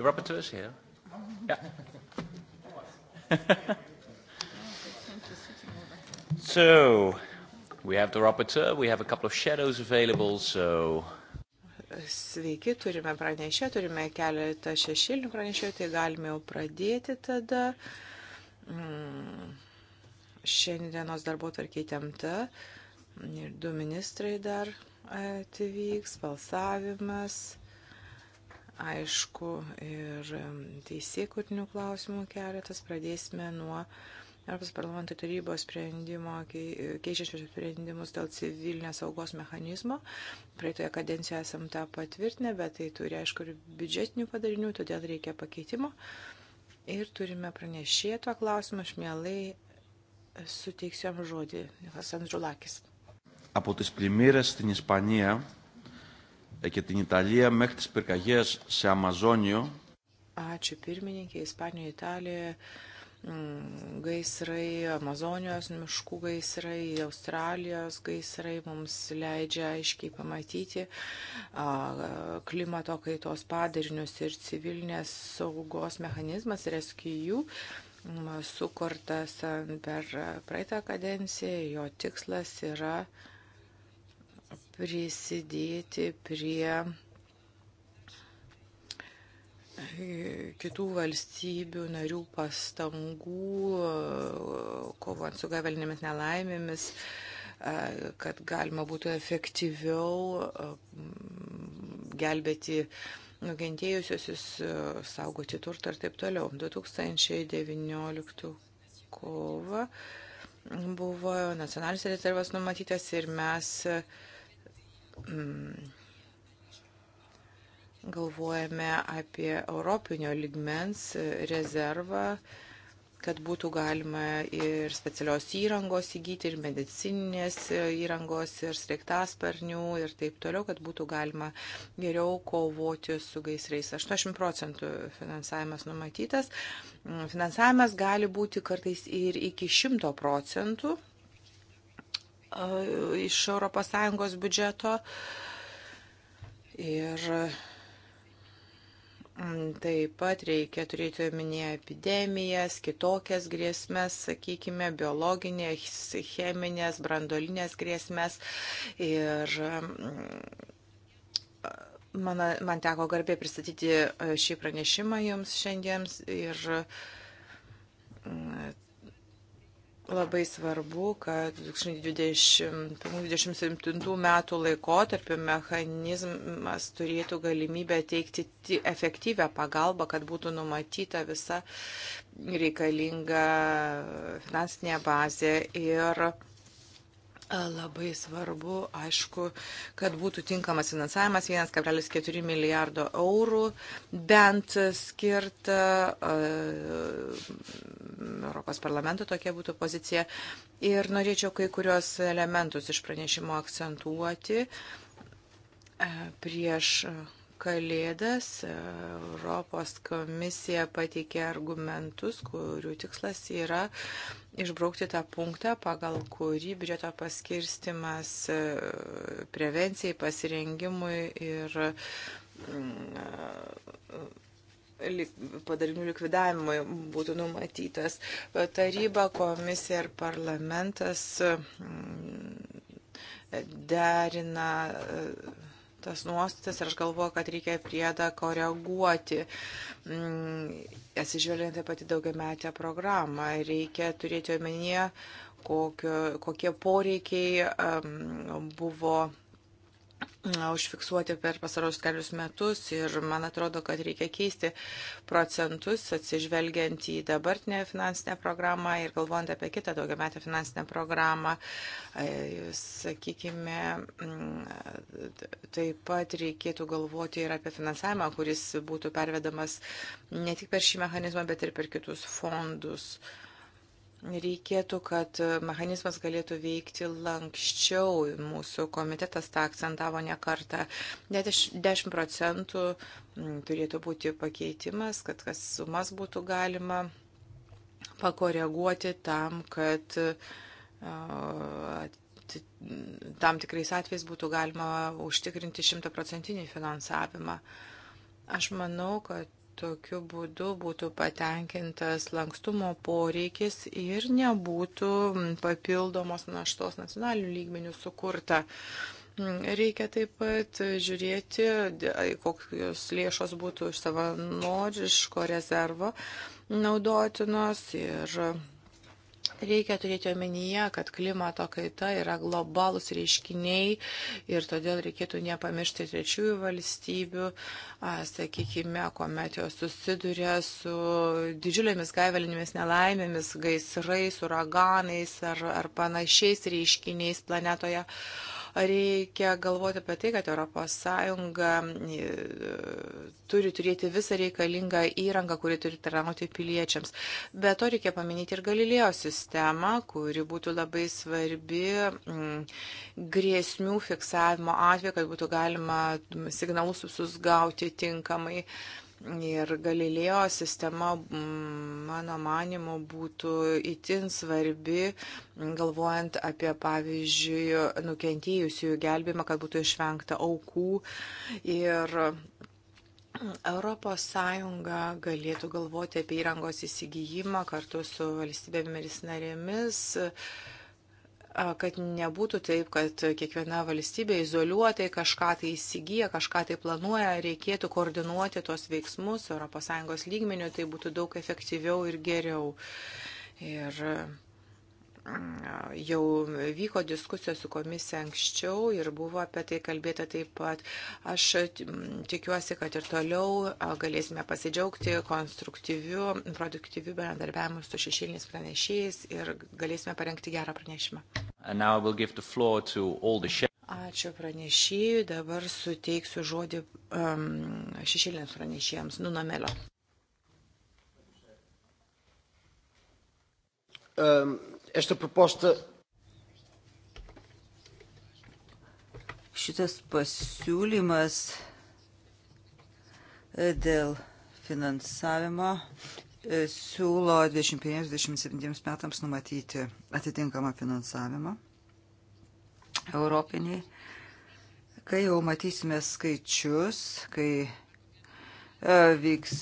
The rapporteur is here. Yeah. so, we have the rapporteur, we have a couple of shadows available, so. Sveiki, turime pranešę, turime keletą šešėlinių pranešėjų, tai galime jau pradėti tada. Mm. Šiandienos darbo tvarkiai temta ir du ministrai dar atvyks, balsavimas aišku, ir teisėkurtinių klausimų keletas. Pradėsime nuo Europos parlamento tarybos sprendimo, keičiančios sprendimus dėl civilinės saugos mechanizmo. Praeitoje kadencijoje esam tą patvirtinę, bet tai turi, aišku, ir biudžetinių padarinių, todėl reikia pakeitimo. Ir turime pranešėto klausimą, aš mielai suteiksiu jam žodį, Hasan Žulakis. Από τις πλημμύρες στην Ισπανία και την Ιταλία μέχρι τις πυρκαγιές σε Αμαζόνιο. Ačiū pirmininkė, Ispanijoje, Italijoje mm, gaisrai, Amazonijos miškų gaisrai, Australijos gaisrai mums leidžia aiškiai pamatyti klimato kaitos padarinius ir civilinės saugos mechanizmas reskijų mm, sukurtas per praeitą kadenciją. Jo tikslas yra uh, prisidėti prie e, kitų valstybių narių pastangų, e, kovant su gavelinėmis nelaimėmis, e, kad galima būtų efektyviau gelbėti nukentėjusiosius, saugoti turtą ir taip toliau. 2019 kovo buvo nacionalinis rezervas numatytas ir mes Mm. galvojame apie Europinio ligmens rezervą, kad būtų galima ir specialios įrangos įgyti, ir medicininės įrangos, ir sreiktasparnių, ir taip toliau, kad būtų galima geriau kovoti su gaisrais. 80 procentų finansavimas numatytas. Mm, finansavimas gali būti kartais ir iki 100 procentų E, iš ES biudžeto. Ir mm, Taip pat reikia turėti omenyje epidemijas, kitokias grėsmės, sakykime, biologinės, cheminės, brandolinės grėsmės. Ir mm, man, man teko garbė pristatyti e, šį pranešimą jums šiandien. Ir mm, Labai svarbu, kad 2027 metų laikotarpiu mechanizmas turėtų galimybę teikti efektyvę pagalbą, kad būtų numatyta visa reikalinga finansinė bazė ir Labai svarbu, aišku, kad būtų tinkamas finansavimas 1,4 milijardo eurų bent skirta Europos parlamento tokia būtų pozicija. Ir norėčiau kai kurios elementus iš pranešimo akcentuoti prieš Kalėdas Europos komisija pateikė argumentus, kurių tikslas yra išbraukti tą punktą, pagal kurį biudžeto paskirstimas prevencijai, pasirengimui ir mm, padarinių likvidavimui būtų numatytas. Taryba, komisija ir parlamentas mm, derina tas nuostatas ir aš galvoju, kad reikia priedą koreguoti, mm, atsižvelgiant taip pat į daugiametę programą. Reikia turėti omenyje, kokio, kokie poreikiai um, buvo užfiksuoti per pasarojus kelius metus ir man atrodo, kad reikia keisti procentus atsižvelgiant į dabartinę finansinę programą ir galvojant apie kitą daugiametę finansinę programą. E, sakykime, taip pat reikėtų galvoti ir apie finansavimą, kuris būtų pervedamas ne tik per šį mechanizmą, bet ir per kitus fondus. Uh, Reikėtų, kad e, mechanizmas galėtų veikti lankščiau. Mūsų komitetas tą akcentavo ne kartą. Net 10 procentų turėtų būti pakeitimas, kad kas sumas būtų galima pakoreguoti tam, kad e, tam tikrais atvejais būtų galima užtikrinti šimtaprocentinį finansavimą. Aš manau, kad Tokiu būdu būtų patenkintas lankstumo poreikis ir nebūtų mm, papildomos naštos nacionalinių lygmenių sukurta. Mm, reikia taip pat žiūrėti, kokios lėšos būtų iš savanoriško rezervo naudotinos ir Reikia turėti omenyje, kad klimato kaita yra globalūs reiškiniai ir todėl reikėtų nepamiršti trečiųjų valstybių, sakykime, kuomet jos susiduria su didžiulėmis gaivalinėmis nelaimėmis, gaisrais, uraganais ar, ar panašiais reiškiniais planetoje. A, Reikia galvoti apie tai, kad ES e, turi turėti visą reikalingą įrangą, kuri turi tarnauti piliečiams. Be to reikia paminėti ir Galilėjo sistemą, kuri būtų labai svarbi m, mm, grėsmių fiksavimo atveju, kad būtų galima signalus visus gauti tinkamai. Uh, Ir Galilėjo sistema, mm, mano manimu, būtų itin svarbi, galvojant apie, pavyzdžiui, nukentėjusiųjų gelbimą, kad būtų išvengta aukų. Ir Europos Sąjunga galėtų galvoti apie įrangos įsigijimą kartu su valstybėmis narėmis. narėmis kad nebūtų taip, kad kiekviena valstybė izoliuotai kažką tai įsigyja, kažką tai planuoja, reikėtų koordinuoti tos veiksmus ES lygmenių, tai būtų daug efektyviau ir geriau. Ir jau vyko diskusijos su komisija anksčiau ir buvo apie tai kalbėta taip pat. Aš tikiuosi, kad ir toliau galėsime pasidžiaugti konstruktyviu, produktyviu bendradarbiavimu su šešėliniais pranešėjais ir galėsime parengti gerą pranešimą. Ačiū pranešėjui, dabar suteiksiu žodį um, šešėliniams pranešėjams, Nunamelio. Um esta proposta. Šitas pasiūlymas e, dėl finansavimo e, siūlo 25-27 metams numatyti atitinkamą finansavimą europinį. Kai jau matysime skaičius, kai e, vyks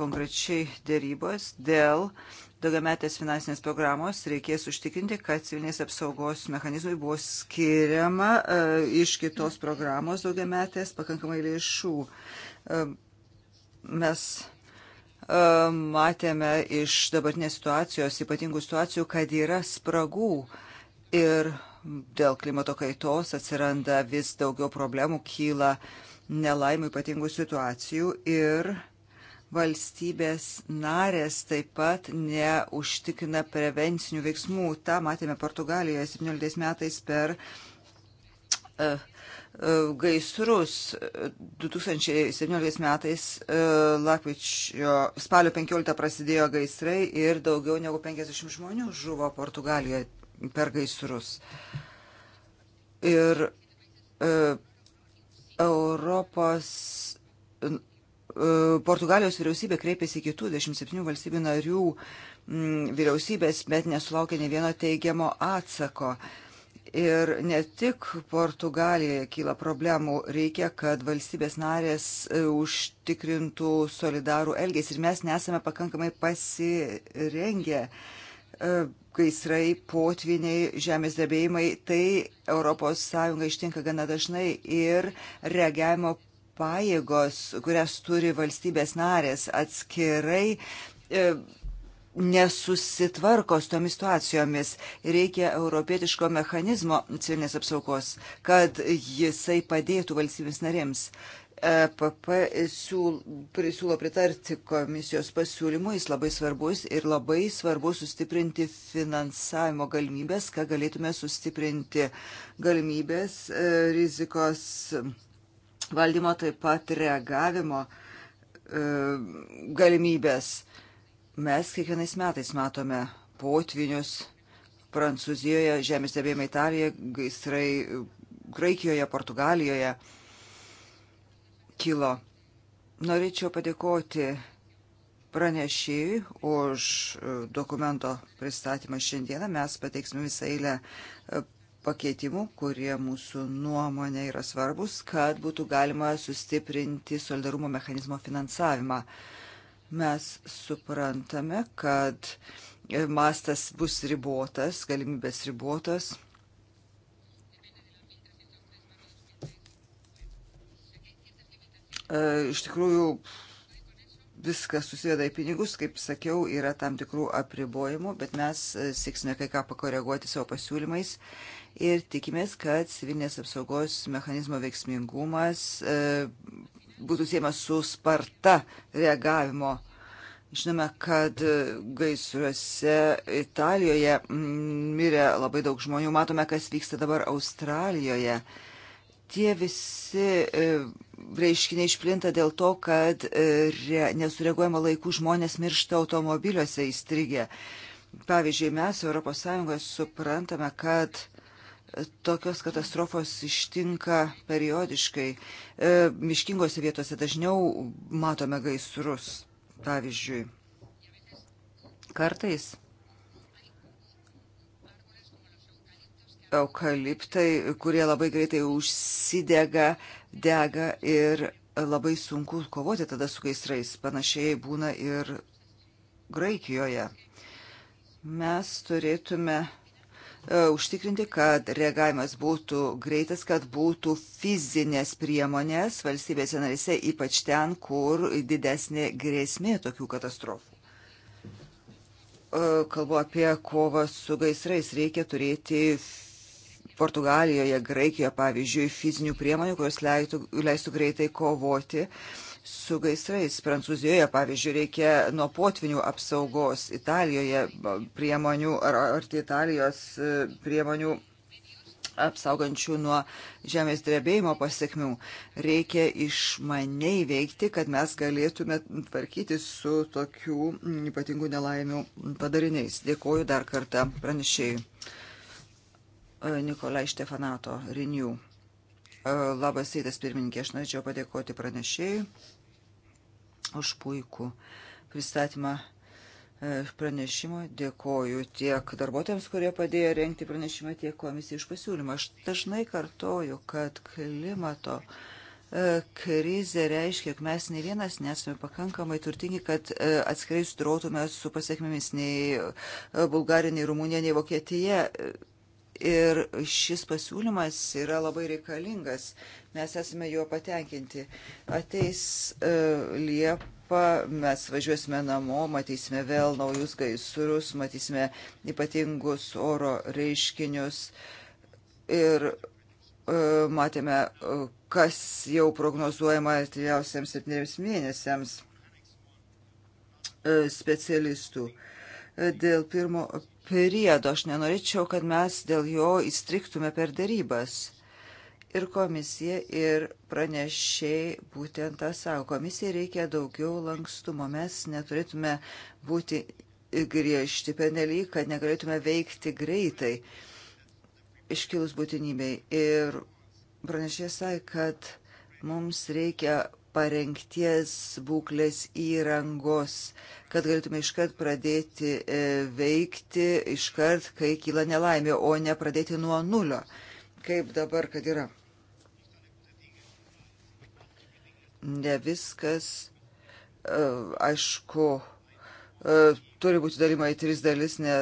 konkrečiai dėrybos dėl uh, daugiametės finansinės programos reikės užtikrinti, kad civilinės apsaugos mechanizmui buvo skiriama e, iš kitos programos daugiametės pakankamai lėšų. E, mes e, matėme iš dabartinės situacijos, ypatingų situacijų, kad yra spragų ir dėl klimato kaitos atsiranda vis daugiau problemų, kyla nelaimų ypatingų situacijų ir uh, valstybės narės taip pat neužtikrina prevencinių veiksmų. Ta matėme Portugalijoje 17 metais per uh, gaisrus 2017 metais e, lakvičio spalio 15 prasidėjo gaisrai ir daugiau negu 50 žmonių žuvo Portugalijoje per gaisrus. Ir e, Europos E, Portugalijos vyriausybė kreipėsi kitų 27 valstybių narių mm, vyriausybės, bet nesulaukė ne vieno teigiamo atsako. Ir ne tik Portugalijoje kyla problemų, reikia, kad valstybės narės e, užtikrintų solidarų elgesį ir mes nesame pakankamai pasirengę gaisrai, e, potviniai, žemės drebėjimai, tai ES ištinka gana dažnai ir reagavimo pajėgos, kurias turi valstybės narės atskirai, e, nesusitvarko su tomis situacijomis. Reikia europietiško mechanizmo civilinės apsaugos, kad jisai padėtų valstybės narėms. EPP prisiūlo pritarti komisijos pasiūlymui, jis labai svarbus ir labai svarbu sustiprinti finansavimo galimybės, ką galėtume sustiprinti galimybės e, rizikos valdymo, taip pat reagavimo e, galimybės. Mes kiekvienais metais matome potvinius Prancūzijoje, žemės drebėjimai Italijoje, gaisrai Graikijoje, Portugalijoje kilo. Norėčiau padėkoti pranešėjui už e, dokumento pristatymą šiandieną. Mes pateiksime visą eilę e, pakeitimų, kurie mūsų nuomonė yra svarbus, kad būtų galima sustiprinti solidarumo mechanizmo finansavimą. Mes suprantame, kad mastas bus ribotas, galimybės ribotas. E, iš tikrųjų, viskas susiveda į pinigus, kaip sakiau, yra tam tikrų apribojimų, bet mes e, sėksime kai ką pakoreguoti savo pasiūlymais ir tikimės, kad civilinės apsaugos mechanizmo veiksmingumas e, būtų siemas su sparta reagavimo. Žinome, kad e, gaisruose Italijoje mirė labai daug žmonių, matome, kas vyksta dabar Australijoje. Tie visi e, reiškiniai išplinta dėl to, kad e, re, nesureaguojama laikų žmonės miršta automobiliuose įstrigę. Pavyzdžiui, mes ES suprantame, kad tokios katastrofos ištinka periodiškai. E, miškingose vietose dažniau matome gaisrus, pavyzdžiui. Kartais eukaliptai, kurie labai greitai užsidega, dega ir labai sunku kovoti tada su gaisrais. Panašiai būna ir Graikijoje. Mes turėtume E, užtikrinti, kad reagavimas būtų greitas, kad būtų fizinės priemonės valstybėse narise, ypač ten, kur didesnė grėsmė tokių katastrofų. E, kalbu apie kovą su gaisrais. Reikia turėti Portugalijoje, Graikijoje, pavyzdžiui, fizinių priemonių, kurios leistų, leistų greitai kovoti su gaisrais. Prancūzijoje, pavyzdžiui, reikia nuo potvinių apsaugos, Italijoje priemonių ar arti Italijos e, priemonių apsaugančių nuo žemės drebėjimo pasiekmių. Reikia išmaniai veikti, kad mes galėtume tvarkyti su tokių ypatingų nelaimių padariniais. Dėkoju dar kartą pranešėjai. E, Nikolai Štefanato Renew. Labas rytas pirmininkė, aš norėčiau padėkoti pranešėjai už puikų pristatymą e, pranešimo. Dėkoju tiek darbuotojams, kurie padėjo renkti pranešimą, tiek komisijai iš pasiūlymą. Aš dažnai kartoju, kad klimato e, krizė reiškia, jog mes ne vienas nesame pakankamai turtingi, kad e, atskirai sudrotume su pasiekmėmis nei Bulgarija, nei Rumunija, nei Vokietija. Ir šis pasiūlymas yra labai reikalingas. Mes esame juo patenkinti. Ateis e, Liepa, mes važiuosime namo, matysime vėl naujus gaisrus, matysime ypatingus oro reiškinius. Ir e, matėme, e, kas jau prognozuojama atėjausiams septyniems mėnesiams e, specialistų. Dėl pirmo priedo. Aš nenorėčiau, kad mes dėl jo įstriktume per darybas. Ir komisija ir pranešiai būtent tą savo. Komisijai reikia daugiau lankstumo. Mes neturėtume būti griežti penelį, kad negalėtume veikti greitai iškilus būtinybei. Ir pranešė sakė, kad mums reikia parengties būklės įrangos, kad galėtume iškart pradėti e, veikti, iškart, kai kyla nelaimė, o ne pradėti nuo nulio, kaip dabar, kad yra. Ne viskas, e, aišku, e, turi būti dalima į tris dalis, ne,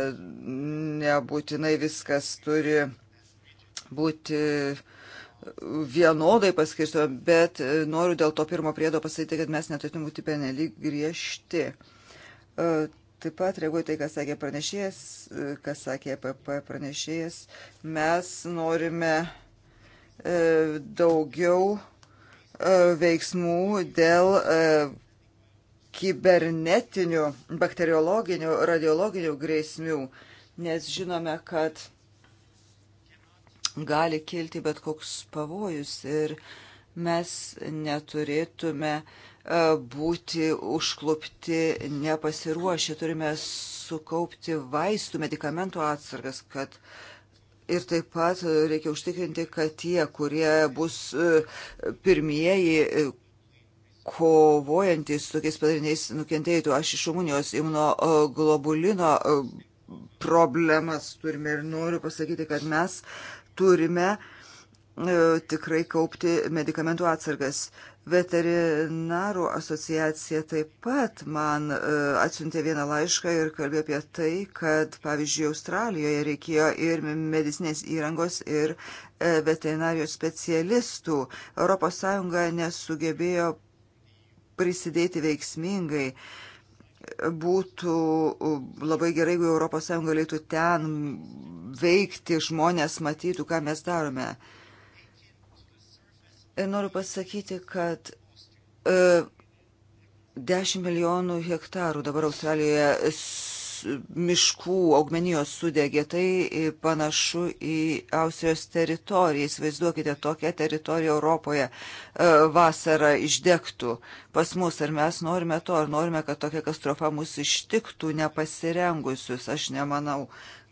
nebūtinai viskas turi būti uh, vienodai paskirsto, bet noriu dėl to pirmo priedo pasakyti, kad mes neturėtume būti penelyg griežti. E, taip pat reaguoju tai, ką sakė pranešėjas, e, kas sakė PP pranešėjas, mes norime e, daugiau veiksmų dėl kibernetinių, bakteriologinių, radiologinių grėsmių, nes žinome, kad gali kilti bet koks pavojus ir mes neturėtume e, būti užklupti nepasiruošę, turime sukaupti vaistų, medikamentų atsargas, kad ir taip pat reikia užtikrinti, kad tie, kurie bus e, pirmieji, e, kovojantys su tokiais padariniais nukentėjų, aš iš Rumunijos imno globulino problemas turime ir noriu pasakyti, kad mes turime e, tikrai kaupti medikamentų atsargas. Veterinarų asociacija taip pat man e, atsiuntė vieną laišką ir kalbėjo apie tai, kad, pavyzdžiui, Australijoje reikėjo ir medicinės įrangos, ir e, veterinarijos specialistų. ES nesugebėjo prisidėti veiksmingai. Uh, būtų labai gerai, jeigu ES galėtų ten veikti, žmonės matytų, ką mes darome. Ir noriu pasakyti, kad e, 10 milijonų hektarų dabar Australijoje miškų augmenijos sudegė, tai panašu į Austrijos teritoriją. Įsivaizduokite, tokia teritorija Europoje e, vasarą išdegtų pas mus. Ar mes norime to, ar norime, kad tokia katastrofa mūsų ištiktų nepasirengusius? Aš nemanau,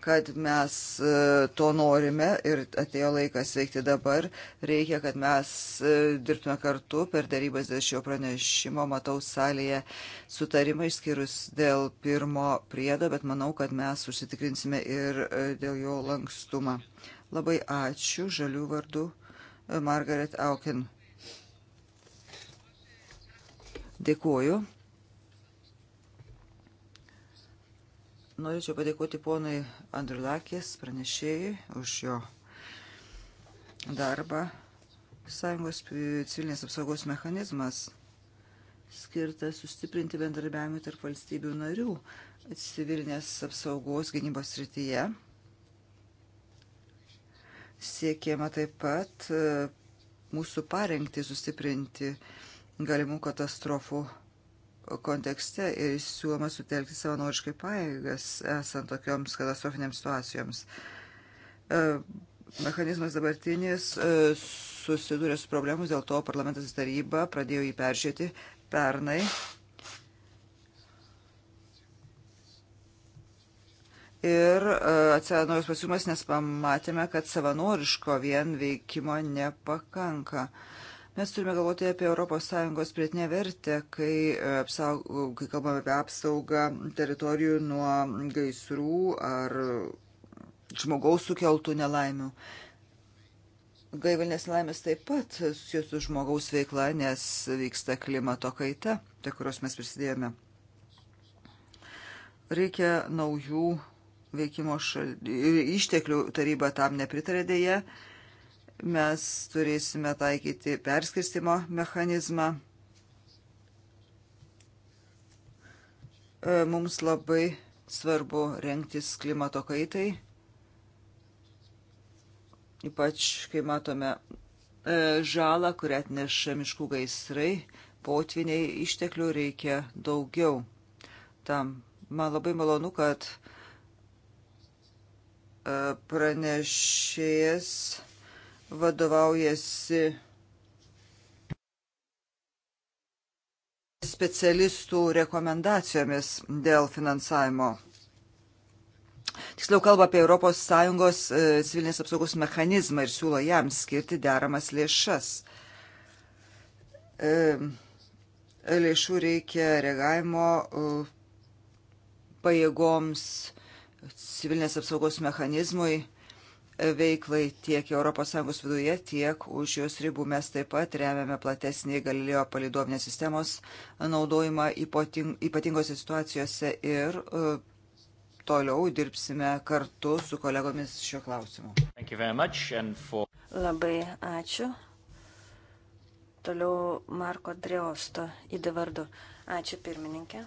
kad mes e, to norime ir atėjo laikas veikti dabar. Reikia, kad mes e, dirbtume kartu per darybas dėl šio pranešimo. Matau salėje sutarimą išskyrus dėl pirmo priedo, bet manau, kad mes užsitikrinsime ir e, dėl jo lankstumą. Labai ačiū žalių vardu Margaret Auken. Dėkuoju. Norėčiau padėkoti ponui Andrulakės pranešėjai už jo darbą. Sąjungos civilinės apsaugos mechanizmas skirtas sustiprinti bendradarbiavimą tarp valstybių narių civilinės apsaugos gynybos srityje. Siekiama taip pat e, mūsų parengti sustiprinti galimų katastrofų kontekste ir siūloma sutelkti savanoriškai paėgas esant tokioms katastrofinėms situacijoms. E, mechanizmas dabartinis e, susidūrė su problemus, dėl to parlamentas taryba pradėjo jį peržiūrėti pernai. Ir e, atsirado naujas pasiūlymas, nes pamatėme, kad savanoriško vien veikimo nepakanka. Uh, Mes turime galvoti apie ES prietinę vertę, kai, e, apsaug, kai kalbame apie apsaugą teritorijų nuo gaisrų ar žmogaus sukeltų nelaimių. Gaivalinės laimės taip pat susijęs su žmogaus veikla, nes vyksta klimato kaita, prie kurios mes prisidėjome. Reikia naujų veikimo šal... išteklių taryba tam nepritarė dėje. Mes turėsime taikyti perskirstimo mechanizmą. E, mums labai svarbu renktis klimato kaitai, ypač kai matome e, žalą, kurią atneša miškų gaisrai, potviniai išteklių reikia daugiau. Tam man labai malonu, kad e, pranešėjas vadovaujasi specialistų rekomendacijomis dėl finansavimo. Tiksliau kalba apie ES e, civilinės apsaugos mechanizmą ir siūlo jam skirti deramas lėšas. E, lėšų reikia reagavimo e, pajėgoms, civilinės apsaugos mechanizmui veiklai tiek ES viduje, tiek už jos ribų. Mes taip pat remiame platesnį Galilėjo palidovinės sistemos naudojimą ypatingose situacijose ir e, toliau dirbsime kartu su kolegomis šiuo klausimu. For... Labai ačiū. Toliau Marko Dreosto įdavardu. Ačiū pirmininkė.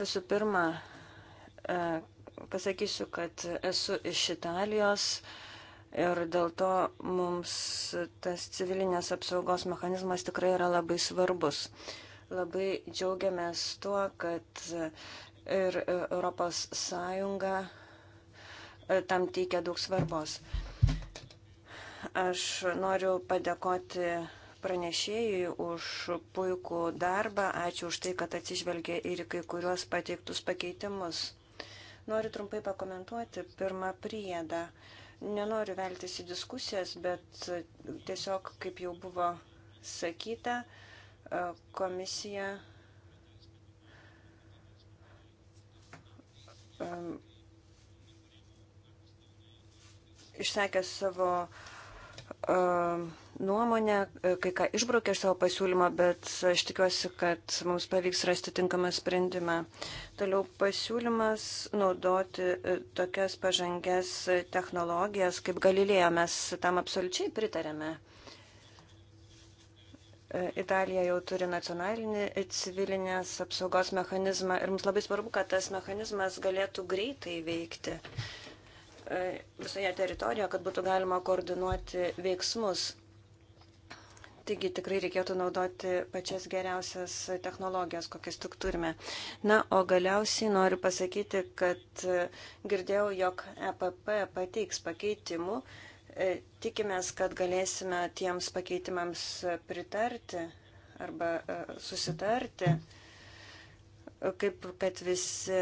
Visų pirma, e, pasakysiu, kad esu iš Italijos ir dėl to mums tas civilinės apsaugos mechanizmas tikrai yra labai svarbus. Labai džiaugiamės tuo, kad ir Europos Sąjunga e, tam teikia daug svarbos. Aš noriu padėkoti pranešėjui už puikų darbą. Ačiū už tai, kad atsižvelgė ir kai kuriuos pateiktus pakeitimus. Noriu trumpai pakomentuoti pirmą priedą. Nenoriu veltis į diskusijas, bet e, tiesiog, kaip jau buvo sakyta, e, komisija išsakė savo uh, nuomonę, e, kai ką išbraukė iš savo pasiūlymą, bet aš tikiuosi, kad mums pavyks rasti tinkamą sprendimą. Toliau pasiūlymas naudoti e, tokias pažangės e, technologijas kaip Galilėjo, mes tam absoliučiai pritarėme. Italija jau turi nacionalinį civilinės apsaugos mechanizmą ir mums labai svarbu, kad tas mechanizmas galėtų greitai veikti visoje teritorijoje, kad būtų galima koordinuoti veiksmus. Taigi tikrai reikėtų naudoti pačias geriausias technologijas, kokias tik turime. Na, o galiausiai noriu pasakyti, kad e, girdėjau, jog EPP pateiks pakeitimų. E, tikimės, kad galėsime tiems pakeitimams pritarti arba e, susitarti. Kaip kad visi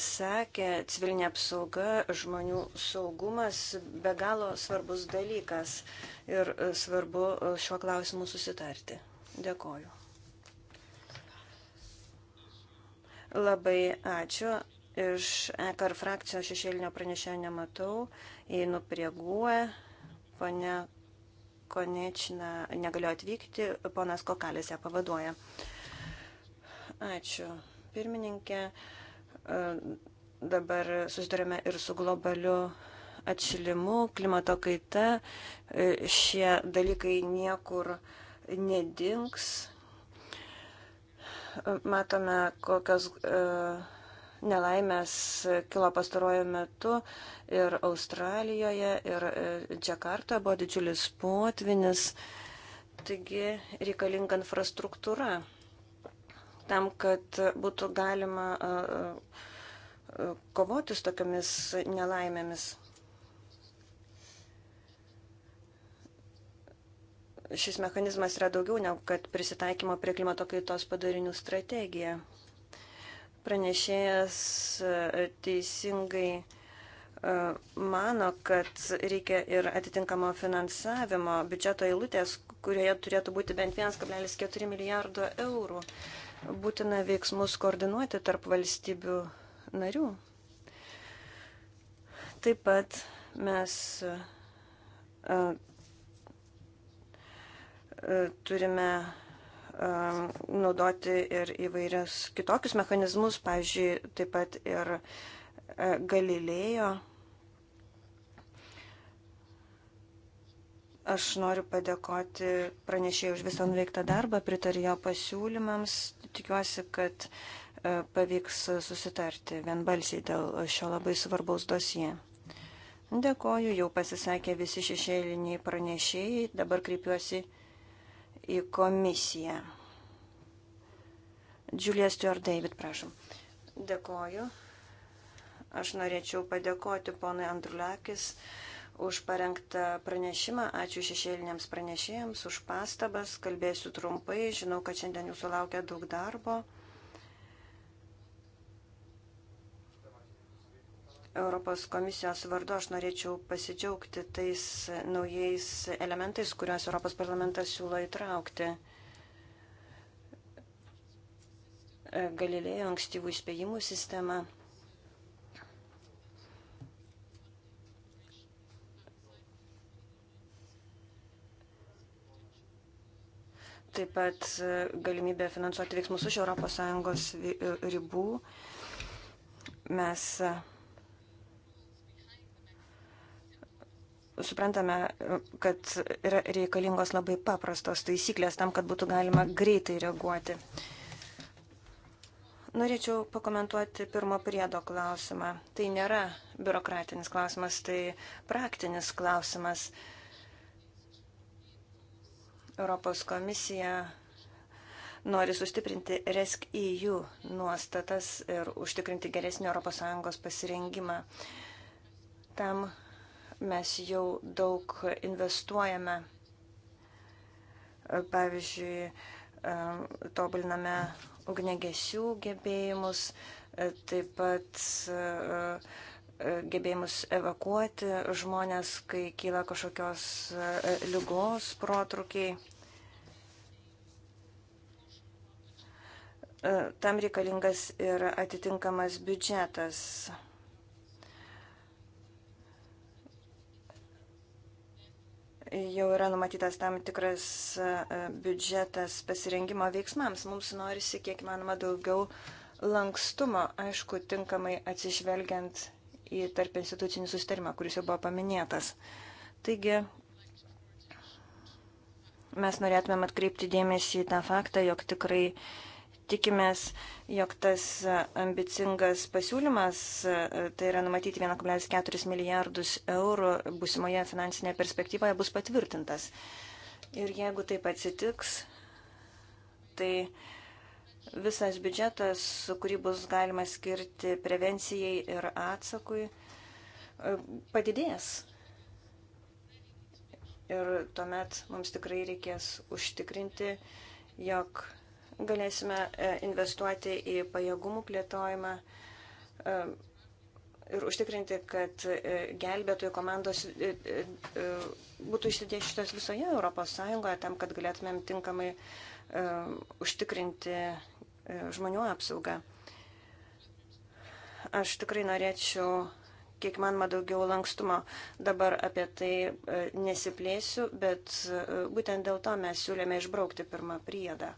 sakė, civilinė apsauga, žmonių saugumas be galo svarbus dalykas ir e, svarbu e, šiuo klausimu susitarti. Dėkoju. Labai ačiū. Iš EKR frakcijos šešėlinio pranešėjo nematau. Einu prie GUE. Pane Konečina negaliu atvykti. Ponas Kokalis ją pavaduoja. Ačiū. Pirmininkė e, dabar susidurime ir su globaliu atšilimu, klimato kaita, e, šie dalykai niekur nedings. Matome, kokios e, nelaimės kilo pastaruoju metu ir Australijoje, ir e, Džakarta buvo didžiulis potvinis, taigi reikalinga infrastruktūra tam, kad būtų galima kovoti su tokiamis nelaimėmis. šis mechanizmas yra daugiau negu kad prisitaikymo prie klimato kaitos padarinių strategija. Pranešėjas e, teisingai e, mano, kad reikia ir atitinkamo finansavimo biudžeto eilutės, kurioje turėtų būti bent 1,4 milijardo eurų. Būtina veiksmus koordinuoti tarp valstybių narių. Taip pat mes e, E, turime e, naudoti ir įvairias kitokius mechanizmus, pavyzdžiui, taip pat ir e, Galilėjo. Aš noriu padėkoti pranešėjai už visą nuveiktą darbą, pritariu jo pasiūlymams, tikiuosi, kad pavyks susitarti vienbalsiai dėl šio labai svarbaus dosie. Dėkoju, jau pasisakė visi šešėliniai pranešėjai, dabar kreipiuosi į į komisiją. Julia Stuart David, prašom. Dėkoju. Aš norėčiau padėkoti ponui Andrulakis už parengtą pranešimą. Ačiū šešėliniams pranešėjams už pastabas. Kalbėsiu trumpai. Žinau, kad šiandien jūsų laukia daug darbo. Europos komisijos vardu aš norėčiau pasidžiaugti tais naujais elementais, kuriuos Europos parlamentas siūlo įtraukti. Galilėjo ankstyvų įspėjimų sistema. Taip pat galimybė finansuoti veiksmus už ES ribų. Mes suprantame, kad yra reikalingos labai paprastos taisyklės tam, kad būtų galima greitai reaguoti. Norėčiau pakomentuoti pirmo priedo klausimą. Tai nėra biurokratinis klausimas, tai praktinis klausimas. Europos komisija nori sustiprinti RESC-EU nuostatas ir užtikrinti geresnį ES pasirengimą. Tam Mes jau daug investuojame. Pavyzdžiui, e, tobuliname ugnegesių gebėjimus, e, taip pat e, gebėjimus evakuoti žmonės, kai kyla kažkokios lygos protrukiai. Tam reikalingas ir atitinkamas biudžetas. jau yra numatytas tam tikras e, biudžetas pasirengimo veiksmams. Mums norisi kiek manoma daugiau lankstumo, aišku, tinkamai atsižvelgiant į tarp institucinį sustarimą, kuris jau buvo paminėtas. Taigi, mes norėtumėm atkreipti dėmesį į tą faktą, jog tikrai uh, Tikimės, jog tas ambicingas pasiūlymas, tai yra numatyti 1,4 milijardus eurų busimoje finansinėje perspektyvoje, bus patvirtintas. Ir jeigu taip atsitiks, tai visas biudžetas, kurį bus galima skirti prevencijai ir atsakui, padidės. Ir tuomet mums tikrai reikės užtikrinti, jog Galėsime e, investuoti į pajėgumų plėtojimą e, ir užtikrinti, kad e, gelbėtojų komandos būtų išsidėšytos visoje Europos Sąjungoje tam, kad galėtumėm tinkamai užtikrinti žmonių apsaugą. Aš tikrai norėčiau kiek manoma daugiau lankstumo. Dabar apie tai nesiplėsiu, bet būtent dėl to mes siūlėme išbraukti pirmą priedą.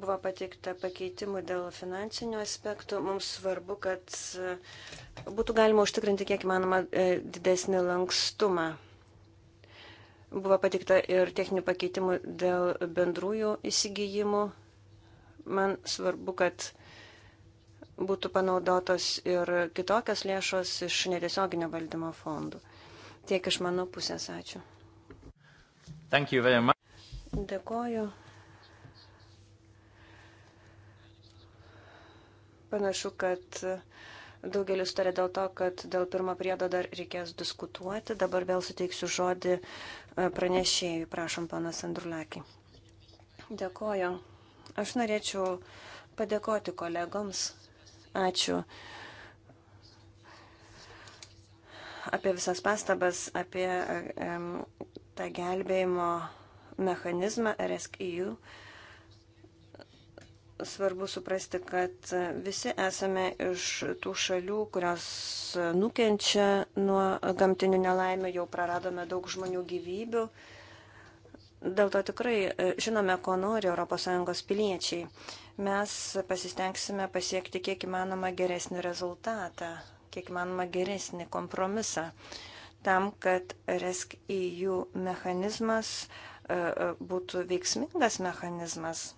Buvo pateikta pakeitimų dėl finansinių aspektų. Mums svarbu, kad e, būtų galima užtikrinti kiek įmanoma e, didesnį lankstumą. Buvo pateikta ir techninių pakeitimų dėl bendrųjų įsigijimų. Man svarbu, kad būtų panaudotos ir kitokios lėšos iš netiesioginio valdymo fondų. Tiek iš mano pusės ačiū. Dėkoju. Panašu, kad daugelis tarė dėl to, kad dėl pirmo priedo dar reikės diskutuoti. Dabar vėl suteiksiu žodį e, pranešėjui. Prašom, panas Andrulakį. Dėkoju. Aš norėčiau padėkoti kolegoms. Ačiū apie visas pastabas, apie um, tą gelbėjimo mechanizmą RSKU. Uh, svarbu suprasti, kad visi esame iš tų šalių, kurios nukenčia nuo gamtinių nelaimė, jau praradome daug žmonių gyvybių. Dėl to tikrai e, žinome, ko nori ES piliečiai. Mes pasistengsime pasiekti kiek įmanoma geresnį rezultatą, kiek įmanoma geresnį kompromisą, tam, kad RESC EU mechanizmas e, e, būtų veiksmingas mechanizmas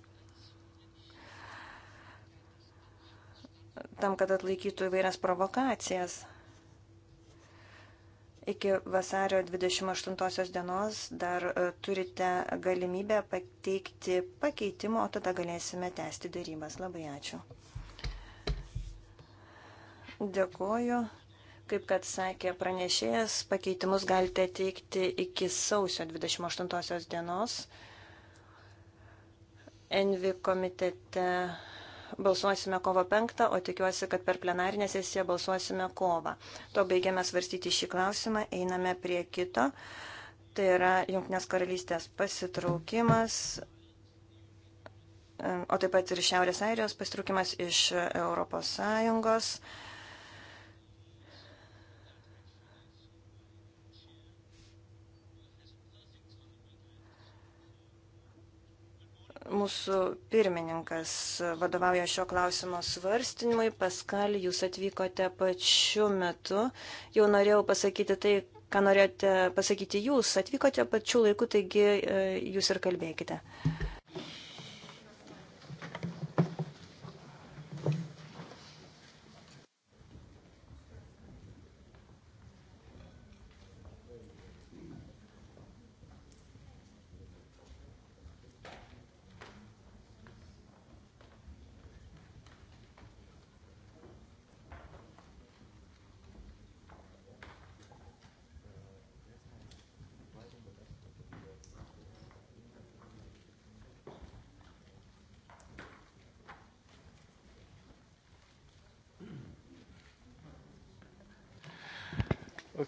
tam, kad atlaikytų įvairias provokacijas. Iki vasario 28 dienos dar e, turite galimybę pateikti pakeitimo, o tada galėsime tęsti darybas. Labai ačiū. Dėkoju. Kaip kad sakė pranešėjas, pakeitimus galite teikti iki sausio 28 dienos. Envi komitete Balsuosime kovo 5, o tikiuosi, kad per plenarinę sesiją balsuosime kovą. To baigiame svarstyti šį klausimą, einame prie kito. Tai yra Junktinės karalystės pasitraukimas, o taip pat ir Šiaurės Airijos pasitraukimas iš Europos Sąjungos. Mūsų pirmininkas vadovauja šio klausimo svarstymui. Paskali, jūs atvykote pačiu metu. Jau norėjau pasakyti tai, ką norėjote pasakyti jūs. Atvykote pačiu laiku, taigi e, jūs ir kalbėkite. Uh,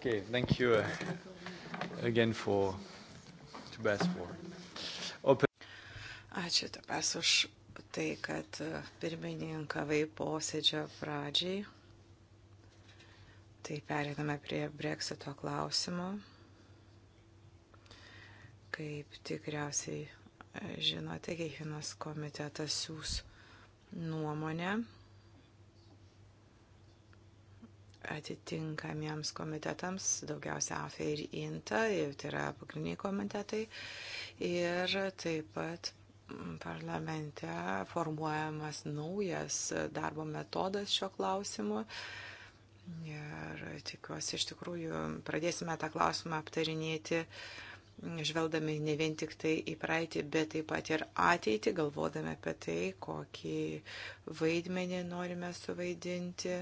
Okay, thank you uh, again for Tubas for open. Ačiū Tubas už tai, kad uh, pirmininkavai posėdžio pradžiai. Tai periname prie breksito klausimo. Kaip tikriausiai uh, žinote, kiekvienas komitetas siūs nuomonę atitinkamiems komitetams, daugiausia AFE ir INTA, tai yra pagrindiniai komitetai. Ir taip pat mm, parlamente formuojamas naujas darbo metodas šio klausimu. Ir tikiuosi, iš tikrųjų, pradėsime tą klausimą aptarinėti žvelgdami ne vien tik tai į praeitį, bet taip pat ir ateitį, galvodami apie tai, kokį vaidmenį norime suvaidinti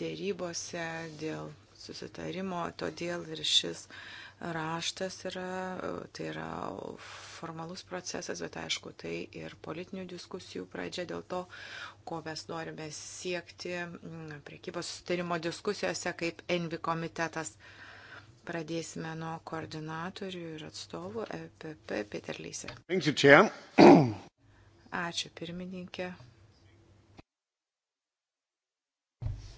dėrybose dėl susitarimo, todėl ir šis raštas yra, tai yra formalus procesas, bet aišku, tai ir politinių diskusijų pradžia dėl to, ko mes norime siekti mm, priekybos susitarimo diskusijose kaip Envi komitetas. Pradėsime nuo koordinatorių ir atstovų EPP Peterlyse. Ačiū pirmininkė.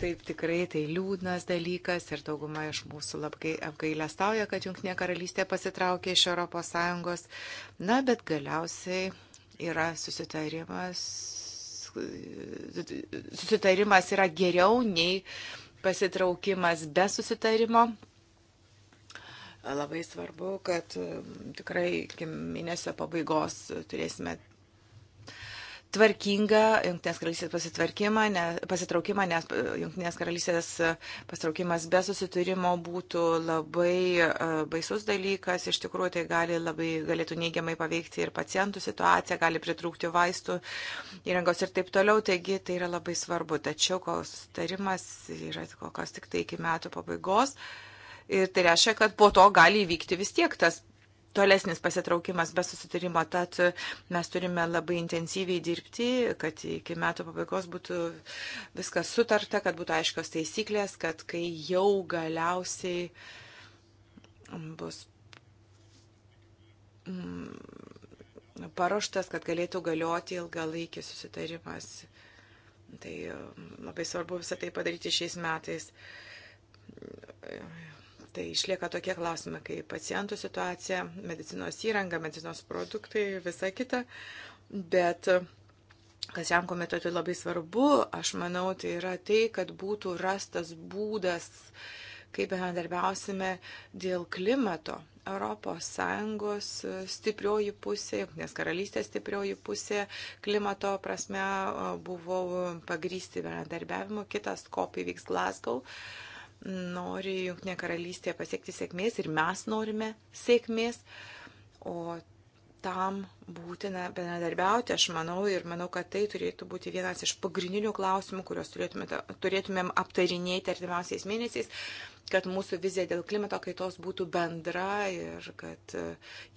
Taip tikrai tai liūdnas dalykas ir dauguma iš mūsų labai apgailę stauja, kad Junktinė karalystė pasitraukė iš ES. Na, bet galiausiai yra susitarimas. Susitarimas yra geriau nei pasitraukimas be susitarimo. Labai svarbu, kad um, tikrai iki mėnesio pabaigos turėsime tvarkingą Junktinės karalystės pasitvarkymą, ne, pasitraukimą, nes e, Junktinės karalystės e, pasitraukimas be susiturimo būtų labai uh, baisus dalykas, iš tikrųjų tai gali labai, galėtų neigiamai paveikti ir pacientų situaciją, gali pritrūkti vaistų, įrangos ir taip toliau, taigi tai yra labai svarbu, tačiau kol sutarimas yra kol kas tik tai iki metų pabaigos. Ir tai reiškia, kad po to gali įvykti vis tiek tas tolesnis pasitraukimas be susitarimo, tad mes turime labai intensyviai dirbti, kad iki metų pabaigos būtų viskas sutarta, kad būtų aiškios taisyklės, kad kai jau galiausiai bus mm, paruoštas, kad galėtų galioti ilgalaikis susitarimas. Tai mm, labai svarbu visą tai padaryti šiais metais Tai išlieka tokie klausimai kaip pacientų situacija, medicinos įranga, medicinos produktai, visa kita. Bet kas jam komitetui labai svarbu, aš manau, tai yra tai, kad būtų rastas būdas, kaip bendarbiausime dėl klimato. Europos Sąjungos stiprioji pusė, nes karalystės stiprioji pusė klimato prasme buvo pagrysti bendarbiavimu, kitas kopija vyks Glasgow. Uh, nori Junktinė karalystė pasiekti sėkmės ir mes norime sėkmės, o tam būtina bendradarbiauti, aš manau, ir manau, kad tai turėtų būti vienas iš pagrindinių klausimų, kuriuos turėtume, turėtumėm aptarinėti artimiausiais mėnesiais, kad mūsų vizija dėl klimato kaitos būtų bendra ir kad e,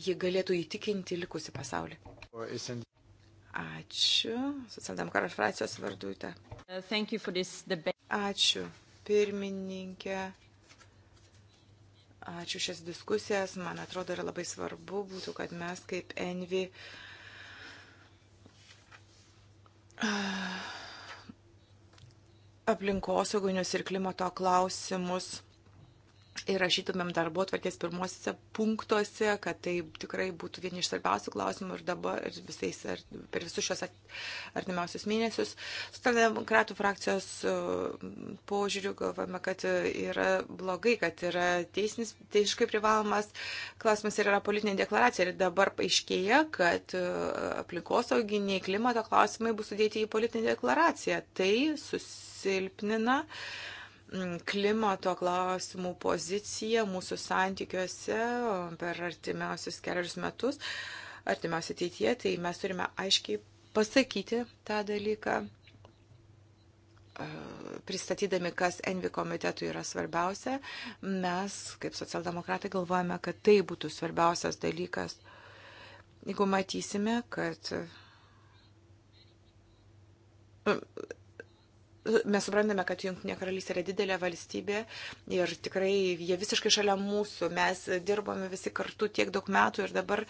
ji galėtų įtikinti likusi pasaulį. Ačiū. Socialdemokratų frakcijos vardu. Ačiū pirmininkė. Ačiū šias diskusijas. Man atrodo, yra labai svarbu būtų, kad mes kaip Envi ah, aplinkosauginius ir klimato klausimus ir rašytumėm darbo atvarkės pirmuosiuose punktuose, kad tai tikrai būtų vieni iš svarbiausių klausimų ir dabar ir visais, ar, per visus šios artimiausius mėnesius. Socialdemokratų frakcijos požiūrių galvame, kad yra blogai, kad yra teisinis, teisiškai privalomas klausimas ir yra politinė deklaracija. Ir dabar paaiškėja, kad e, aplinkosauginiai klimato klausimai bus sudėti į politinę deklaraciją. Tai susilpnina uh, klimato klausimų poziciją mūsų santykiuose per artimiausius kelius metus, artimiausią ateityje, tai mes turime aiškiai pasakyti tą dalyką, pristatydami, kas Envi komitetui yra svarbiausia. Mes, kaip socialdemokratai, galvojame, kad tai būtų svarbiausias dalykas. Jeigu matysime, kad mes suprantame, kad Junktinė karalystė yra didelė valstybė ir tikrai jie visiškai šalia mūsų. Mes dirbome visi kartu tiek daug metų ir dabar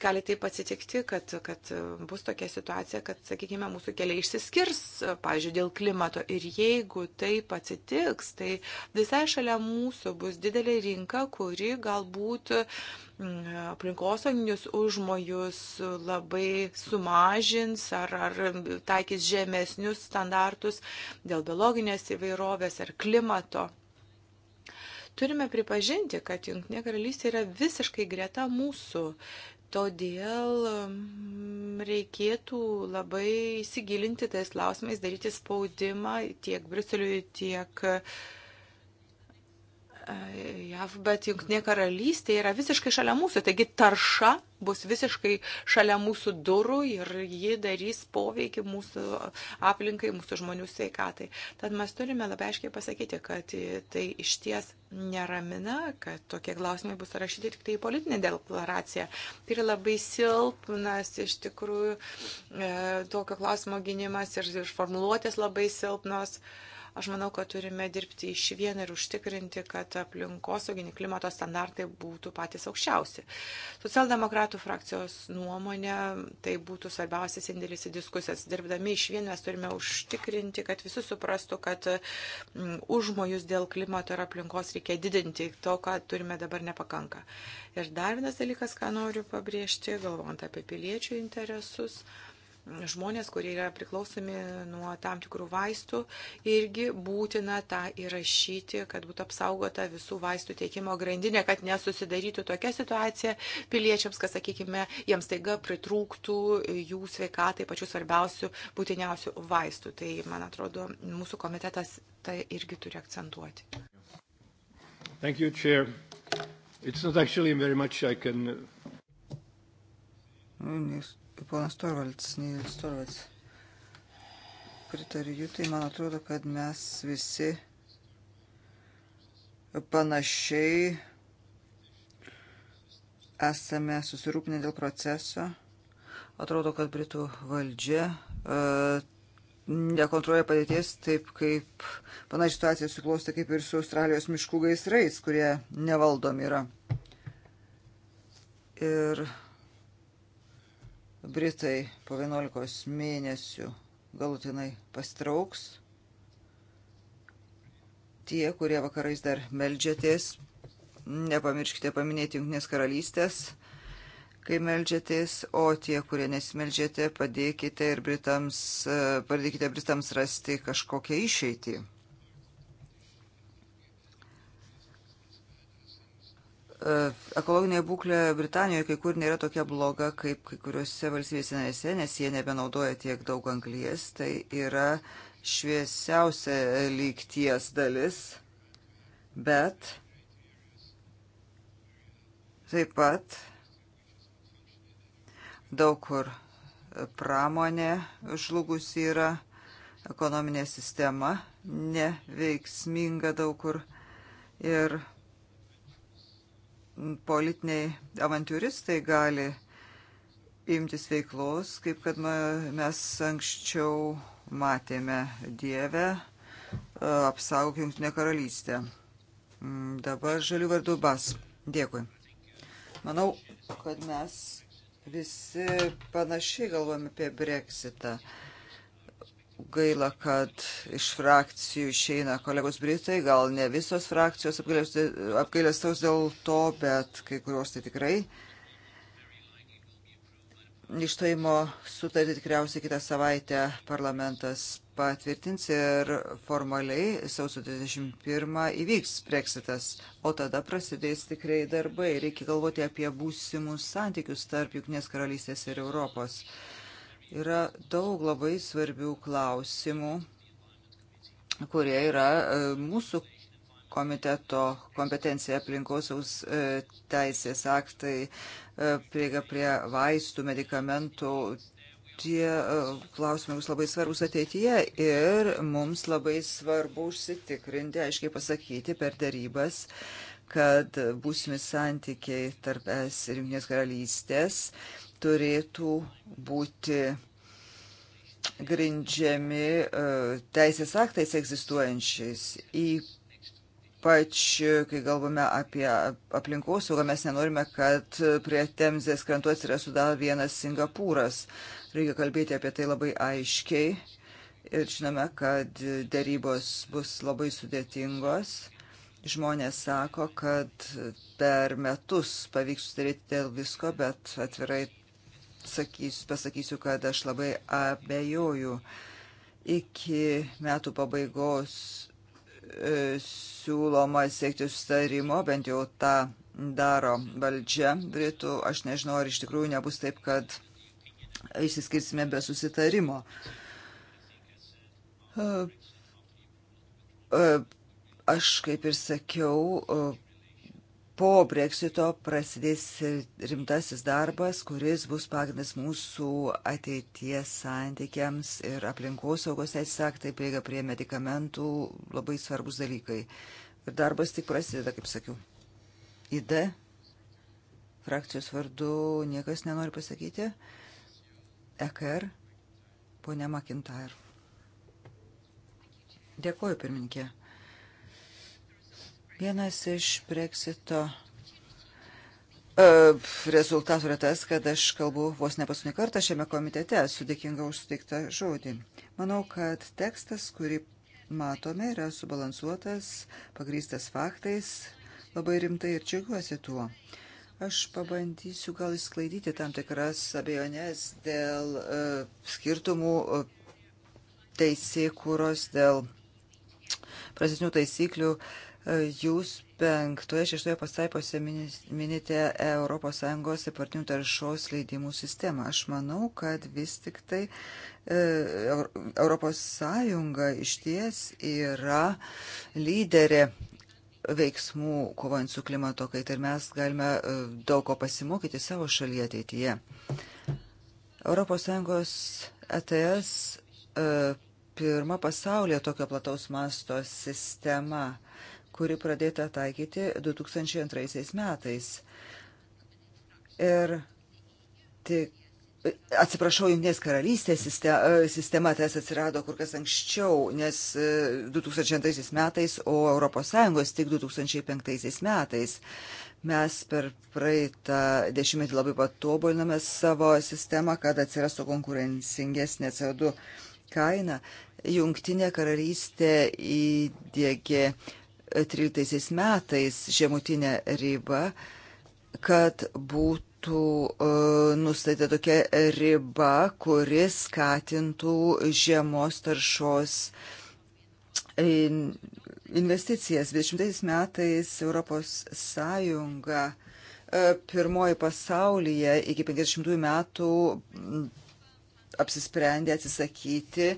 gali taip atsitikti, kad, kad bus tokia situacija, kad, sakykime, mūsų keliai išsiskirs, pavyzdžiui, dėl klimato. Ir jeigu taip atsitiks, tai visai šalia mūsų bus didelė rinka, kuri galbūt mm, aplinkosauginius užmojus labai sumažins ar, ar taikys žemesnius standartus dėl biologinės įvairovės ar klimato turime pripažinti, kad Junktinė karalystė yra visiškai greta mūsų Todėl mm, reikėtų labai įsigilinti tais klausimais, daryti spaudimą tiek Bruseliui, tiek uh, JAV, bet Junktinė karalystė yra visiškai šalia mūsų, taigi tarša bus visiškai šalia mūsų durų ir ji darys poveikį mūsų aplinkai, mūsų žmonių sveikatai. Tad mes turime labai aiškiai pasakyti, kad tai iš ties neramina, kad tokie klausimai bus rašyti tik tai į politinę deklaraciją. Tai yra labai silpnas iš tikrųjų e, tokio klausimo gynimas ir, ir formuluotės labai silpnos. E, Aš manau, kad turime dirbti iš vien ir užtikrinti, kad aplinkosauginiai klimato standartai būtų patys aukščiausi. Socialdemokratų frakcijos nuomonė tai būtų svarbiausias indėlis į diskusijas. Dirbdami iš vien mes turime užtikrinti, kad visi suprastų, kad mm, užmojus dėl klimato ir aplinkos reikia didinti. To, ką turime dabar, nepakanka. Ir dar vienas dalykas, ką noriu pabrėžti, galvojant apie piliečių interesus žmonės, kurie yra priklausomi nuo tam tikrų vaistų, irgi būtina tą įrašyti, kad būtų apsaugota visų vaistų teikimo grandinė, kad nesusidarytų tokia situacija piliečiams, kad, sakykime, jiems taiga pritrūktų jų sveikatai pačių svarbiausių, būtiniausių vaistų. Tai, man atrodo, mūsų komitetas tai irgi turi akcentuoti. Thank you, Chair. It's not actually very much I can. Mm, nu, yes ponas Torvalds, Nils Torvalds. Pritariu jų, tai man atrodo, kad mes visi panašiai esame susirūpinę dėl proceso. Atrodo, kad Britų valdžia e, nekontroliuoja padėties taip, kaip panaši situacija suklosti kaip ir su Australijos miškų gaisrais, kurie nevaldomi yra. Ir Britai po 11 mėnesių galutinai pastrauks. Tie, kurie vakarais dar melžiatės, nepamirškite paminėti Junktinės karalystės, kai melžiatės, o tie, kurie nesimeldžiate, padėkite ir Britams, e, padėkite Britams rasti kažkokią išeitį. E, ekologinė būklė Britanijoje kai kur nėra tokia bloga kaip kai kuriuose valstybėse narėse, nes jie nebenaudoja tiek daug anglies. Tai yra šviesiausia lygties dalis, bet taip pat daug kur pramonė žlugusi yra, ekonominė sistema neveiksminga daug kur ir politiniai avantūristai gali imtis veiklos, kaip kad mes anksčiau matėme Dievę, e, apsaugok Junktinę karalystę. Mm, dabar žalių vardų bas. Dėkui. Manau, kad mes visi panašiai galvojame apie Brexitą. Uh, Gaila, kad iš frakcijų išeina kolegos Britai, gal ne visos frakcijos apgailestaus dėl to, bet kai kurios tai tikrai. Ištojimo sutartį tikriausiai kitą savaitę parlamentas patvirtins ir formaliai sausio 31 įvyks breksitas, o tada prasidės tikrai darbai. Reikia galvoti apie būsimus santykius tarp Junknės karalystės ir Europos. Yra daug labai svarbių klausimų, kurie yra e, mūsų komiteto kompetencija aplinkosaus e, teisės aktai, e, prieiga prie vaistų, medikamentų. Tie klausimai bus labai svarbus ateityje ir mums labai svarbu užsitikrinti, aiškiai pasakyti per darybas, kad būsimi santykiai tarp es ir Junktinės karalystės uh, turėtų būti grindžiami e, teisės aktais egzistuojančiais, ypač e, kai galvome apie aplinkosaugą, mes nenorime, kad prie Temzės krantų atsirastų dar vienas Singapūras. Reikia kalbėti apie tai labai aiškiai ir žinome, kad dėrybos bus labai sudėtingos. Žmonės sako, kad per metus pavyks sudaryti dėl visko, bet atvirai sakys, pasakysiu, kad aš labai abejoju. Iki metų pabaigos e, siūloma siekti sustarimo, bent jau tą daro valdžia Britų. Aš nežinau, ar iš tikrųjų nebus taip, kad išsiskirsime be susitarimo. E, e, aš kaip ir sakiau, e, po breksito prasidės rimtasis darbas, kuris bus pagrindas mūsų ateities santykiams ir aplinkos saugos teisės aktai, prieiga prie medikamentų, labai svarbus dalykai. Ir darbas tik prasideda, kaip sakiau. ID frakcijos vardu niekas nenori pasakyti. EKR, ponia Makintair. Dėkuoju, pirmininkė. Vienas iš Brexito e, rezultatų yra tas, kad aš kalbu vos ne paskutinį kartą šiame komitete, esu dėkinga už suteiktą žodį. Manau, kad tekstas, kurį matome, yra subalansuotas, pagrystas faktais, labai rimtai ir džiaugiuosi tuo. Aš pabandysiu gal įsklaidyti tam tikras abejonės dėl uh, skirtumų e, teisėkūros, dėl prasesnių taisyklių. Uh, Jūs penktoje, šeštoje pastraipose minite ES apartinių taršos leidimų sistemą. Aš manau, kad vis tik tai ES iš ties yra lyderė veiksmų kovojant su klimato kaita ir mes galime e, daug ko pasimokyti savo šalyje ateityje. ES ETS e, pirma pasaulyje tokio plataus masto sistema kuri pradėta taikyti 2002 metais. Ir tik Atsiprašau, Junktinės karalystės sistema tas atsirado kur kas anksčiau, nes 2000 e, metais, o ES tik 2005 metais. Mes per praeitą dešimtmetį labai patobuliname savo sistemą, kad atsirastų konkurencingesnė CO2 kaina. Junktinė karalystė įdėgė 13 metais žemutinė riba, kad būtų e, nustatyta tokia riba, kuri skatintų žiemos taršos e, investicijas. 20 metais Europos Sąjunga e, pirmoji pasaulyje iki 50 metų apsisprendė atsisakyti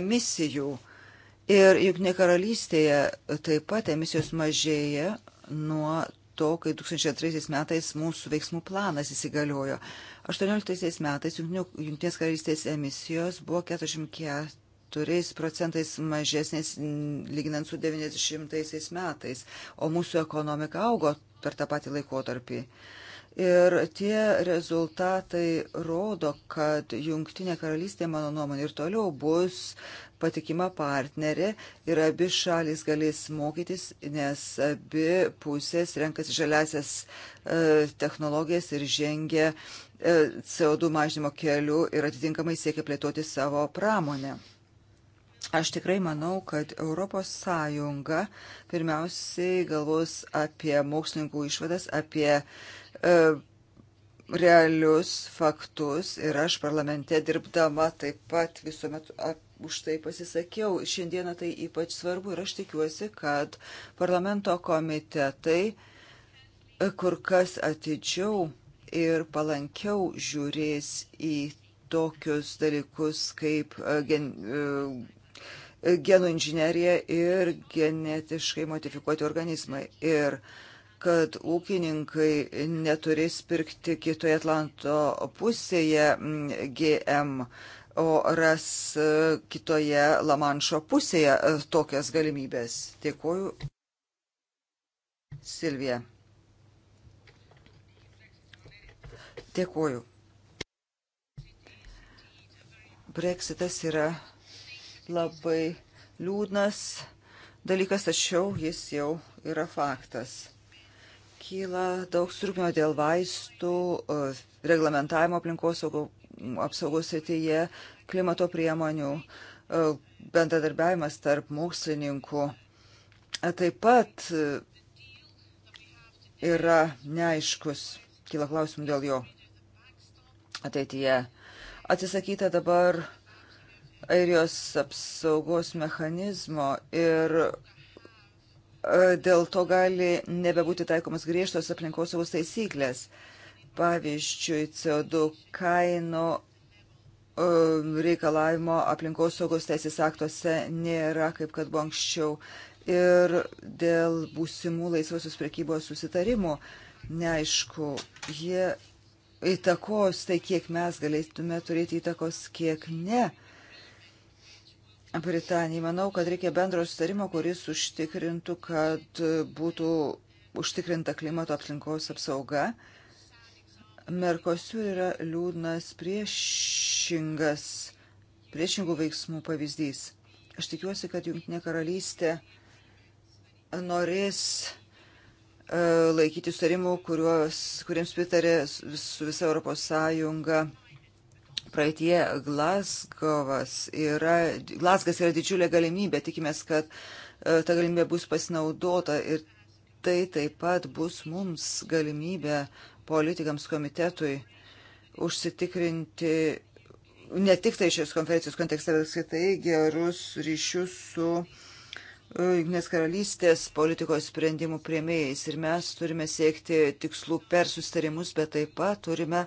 emisijų. Ir juk ne karalystėje taip pat emisijos mažėja nuo to, kai 2003 metais mūsų veiksmų planas įsigaliojo. 18 metais Junktinės karalystės emisijos buvo 44 keturiais procentais mažesnės lyginant su 90 metais, o mūsų ekonomika augo per tą patį laikotarpį. Ir tie rezultatai rodo, kad Junktinė karalystė, mano nuomonė, ir toliau bus patikima partnerė ir abi šalis galės mokytis, nes abi pusės renkasi žaliasias e, technologijas ir žengia e, CO2 mažinimo keliu ir atitinkamai siekia plėtoti savo pramonę. Aš tikrai manau, kad Europos Sąjunga pirmiausiai galvos apie mokslininkų išvadas, apie e, realius faktus ir aš parlamente dirbdama taip pat visuomet už tai pasisakiau. Šiandieną tai ypač svarbu ir aš tikiuosi, kad parlamento komitetai e, kur kas atidžiau ir palankiau žiūrės į tokius dalykus kaip e, gen, e, genų inžinierija ir genetiškai modifikuoti organizmai. Ir kad ūkininkai neturės pirkti kitoje Atlanto pusėje GM o ras e, kitoje Lamanšo pusėje e, tokias galimybės. Dėkuoju. Silvija. Dėkuoju. Brexitas yra labai liūdnas dalykas, tačiau jis jau yra faktas. Kyla daug surūpimo dėl vaistų, e, reglamentavimo aplinkos apsaugos srityje, klimato priemonių, e, bendradarbiavimas tarp mokslininkų. E, taip pat e, yra neaiškus, kyla klausimų dėl jo ateityje. Atsisakyta dabar airijos apsaugos mechanizmo ir dėl to gali nebebūti taikomas griežtos aplinkosaugos taisyklės. Pavyzdžiui, CO2 kaino um, reikalavimo aplinkosaugos teisės aktuose nėra, kaip kad buvo anksčiau. Ir dėl būsimų laisvosios prekybos susitarimų, neaišku, jie įtakos tai, kiek mes galėtume turėti įtakos, kiek ne. Britanijai manau, kad reikia bendro sustarimo, kuris užtikrintų, kad būtų užtikrinta klimato aplinkos apsauga. Uh, Merkosiur yra liūdnas priešingas, priešingų veiksmų pavyzdys. Aš tikiuosi, kad Junktinė karalystė norės e, laikyti sutarimų, kuriems pritarė su visa Europos Sąjunga praeitie Glasgovas yra, Glasgas yra didžiulė galimybė, tikimės, kad e, ta galimybė bus pasinaudota ir tai taip pat bus mums galimybė politikams komitetui užsitikrinti ne tik tai šios konferencijos kontekste, bet apskritai gerus ryšius su e, Junktinės karalystės politikos sprendimų prieimėjais. Ir mes turime siekti tikslų per sustarimus, bet taip pat turime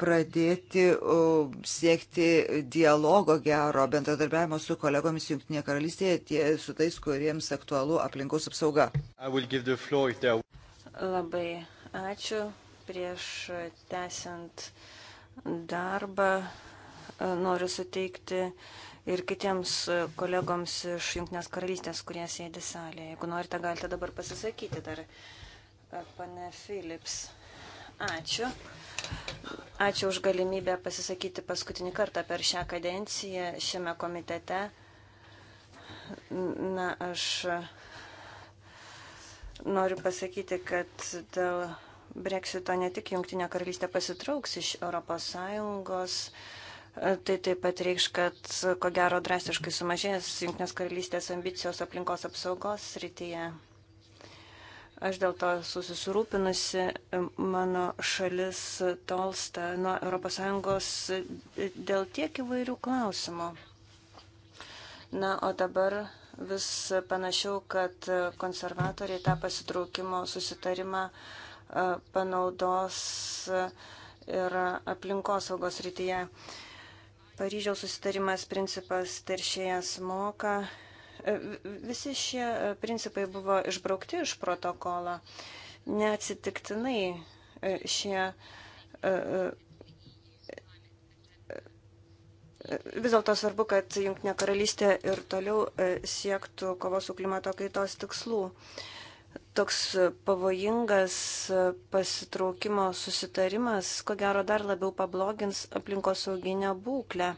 pradėti siekti dialogo gero bendradarbiavimo su kolegomis Junktinėje karalystėje, tie, su tais, kuriems aktualu aplinkos apsauga. Labai ačiū prieš tęsiant darbą e, noriu suteikti ir kitiems kolegoms iš Junktinės karalystės, kurie sėdi salėje. Jeigu norite, galite dabar pasisakyti dar, e, pane Philips. Ačiū. Ačiū už galimybę pasisakyti paskutinį kartą per šią kadenciją šiame komitete. Na, aš noriu pasakyti, kad dėl breksito ne tik Junktinė karalystė pasitrauks iš ES, tai taip pat reikš, kad ko gero drastiškai sumažės Junktinės karalystės ambicijos aplinkos apsaugos srityje. Aš dėl to susirūpinusi, mano šalis tolsta nuo ES dėl tiek įvairių klausimų. Na, o dabar vis panašiau, kad konservatoriai tą pasitraukimo susitarimą uh, panaudos ir aplinkosaugos rytyje. Paryžiaus susitarimas principas teršėjas moka. E, visi šie principai buvo išbraukti iš protokolo. Neatsitiktinai e, šie e, vis dėlto svarbu, kad Junktinė karalystė ir toliau siektų kovos su klimato kaitos tikslų toks pavojingas pasitraukimo susitarimas, ko gero, dar labiau pablogins aplinkosauginę būklę.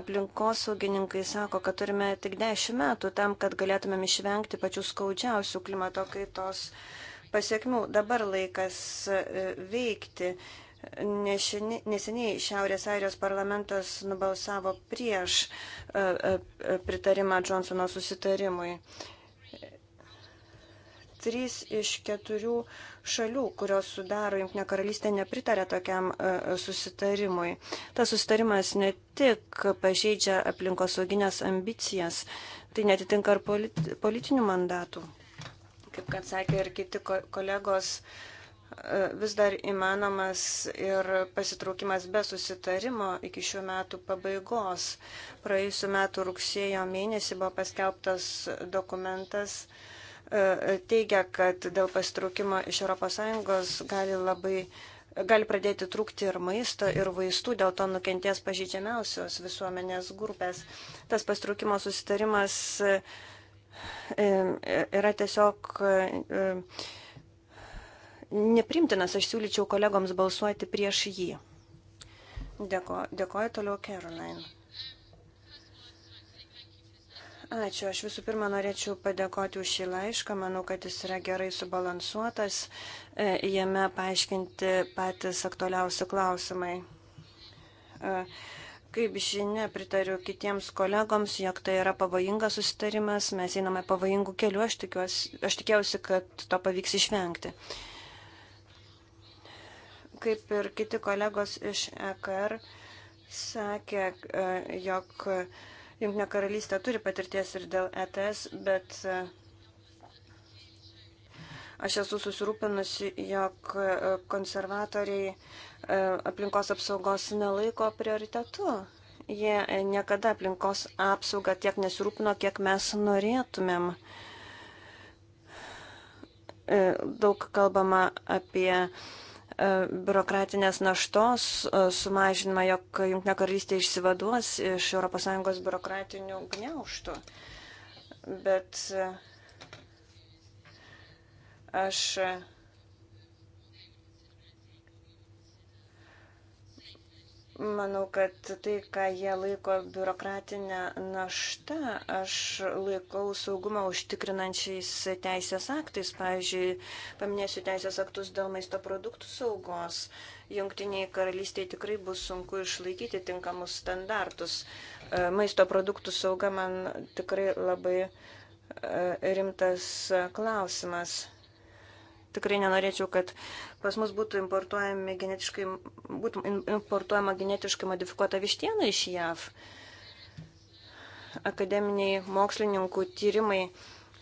Aplinkosaugininkai sako, kad turime tik 10 metų tam, kad galėtumėm išvengti pačių skaudžiausių klimato kaitos pasiekmių. Dabar laikas e, veikti. Neseniai Šiaurės Airijos parlamentas nubalsavo prieš e, e, pritarimą Johnsono susitarimui trys iš keturių šalių, kurios sudaro Junktinė karalystė, nepritarė tokiam e, susitarimui. Tas susitarimas ne tik pažeidžia aplinkosauginės ambicijas, tai netitinka ir politi politinių mandatų. Kaip kad sakė ir kiti kolegos, e, vis dar įmanomas ir pasitraukimas be susitarimo iki šių metų pabaigos. Praėjusiu metu rugsėjo mėnesį buvo paskelbtas dokumentas E, teigia, kad dėl pasitraukimo iš ES gali labai gali pradėti trūkti ir maisto, ir vaistų, dėl to nukenties pažydžiamiausios visuomenės grupės. Tas pastraukimo susitarimas e, e, yra tiesiog neprimtinas, aš siūlyčiau kolegoms balsuoti prieš jį. Dėko, dėkoju toliau, Caroline. Ačiū. Aš visų pirma norėčiau padėkoti už šį laišką. Manau, kad jis yra gerai subalansuotas. E, jame paaiškinti patys aktualiausi klausimai. E, kaip žinia, pritariu kitiems kolegoms, jog tai yra pavojingas susitarimas. Mes einame pavojingų kelių. Aš, tikiuosi, aš tikėjausi, kad to pavyks išvengti. Kaip ir kiti kolegos iš EKR sakė, e, jog Junknė karalystė turi patirties ir dėl ETS, bet e, aš esu susirūpinusi, jog e, konservatoriai e, aplinkos apsaugos nelaiko prioritetu. Jie niekada aplinkos apsaugą tiek nesirūpino, kiek mes norėtumėm daug kalbama apie biurokratinės naštos e, sumažinimą, jog Junktinė karalystė išsivaduos iš ES biurokratinių gniauštų. Bet e, aš Manau, kad tai, ką jie laiko biurokratinę naštą, aš laikau saugumą užtikrinančiais teisės aktais. Pavyzdžiui, paminėsiu teisės aktus dėl maisto produktų saugos. Jungtiniai karalystiai tikrai bus sunku išlaikyti tinkamus standartus. E, maisto produktų sauga man tikrai labai e, rimtas klausimas. Tikrai nenorėčiau, kad pas mus būtų, genetiškai, būtų importuojama genetiškai modifikuota vištiena iš JAV. Akademiniai mokslininkų tyrimai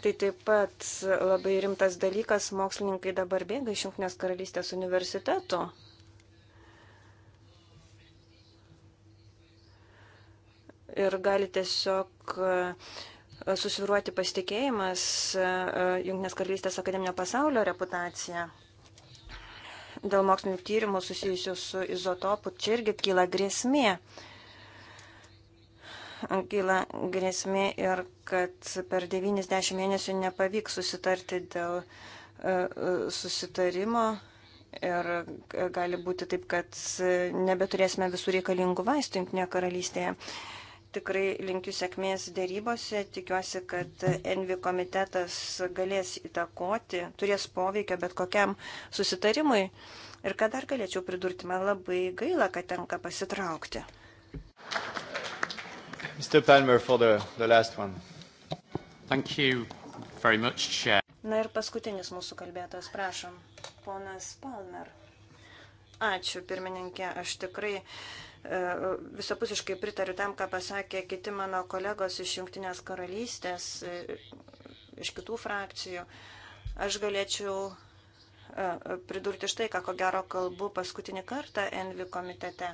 tai taip pat labai rimtas dalykas. Mokslininkai dabar bėga iš Junknės karalystės universiteto. Ir gali tiesiog uh, susviruoti pasitikėjimas e, Junktinės karalystės akademinio pasaulio reputacija. Dėl mokslinių tyrimų susijusių su izotopu čia irgi kyla grėsmė. Kyla grėsmė ir kad per 90 mėnesių nepavyks susitarti dėl e, e, susitarimo ir gali būti taip, kad nebeturėsime visų reikalingų vaistų Junktinėje karalystėje tikrai linkiu sėkmės dėrybose. Tikiuosi, kad Envi komitetas galės įtakoti, turės poveikio bet kokiam susitarimui. Ir ką dar galėčiau pridurti, man labai gaila, kad tenka pasitraukti. Mr. Palmer for the, the last one. Thank you very much, Chair. Na ir paskutinis mūsų kalbėtojas, prašom, ponas Palmer. Ačiū, pirmininkė, aš tikrai uh, E, visapusiškai pritariu tam, ką pasakė kiti mano kolegos iš Junktinės karalystės, e, iš kitų frakcijų. Aš galėčiau e, pridurti štai, ką ko gero kalbu paskutinį kartą Envi komitete.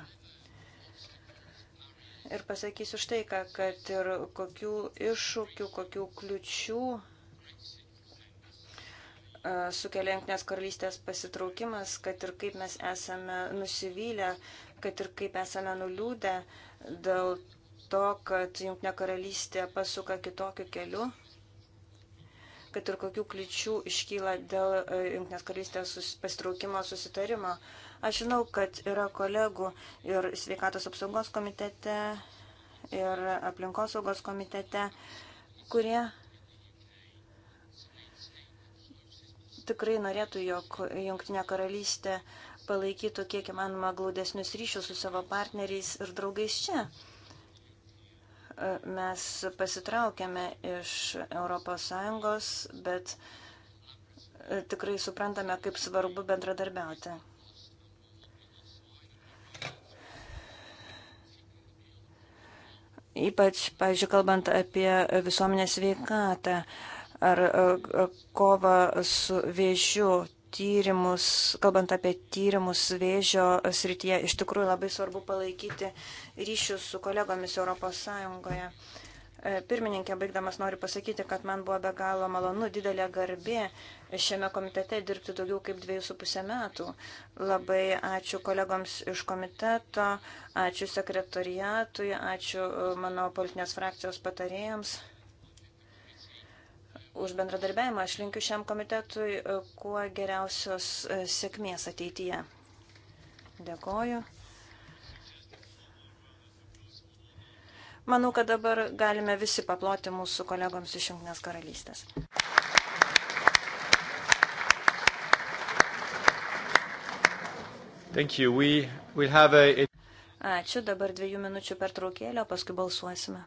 Ir pasakysiu štai, ką, kad ir kokių iššūkių, kokių kliučių sukelia Junktinės karalystės pasitraukimas, kad ir kaip mes esame nusivylę kad ir kaip esame nuliūdę dėl to, kad Junktinė karalystė pasuka kitokiu keliu, kad ir kokių kliučių iškyla dėl e, Junktinės karalystės sus, pasitraukimo susitarimo. Aš žinau, kad yra kolegų ir sveikatos apsaugos komitete, ir aplinkosaugos komitete, kurie tikrai norėtų, jog Junktinė karalystė palaikytų kiek įmanoma glaudesnius ryšius su savo partneriais ir draugais čia. E, mes pasitraukėme iš ES, bet e, tikrai suprantame, kaip svarbu bendradarbiauti. Ypač, pažiūrėjau, kalbant apie visuomenės veikatą ar e, kovą su vėžiu, tyrimus, kalbant apie tyrimus vėžio srityje, iš tikrųjų labai svarbu palaikyti ryšius su kolegomis ES. E, pirmininkė, baigdamas noriu pasakyti, kad man buvo be galo malonu, didelė garbė šiame komitete dirbti daugiau kaip dviejų su pusę metų. Labai ačiū kolegoms iš komiteto, ačiū sekretoriatui, ačiū e, mano politinės frakcijos patarėjams už bendradarbiavimą. Aš linkiu šiam komitetui e, kuo geriausios e, sėkmės ateityje. Dėkoju. Manau, kad dabar galime visi paploti mūsų kolegoms iš Junktinės karalystės. Thank you. We will have a... Ačiū, dabar dviejų minučių pertraukėlę, paskui balsuosime.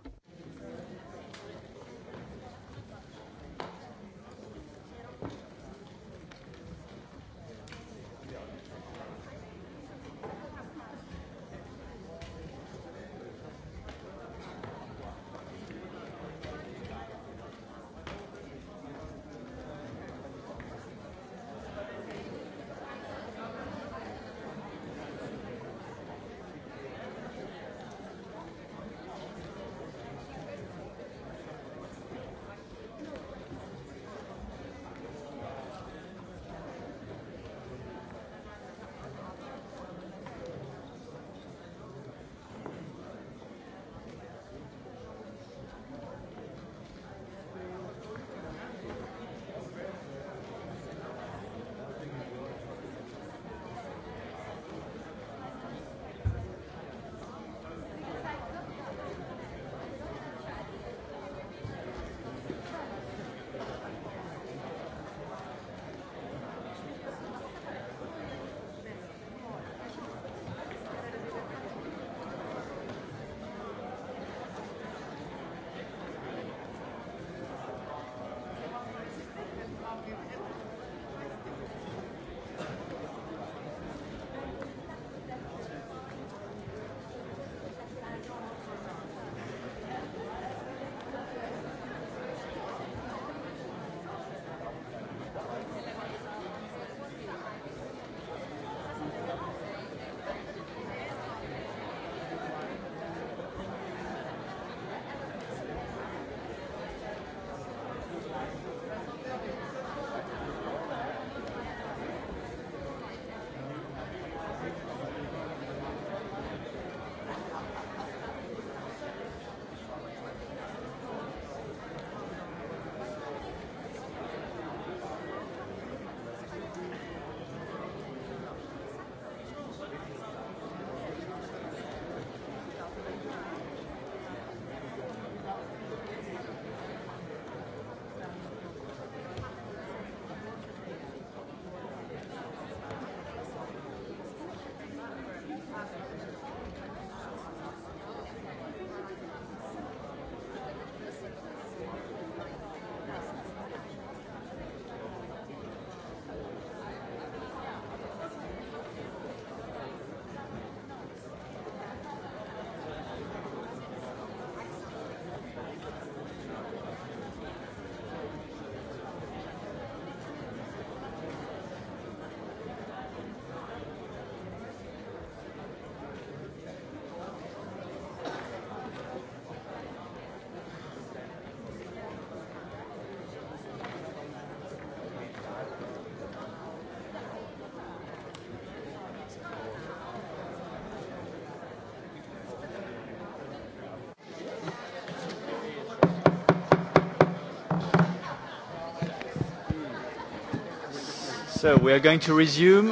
So we are going to resume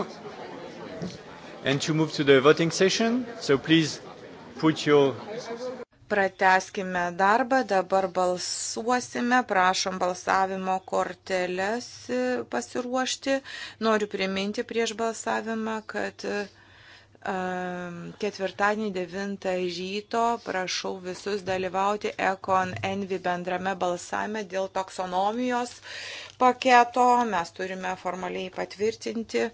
and to move to the voting session. So please put your Prateskime darbą, dabar balsuosime, prašom balsavimo korteles e, pasiruošti. Noriu priminti prieš balsavimą, kad e, ketvirtadienį 9 ryto prašau visus dalyvauti Ekon Envi bendrame balsame dėl taksonomijos paketo mes turime formaliai patvirtinti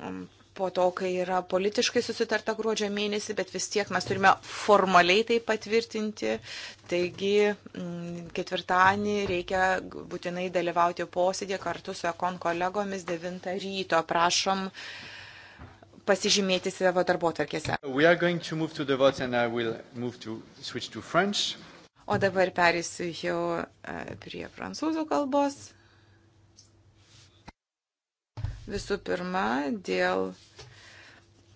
um, po to, kai yra politiškai susitarta gruodžio mėnesį, bet vis tiek mes turime formaliai tai patvirtinti. Taigi mm, ketvirtadienį reikia būtinai dalyvauti posėdė kartu su ekon kolegomis 9 ryto. Prašom pasižymėti savo darbo tarkėse. O dabar perėsiu jau e, prie prancūzų kalbos. Visų pirma, dėl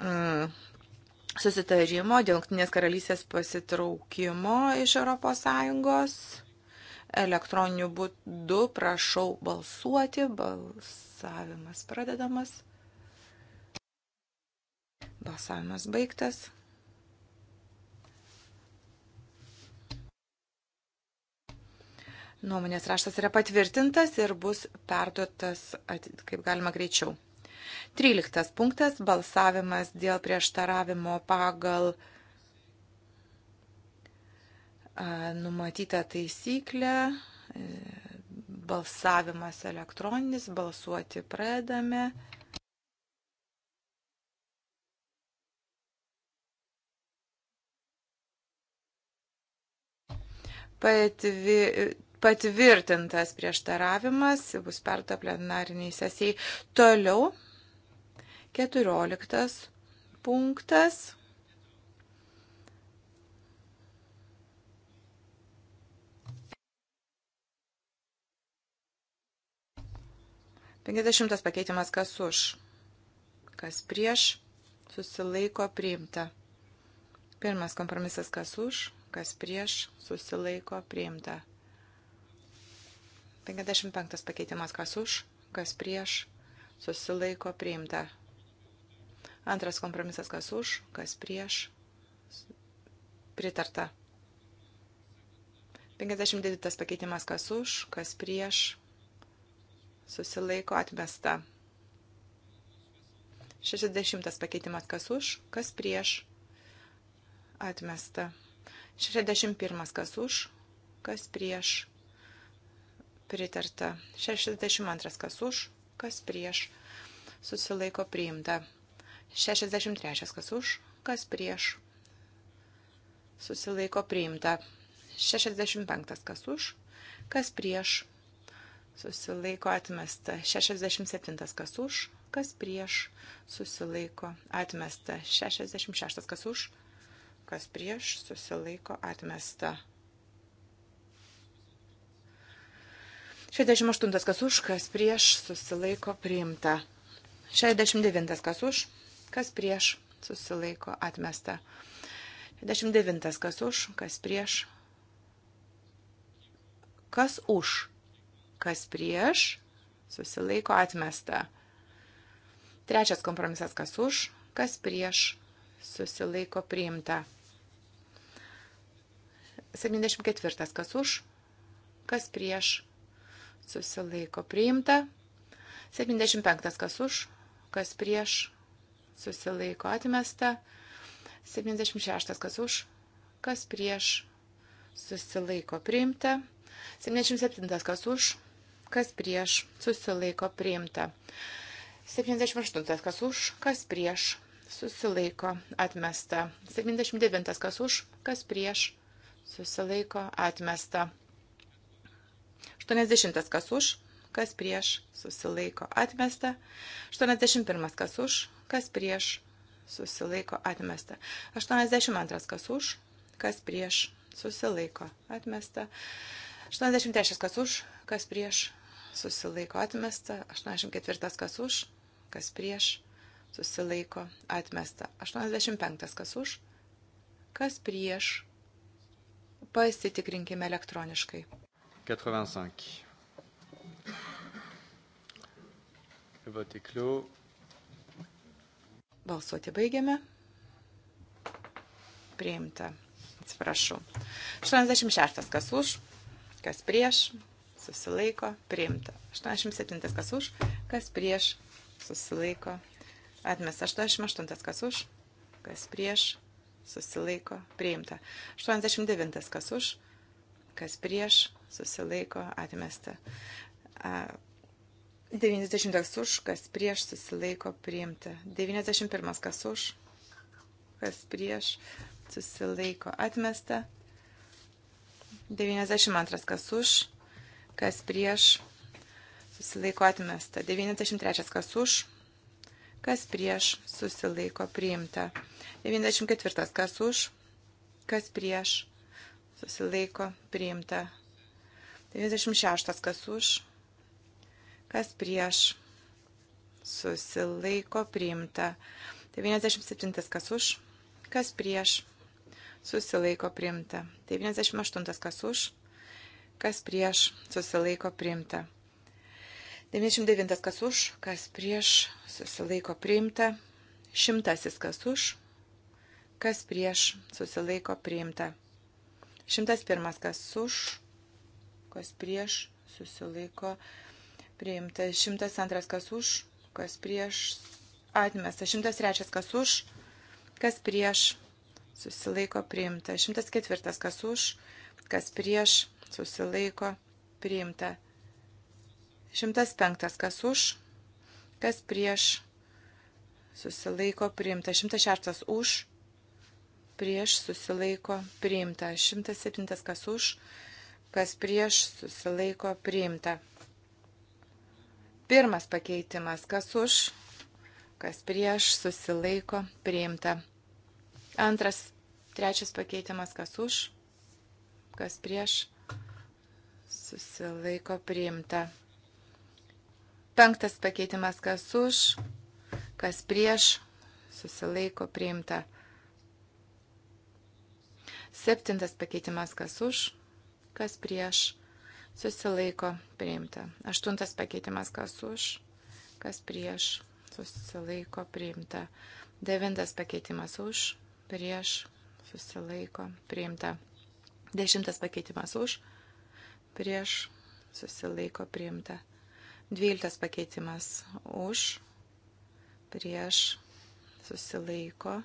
mm, susitarimo, dėl Junktinės karalystės pasitraukimo iš ES elektroniniu būdu prašau balsuoti. Balsavimas pradedamas. Balsavimas baigtas. Nuomonės raštas yra patvirtintas ir bus perduotas kaip galima greičiau. 13 punktas - balsavimas dėl prieštaravimo pagal numatytą taisyklę. E, balsavimas elektroninis, balsuoti pradame. Patvi, patvirtintas prieštaravimas, bus perta plenariniai sesijai. Toliau, keturioliktas punktas. Penkidešimtas pakeitimas, kas už, kas prieš, susilaiko priimta. Pirmas kompromisas, kas už, kas prieš, susilaiko priimta. 55 pakeitimas kas už, kas prieš, susilaiko priimta. Antras kompromisas kas už, kas prieš, pritarta. 59 pakeitimas kas už, kas prieš, susilaiko atmesta. 60 pakeitimas kas už, kas prieš, atmesta. 61 kas už, kas prieš, pritarta. 62 kas už, kas prieš, susilaiko priimta. 63 kas už, kas prieš, susilaiko priimta. 65 kas už, kas prieš, susilaiko atmesta. 67 kas už, kas prieš, susilaiko atmesta. 66 kas už, kas prieš, susilaiko atmesta. 68 kas už, kas prieš, susilaiko priimta. 69 kas už, kas prieš, susilaiko atmesta. 69 kas už, kas prieš. Kas už, kas prieš, susilaiko atmesta. Trečias kompromisas kas už, kas prieš, susilaiko priimta. 74 kas už, kas prieš, susilaiko priimta. 75 kas už, kas prieš, susilaiko atmesta. 76 kas už, kas prieš, susilaiko priimta. 77 kas už, kas prieš, susilaiko priimta. 78 kas už, kas prieš, susilaiko atmesta. 79 kas už, kas prieš, susilaiko atmesta. 80 kas už, kas prieš, susilaiko atmesta. 81 kas už, kas prieš, susilaiko atmesta. 82 kas už, kas prieš, susilaiko atmesta. 83 kas už, kas prieš, susilaiko atmesta. 84 kas už, kas prieš, susilaiko atmesta. 85 kas už, kas prieš, pasitikrinkime elektroniškai. 85. Le vote est clos. Balsuoti baigiame. Priimta. Atsiprašau. 86. Kas už, kas prieš, susilaiko, priimta. 87. Kas už, kas prieš, susilaiko, atmesta. 88. Kas už, kas prieš, susilaiko, priimta. 89. Kas už, kas prieš, susilaiko atmesta. 90 už, kas prieš susilaiko priimta. 91 kas už, kas prieš susilaiko atmesta. 92 kas už, kas prieš susilaiko atmesta. 93 kas už, kas prieš susilaiko priimta. 94 kas už, kas prieš susilaiko priimta. 96. Kas už, kas prieš, susilaiko priimta. 97. Kas už, kas prieš, susilaiko priimta. 98. Kas už, kas prieš, susilaiko priimta. 99. Kas už, kas prieš, susilaiko priimta. 100. Kas už, kas prieš, susilaiko priimta. 101. Kas už, kas prieš, susilaiko priimta. 102 kas už, kas prieš, atmesta. 103 kas už, kas prieš, susilaiko priimta. 104 kas už, kas prieš, susilaiko priimta. 105 kas už, kas prieš, susilaiko priimta. 106 už, prieš susilaiko priimta. 107 kas už, kas prieš susilaiko priimta. Pirmas pakeitimas, kas už, kas prieš susilaiko priimta. Antras, trečias pakeitimas, kas už, kas prieš susilaiko priimta. Penktas pakeitimas, kas už, kas prieš susilaiko priimta. Septintas pakeitimas, kas už, kas prieš, susilaiko priimta. Aštuntas pakeitimas, kas už, kas prieš, susilaiko priimta. Devintas pakeitimas už, prieš, susilaiko priimta. Dešimtas pakeitimas už, prieš, susilaiko priimta. Dvyliktas pakeitimas už, prieš, susilaiko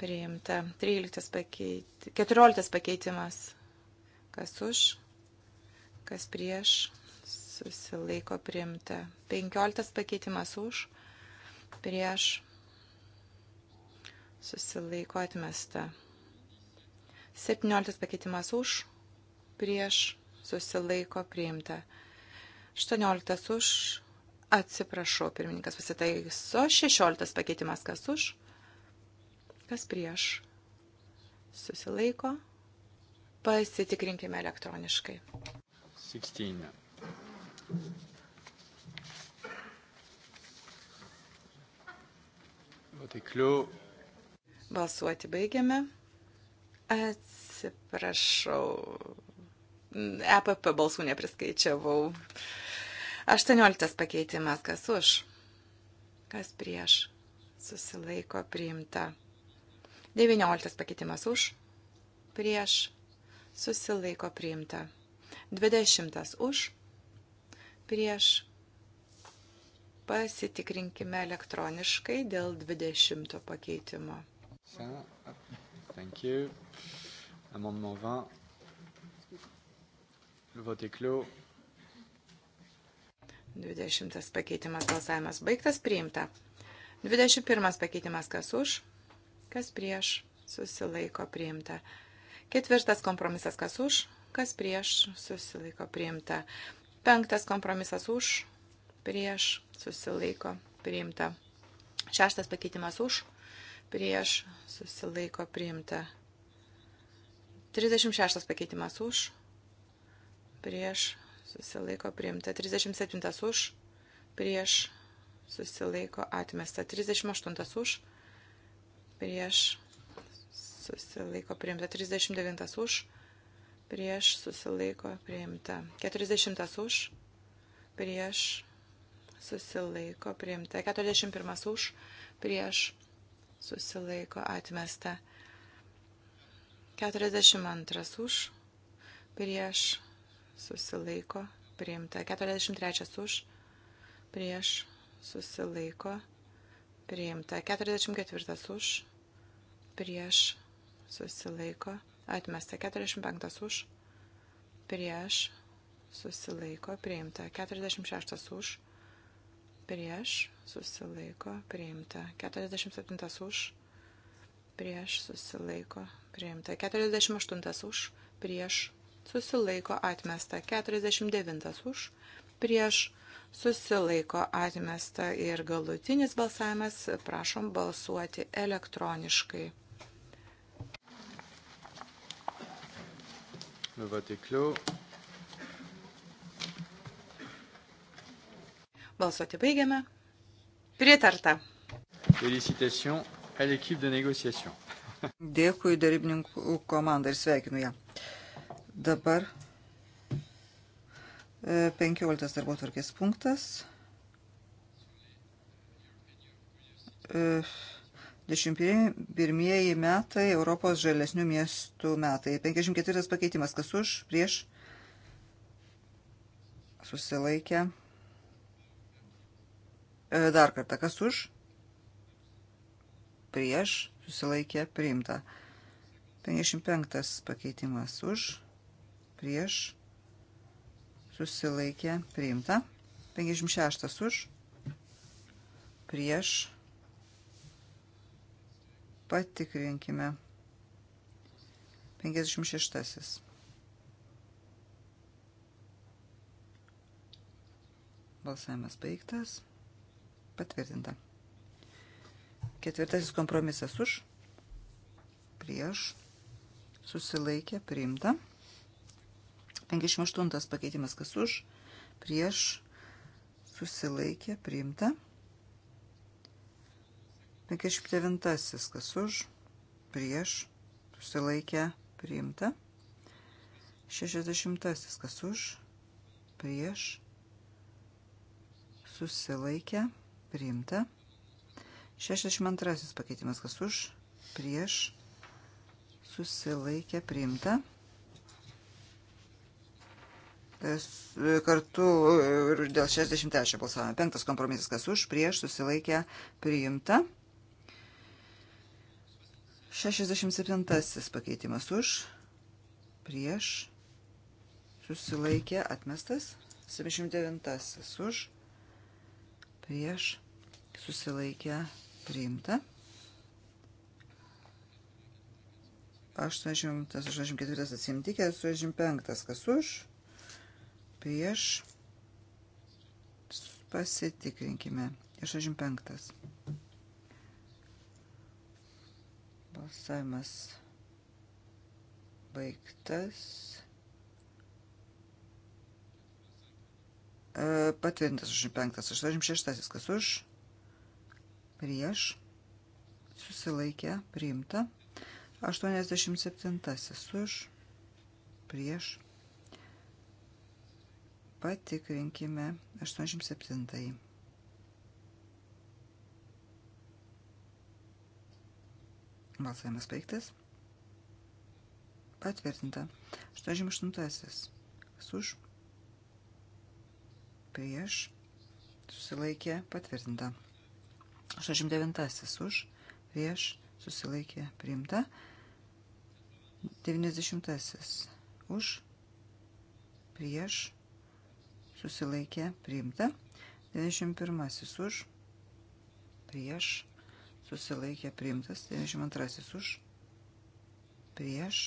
priimta. Tryliktas pakeitimas, keturioliktas pakeitimas Kas už, kas prieš, susilaiko priimta. 15 pakeitimas už, prieš, susilaiko atmesta. 17 pakeitimas už, prieš, susilaiko priimta. 18 už, atsiprašau, pirmininkas pasitaiso, 16 pakeitimas kas už, kas prieš, susilaiko priimta Pasitikrinkime elektroniškai. 16. Balsuoti baigiame. Atsiprašau. EPP balsų nepriskaičiavau. 18 pakeitimas. Kas už? Kas prieš? Susilaiko priimta. 19 pakeitimas už. Prieš susilaiko priimta. 20 už, prieš, pasitikrinkime elektroniškai dėl 20 pakeitimo. Thank you. Amendement 20. Le vote est clos. 20 pakeitimas balsavimas baigtas, priimta. 21 pakeitimas kas už, kas prieš, susilaiko priimta. Ketvirtas kompromisas kas už, kas prieš susilaiko priimta. Penktas kompromisas už, prieš susilaiko priimta. Šeštas pakeitimas už, prieš susilaiko priimta. 36 pakeitimas už, prieš susilaiko priimta. 37 už, prieš susilaiko atmesta. 38 už, prieš susilaiko priimta. 39 už, prieš susilaiko priimta. 40 už, prieš susilaiko priimta. 41 už, prieš susilaiko atmesta. 42 už, prieš susilaiko priimta. 43 už, prieš susilaiko priimta. 44 už, prieš susilaiko, atmesta 45 už, prieš, susilaiko, priimta 46 už, prieš, susilaiko, priimta 47 už, prieš, susilaiko, priimta 48 už, prieš, susilaiko, atmesta 49 už, prieš, susilaiko atmesta ir galutinis balsavimas, prašom balsuoti elektroniškai. Le vote est clos. Balsuoti baigiame. Pritarta. Félicitations à l'équipe de négociation. Dėkui darybininkų komandai ir sveikinu ją. Dabar 15 e, darbo tvarkės punktas. E, 21 metai Europos žalesnių miestų metai. 54 pakeitimas. Kas už? Prieš? Susilaikę. E, dar kartą. Kas už? Prieš? Susilaikę. Priimta. 55 pakeitimas. Už? Prieš? Susilaikę. Priimta. 56 už? Prieš? Patikrinkime. 56. Balsavimas baigtas. Patvirtinta. Ketvirtasis kompromisas už. Prieš. Susilaikė. Priimta. 58 pakeitimas kas už. Prieš. Susilaikė. Priimta. 59. Kas už, prieš, susilaikė, priimta. 60. Kas už, prieš, susilaikė, priimta. 62. Pakeitimas kas už, prieš, susilaikė, priimta kartu e, ir dėl 63 balsavome. Penktas kompromisas, kas už, prieš, susilaikė, priimta. 67 pakeitimas už, prieš, susilaikė, atmestas. 79 už, prieš, susilaikė, priimta. 884 atsimti, 485 kas už, prieš, pasitikrinkime. 85. Balsavimas baigtas. E, patvirtintas 85, 86, kas už, prieš, susilaikė, priimta. 87 už, prieš, patikrinkime 87. Balsavimas baigtas. Patvirtinta. 88. Kas už? Prieš. Susilaikė. Patvirtinta. 89. Už. Prieš. Susilaikė. Priimta. 90. Už. Prieš. Susilaikė. Priimta. 91. Už. Prieš susilaikė priimtas, 92 už, prieš,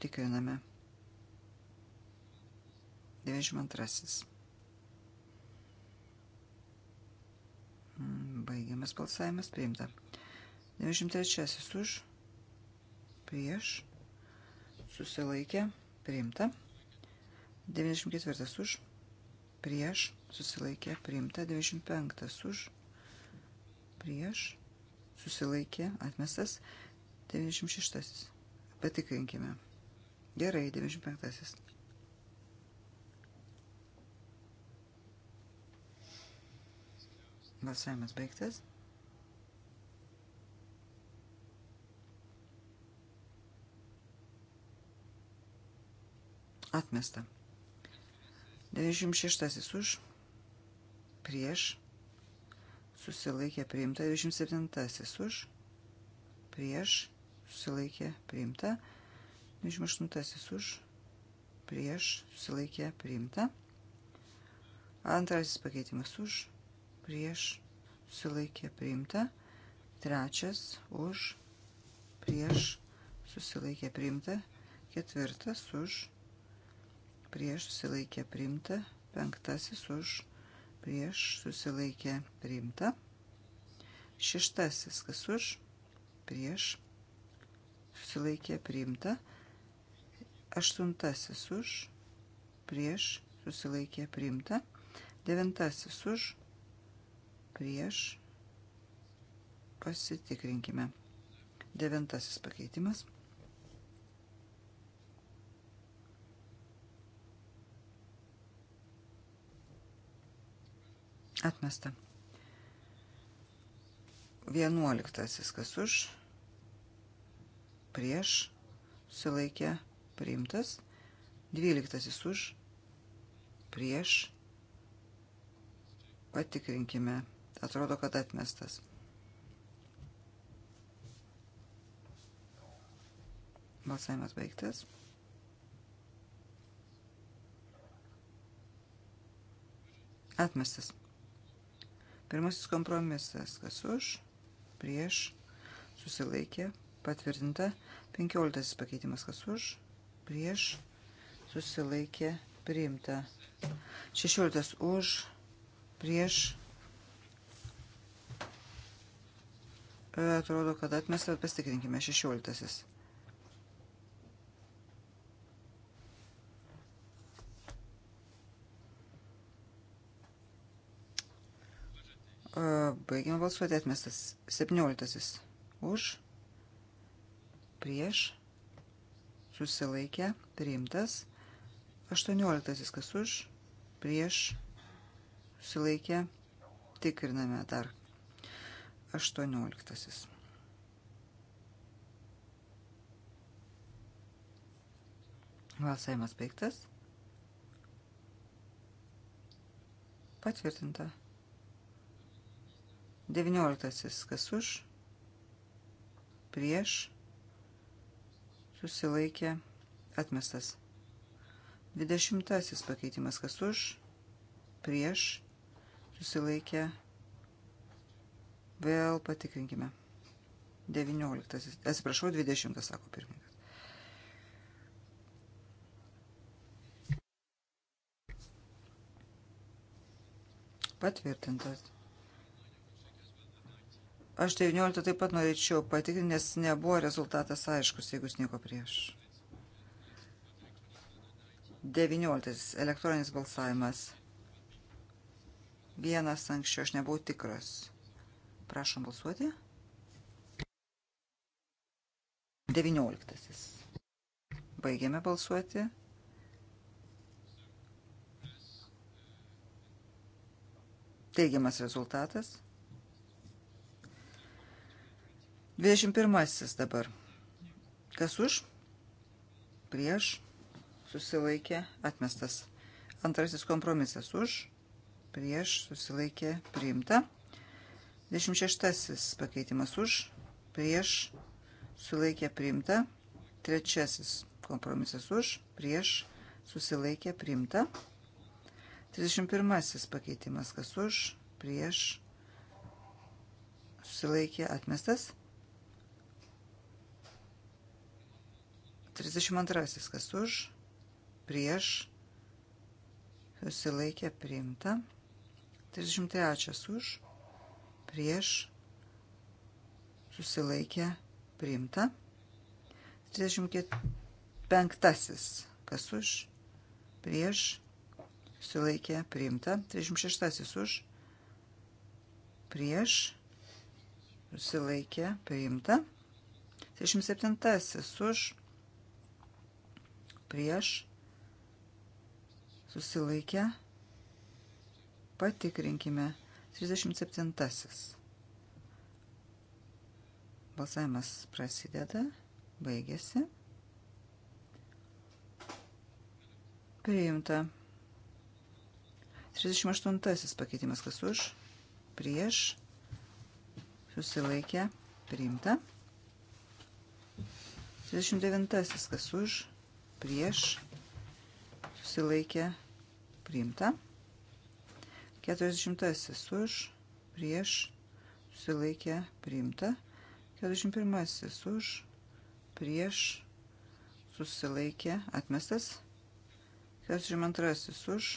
tikriname, 92. Hmm, baigiamas balsavimas priimta. 93 už, prieš, susilaikė, priimta. 94 už, prieš, susilaikė, priimta. 95 už, prieš prieš, susilaikė, atmestas, 96. Patikrinkime. Gerai, 95. Balsavimas baigtas. Atmesta. 96 už, prieš, susilaikė priimta. 27 už, prieš, susilaikė priimta. 28 už, prieš, susilaikė priimta. Antrasis pakeitimas už, prieš, susilaikė priimta. Trečias už, prieš, susilaikė priimta. Ketvirtas už, prieš, susilaikė priimta. Penktasis už, prieš prieš susilaikė priimta. Šeštasis, kas už, prieš susilaikė priimta. Aštuntasis už, prieš susilaikė priimta. Devintasis už, prieš pasitikrinkime. Devintasis pakeitimas. Atmesta. Vienuoliktasis, kas už, prieš, sulaikė, priimtas. Dvyliktasis už, prieš, patikrinkime. Atrodo, kad atmestas. Balsavimas baigtas. Atmestas. Pirmasis kompromisas, kas už, prieš, susilaikė, patvirtinta. Penkioliktasis pakeitimas, kas už, prieš, susilaikė, priimta. Šešioliktas už, prieš, e, atrodo, kad atmestas, pasitikrinkime, šešioliktasis. Baigiam balsuoti atmestas. 17. Už. Prieš. Susilaikė. Priimtas. 18. Kas už. Prieš. Susilaikė. Tikriname dar. 18. Balsavimas baigtas. Patvirtinta. 19. Kas už? Prieš. Susilaikė. Atmestas. 20. Pakeitimas. Kas už? Prieš. Susilaikė. Vėl patikrinkime. 19. Atsiprašau, 20. sako pirmininkas. Patvirtintas. Aš 19 tai taip pat norėčiau patikrinti, nes nebuvo rezultatas aiškus, jeigu jūs nieko prieš. 19 elektroninis balsavimas. Vienas anksčiau, aš nebuvau tikras. Prašom balsuoti. 19. Baigėme balsuoti. Teigiamas rezultatas. 21 dabar. Kas už? Prieš. Susilaikė. Atmestas. Antrasis kompromisas už. Prieš. Susilaikė. Priimta. 26 pakeitimas už. Prieš. Sulaikė. Priimta. Trečiasis kompromisas už. Prieš. Susilaikė. Priimta. 31 pakeitimas kas už. Prieš. Susilaikė. Atmestas. 32. Kas už, prieš, susilaikė priimta. 33. Už, prieš, susilaikė priimta. 35. Kas už, prieš, susilaikė priimta. 36. Už, prieš, susilaikė priimta. 37. Už, prieš prieš, susilaikę, patikrinkime 37. Balsavimas prasideda, baigėsi. Priimta. 38 pakeitimas kas už, prieš, susilaikę, priimta. 39 kas už, prieš, susilaikė, priimta. 40 už, prieš, susilaikė, priimta. 41 už, prieš, susilaikė, atmestas. 42 už,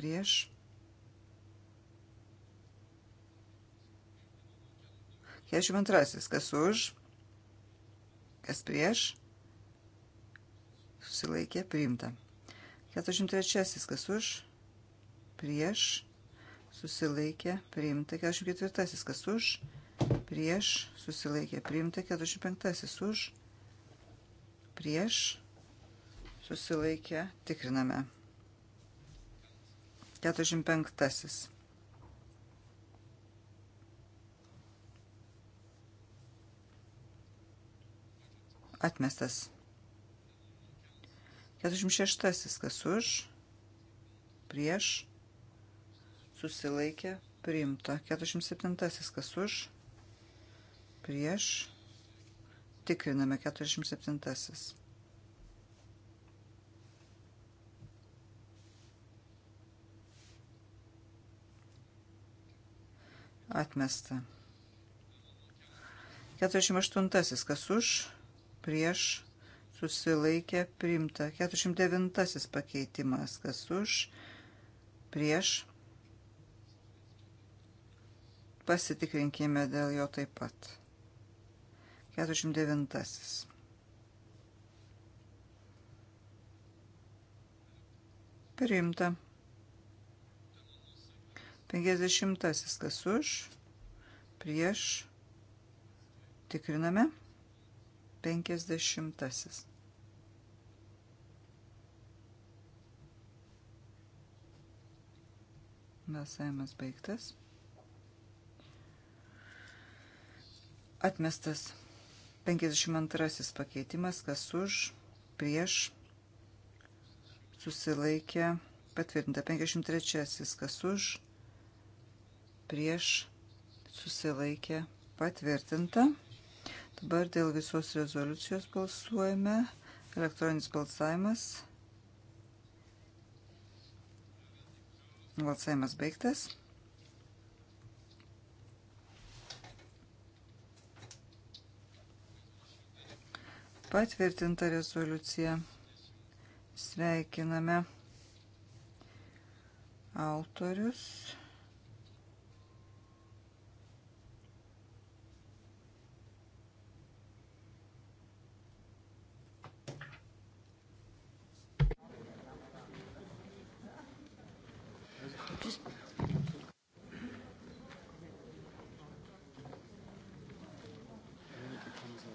prieš. Keturiasdešimt antrasis, kas už, kas prieš, susilaikė priimta. 43. Kas už? Prieš. Susilaikė priimta. 44. Kas už? Prieš. Susilaikė priimta. 45. Už. Prieš. Susilaikė. Tikriname. 45. Atmestas. 46. Kas už? Prieš. Susilaikė. Priimta. 47. Kas už? Prieš. Tikriname 47. Atmesta. 48. Kas už? Prieš susilaikė priimta. 409 pakeitimas, kas už, prieš. Pasitikrinkime dėl jo taip pat. 49. Priimta. 50. Kas už, prieš, tikriname. 50. Balsavimas baigtas. Atmestas 52 pakeitimas, kas už, prieš, susilaikė, patvirtinta 53, kas už, prieš, susilaikė, patvirtinta. Dabar dėl visos rezoliucijos balsuojame. Elektroninis balsavimas. Balsavimas baigtas. Patvirtinta rezoliucija. Sveikiname autorius.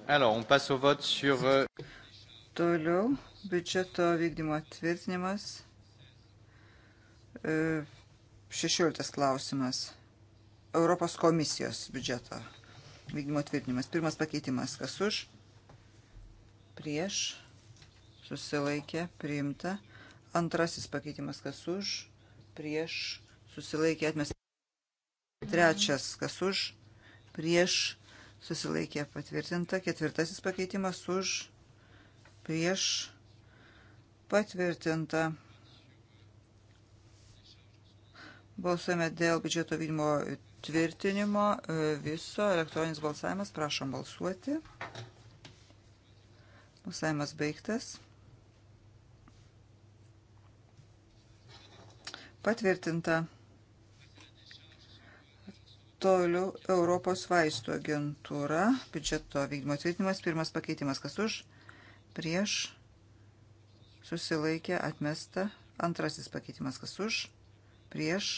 Alors, on passe au vote sur... Euh, Toliau, biudžeto vykdymo tvirtinimas. 16 e, klausimas. Europos komisijos biudžeto vykdymo tvirtinimas. Pirmas pakeitimas. Kas už? Prieš. Susilaikė. Priimta. Antrasis pakeitimas. Kas už? Prieš. Susilaikė. Atmestas. Trečias. Kas už? Prieš susilaikė patvirtinta, ketvirtasis pakeitimas už, prieš, patvirtinta. Balsuojame dėl biudžeto vykdymo tvirtinimo e, viso elektroninis balsavimas. Prašom balsuoti. Balsavimas baigtas. Patvirtinta. Toliau Europos vaistų agentūra, biudžeto vykdymo tvirtinimas, pirmas pakeitimas, kas už, prieš, susilaikė, atmesta, antrasis pakeitimas, kas už, prieš,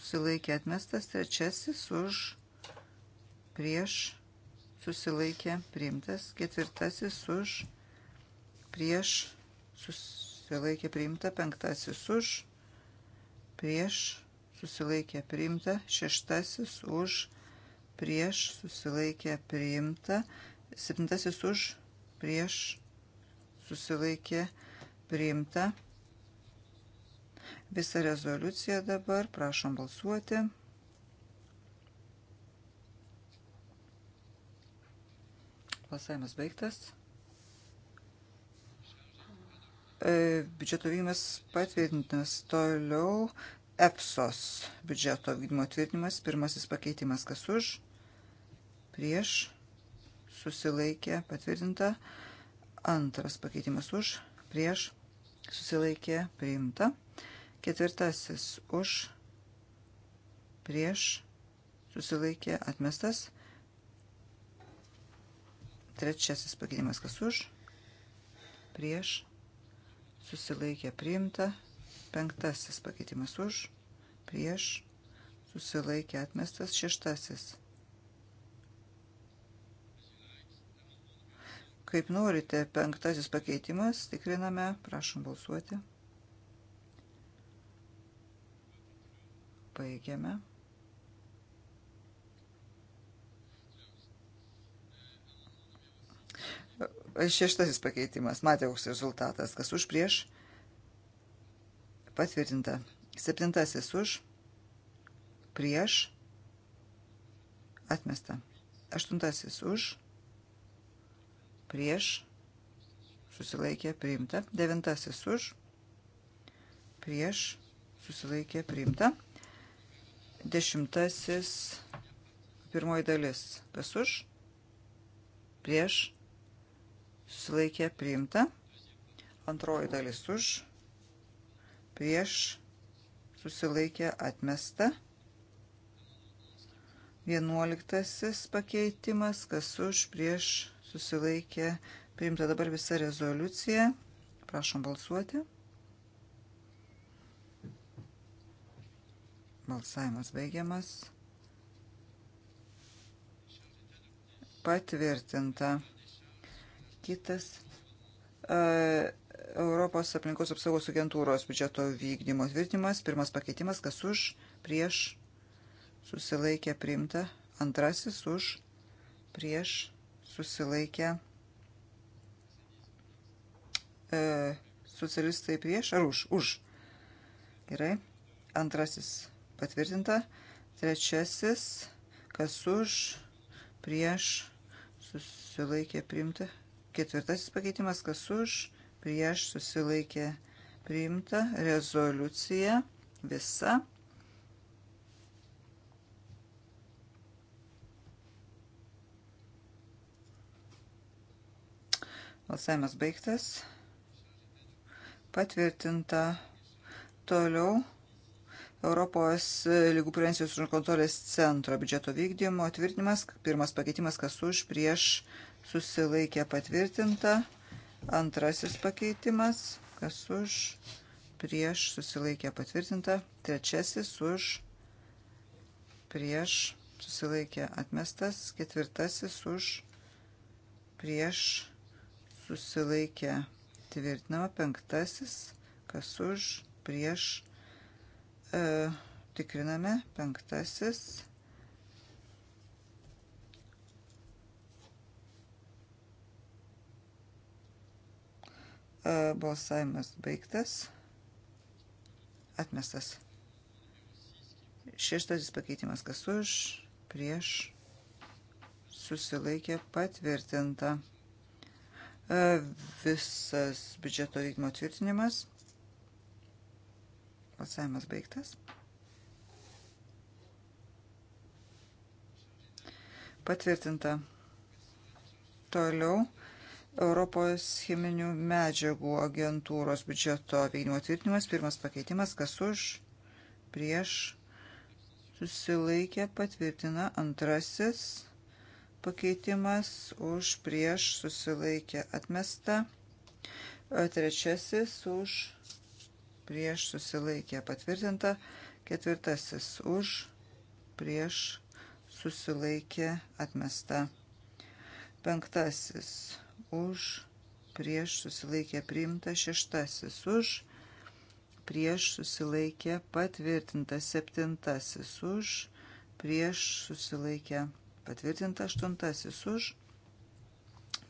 susilaikė, atmestas, trečiasis už, prieš, susilaikė, priimtas, ketvirtasis už, prieš, susilaikė, priimta, penktasis už, prieš, susilaikė priimta, šeštasis už prieš susilaikė priimta, septintasis už prieš susilaikė priimta. Visa rezoliucija dabar, prašom balsuoti. Balsavimas baigtas. E, biudžeto vykdymas patvirtintas toliau EPSOS biudžeto vykdymo tvirtinimas, pirmasis pakeitimas, kas už, prieš, susilaikė, patvirtinta, antras pakeitimas už, prieš, susilaikė, priimta, ketvirtasis už, prieš, susilaikė, atmestas, trečiasis pakeitimas, kas už, prieš, susilaikė, priimta, Penktasis pakeitimas už, prieš, susilaikė atmestas. Šeštasis. Kaip norite, penktasis pakeitimas, tikriname, prašom balsuoti. Baigiame. Šeštasis pakeitimas, matė koks rezultatas, kas už prieš patvirtinta. Septintasis už, prieš, atmesta. Aštuntasis už, prieš, susilaikė priimta. Devintasis už, prieš, susilaikė priimta. Dešimtasis, pirmoji dalis, kas už, prieš, susilaikė priimta. Antroji dalis už, prieš prieš susilaikė atmesta. Vienuoliktasis pakeitimas, kas už prieš susilaikė priimta dabar visa rezoliucija. Prašom balsuoti. Balsavimas baigiamas. Patvirtinta. Kitas. Uh, Europos aplinkos apsaugos agentūros biudžeto vykdymo tvirtinimas. Pirmas pakeitimas, kas už, prieš, susilaikė priimta. Antrasis už, prieš, susilaikė. E, socialistai prieš ar už? Už. Gerai. Antrasis patvirtinta. Trečiasis, kas už, prieš, susilaikė priimta. Ketvirtasis pakeitimas, kas už, prieš susilaikė priimta rezoliucija visa. Balsavimas baigtas. Patvirtinta toliau Europos lygų prevencijos ir kontrolės centro biudžeto vykdymo atvirtinimas. Pirmas pakeitimas, kas už, prieš susilaikė patvirtinta. Antrasis pakeitimas, kas už, prieš, susilaikė patvirtinta. Trečiasis už, prieš, susilaikė atmestas. Ketvirtasis už, prieš, susilaikė tvirtinama. Penktasis, kas už, prieš, e, tikriname. Penktasis, prieš Balsavimas baigtas. Atmestas. Šeštasis pakeitimas kas už, prieš, susilaikė patvirtinta. Visas biudžeto vykdymo tvirtinimas. Balsavimas baigtas. Patvirtinta. Toliau Europos cheminių medžiagų agentūros biudžeto veikimo tvirtinimas. Pirmas pakeitimas, kas už, prieš, susilaikė, patvirtina. Antrasis pakeitimas, už, prieš, susilaikė, atmesta. Trečiasis už, prieš, susilaikė, patvirtinta. Ketvirtasis už, prieš, susilaikė, atmesta. Penktasis už, prieš susilaikė priimta, šeštasis už, prieš susilaikė patvirtinta, septintasis už, prieš susilaikė patvirtinta, aštuntasis už,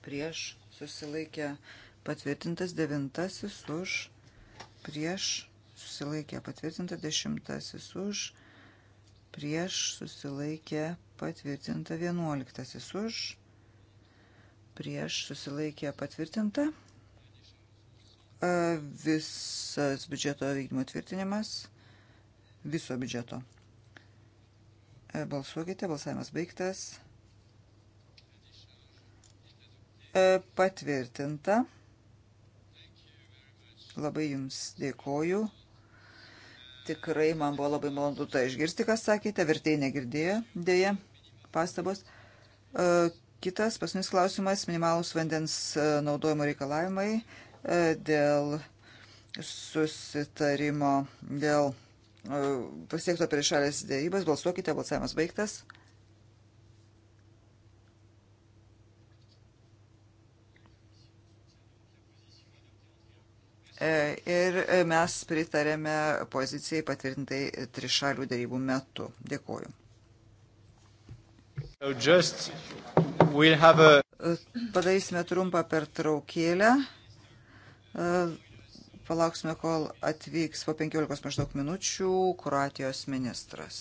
prieš susilaikė patvirtintas, devintasis už, prieš susilaikė patvirtinta, dešimtasis už, prieš susilaikė patvirtinta, vienuoliktasis už, prieš susilaikė patvirtinta. Visas biudžeto vykdymo tvirtinimas. Viso biudžeto. Balsuokite, balsavimas baigtas. Patvirtinta. Labai Jums dėkoju. Tikrai man buvo labai malonu tą išgirsti, ką sakėte. Vertėjai negirdėjo, dėja, pastabos Kitas pasinis klausimas - minimalus vandens e, naudojimo reikalavimai e, dėl susitarimo, dėl e, pasiekto prieš šalės dėrybas. Balsuokite, balsavimas baigtas. Ir mes pritarėme pozicijai patvirtintai trišalių dėrybų metu. Dėkuoju. So just we'll have a... E, Padarysime trumpą pertraukėlę. E, palauksime, kol atvyks po 15 maždaug minučių Kroatijos ministras.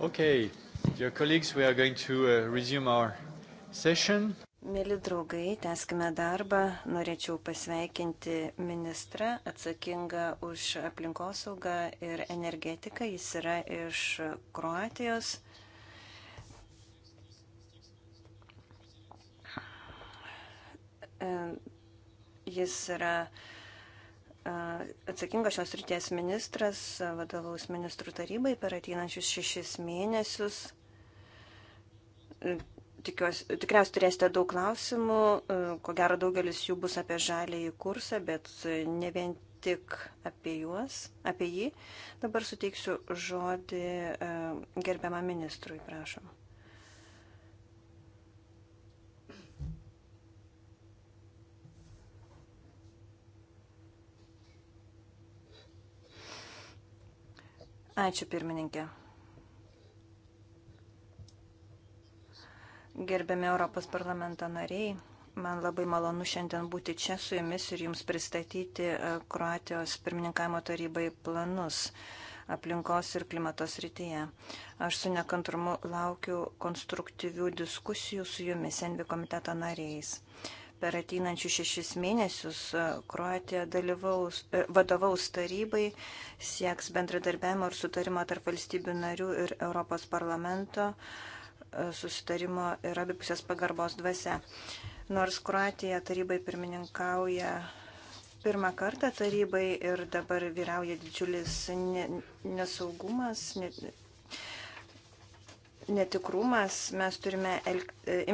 Okay, dear colleagues, we are going to uh, resume our session. Mėly draugai, teskime darbą. Norėčiau pasveikinti ministrą atsakingą už aplinkosaugą ir energetiką. Jis yra iš Kroatijos. Jis yra uh, atsakingas šios ryties ministras vadovaus ministrų tarybai per ateinančius šešis mėnesius. Tikiuosi, tikriausiai turėsite daug klausimų, ko gero daugelis jų bus apie žalėjį kursą, bet ne vien tik apie juos, apie jį. Dabar suteiksiu žodį e, gerbiamą ministrui, prašom. Ačiū pirmininkė. Gerbiami Europos parlamento nariai, man labai malonu šiandien būti čia su jumis ir jums pristatyti e, Kroatijos pirmininkavimo tarybai planus aplinkos ir klimatos rytyje. Aš su nekantrumu laukiu konstruktyvių diskusijų su jumis, Envi komiteto nariais per ateinančius šešis mėnesius e, Kroatija dalyvaus, e, vadovaus tarybai, sieks bendradarbiavimo ir sutarimo tarp valstybių narių ir Europos parlamento e, susitarimo ir abipusės pagarbos dvasia. Nors Kroatija tarybai pirmininkauja pirmą kartą tarybai ir dabar vyrauja didžiulis nesaugumas, netikrumas, mes turime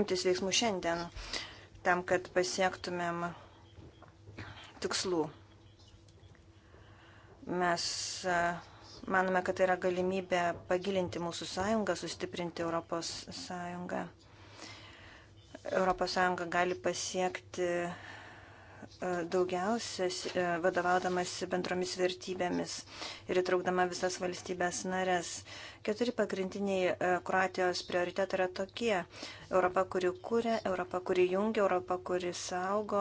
imtis veiksmų šiandien tam, kad pasiektumėm tikslų. Mes manome, kad tai yra galimybė pagilinti mūsų sąjungą, sustiprinti Europos sąjungą. Europos sąjunga gali pasiekti E, daugiausias e, vadovaudamas bendromis vertybėmis ir įtraukdama visas valstybės narės. Keturi pagrindiniai e, Kroatijos prioritetai yra tokie. Europa, kuri kūrė, Europa, kuri jungia, Europa, kuri saugo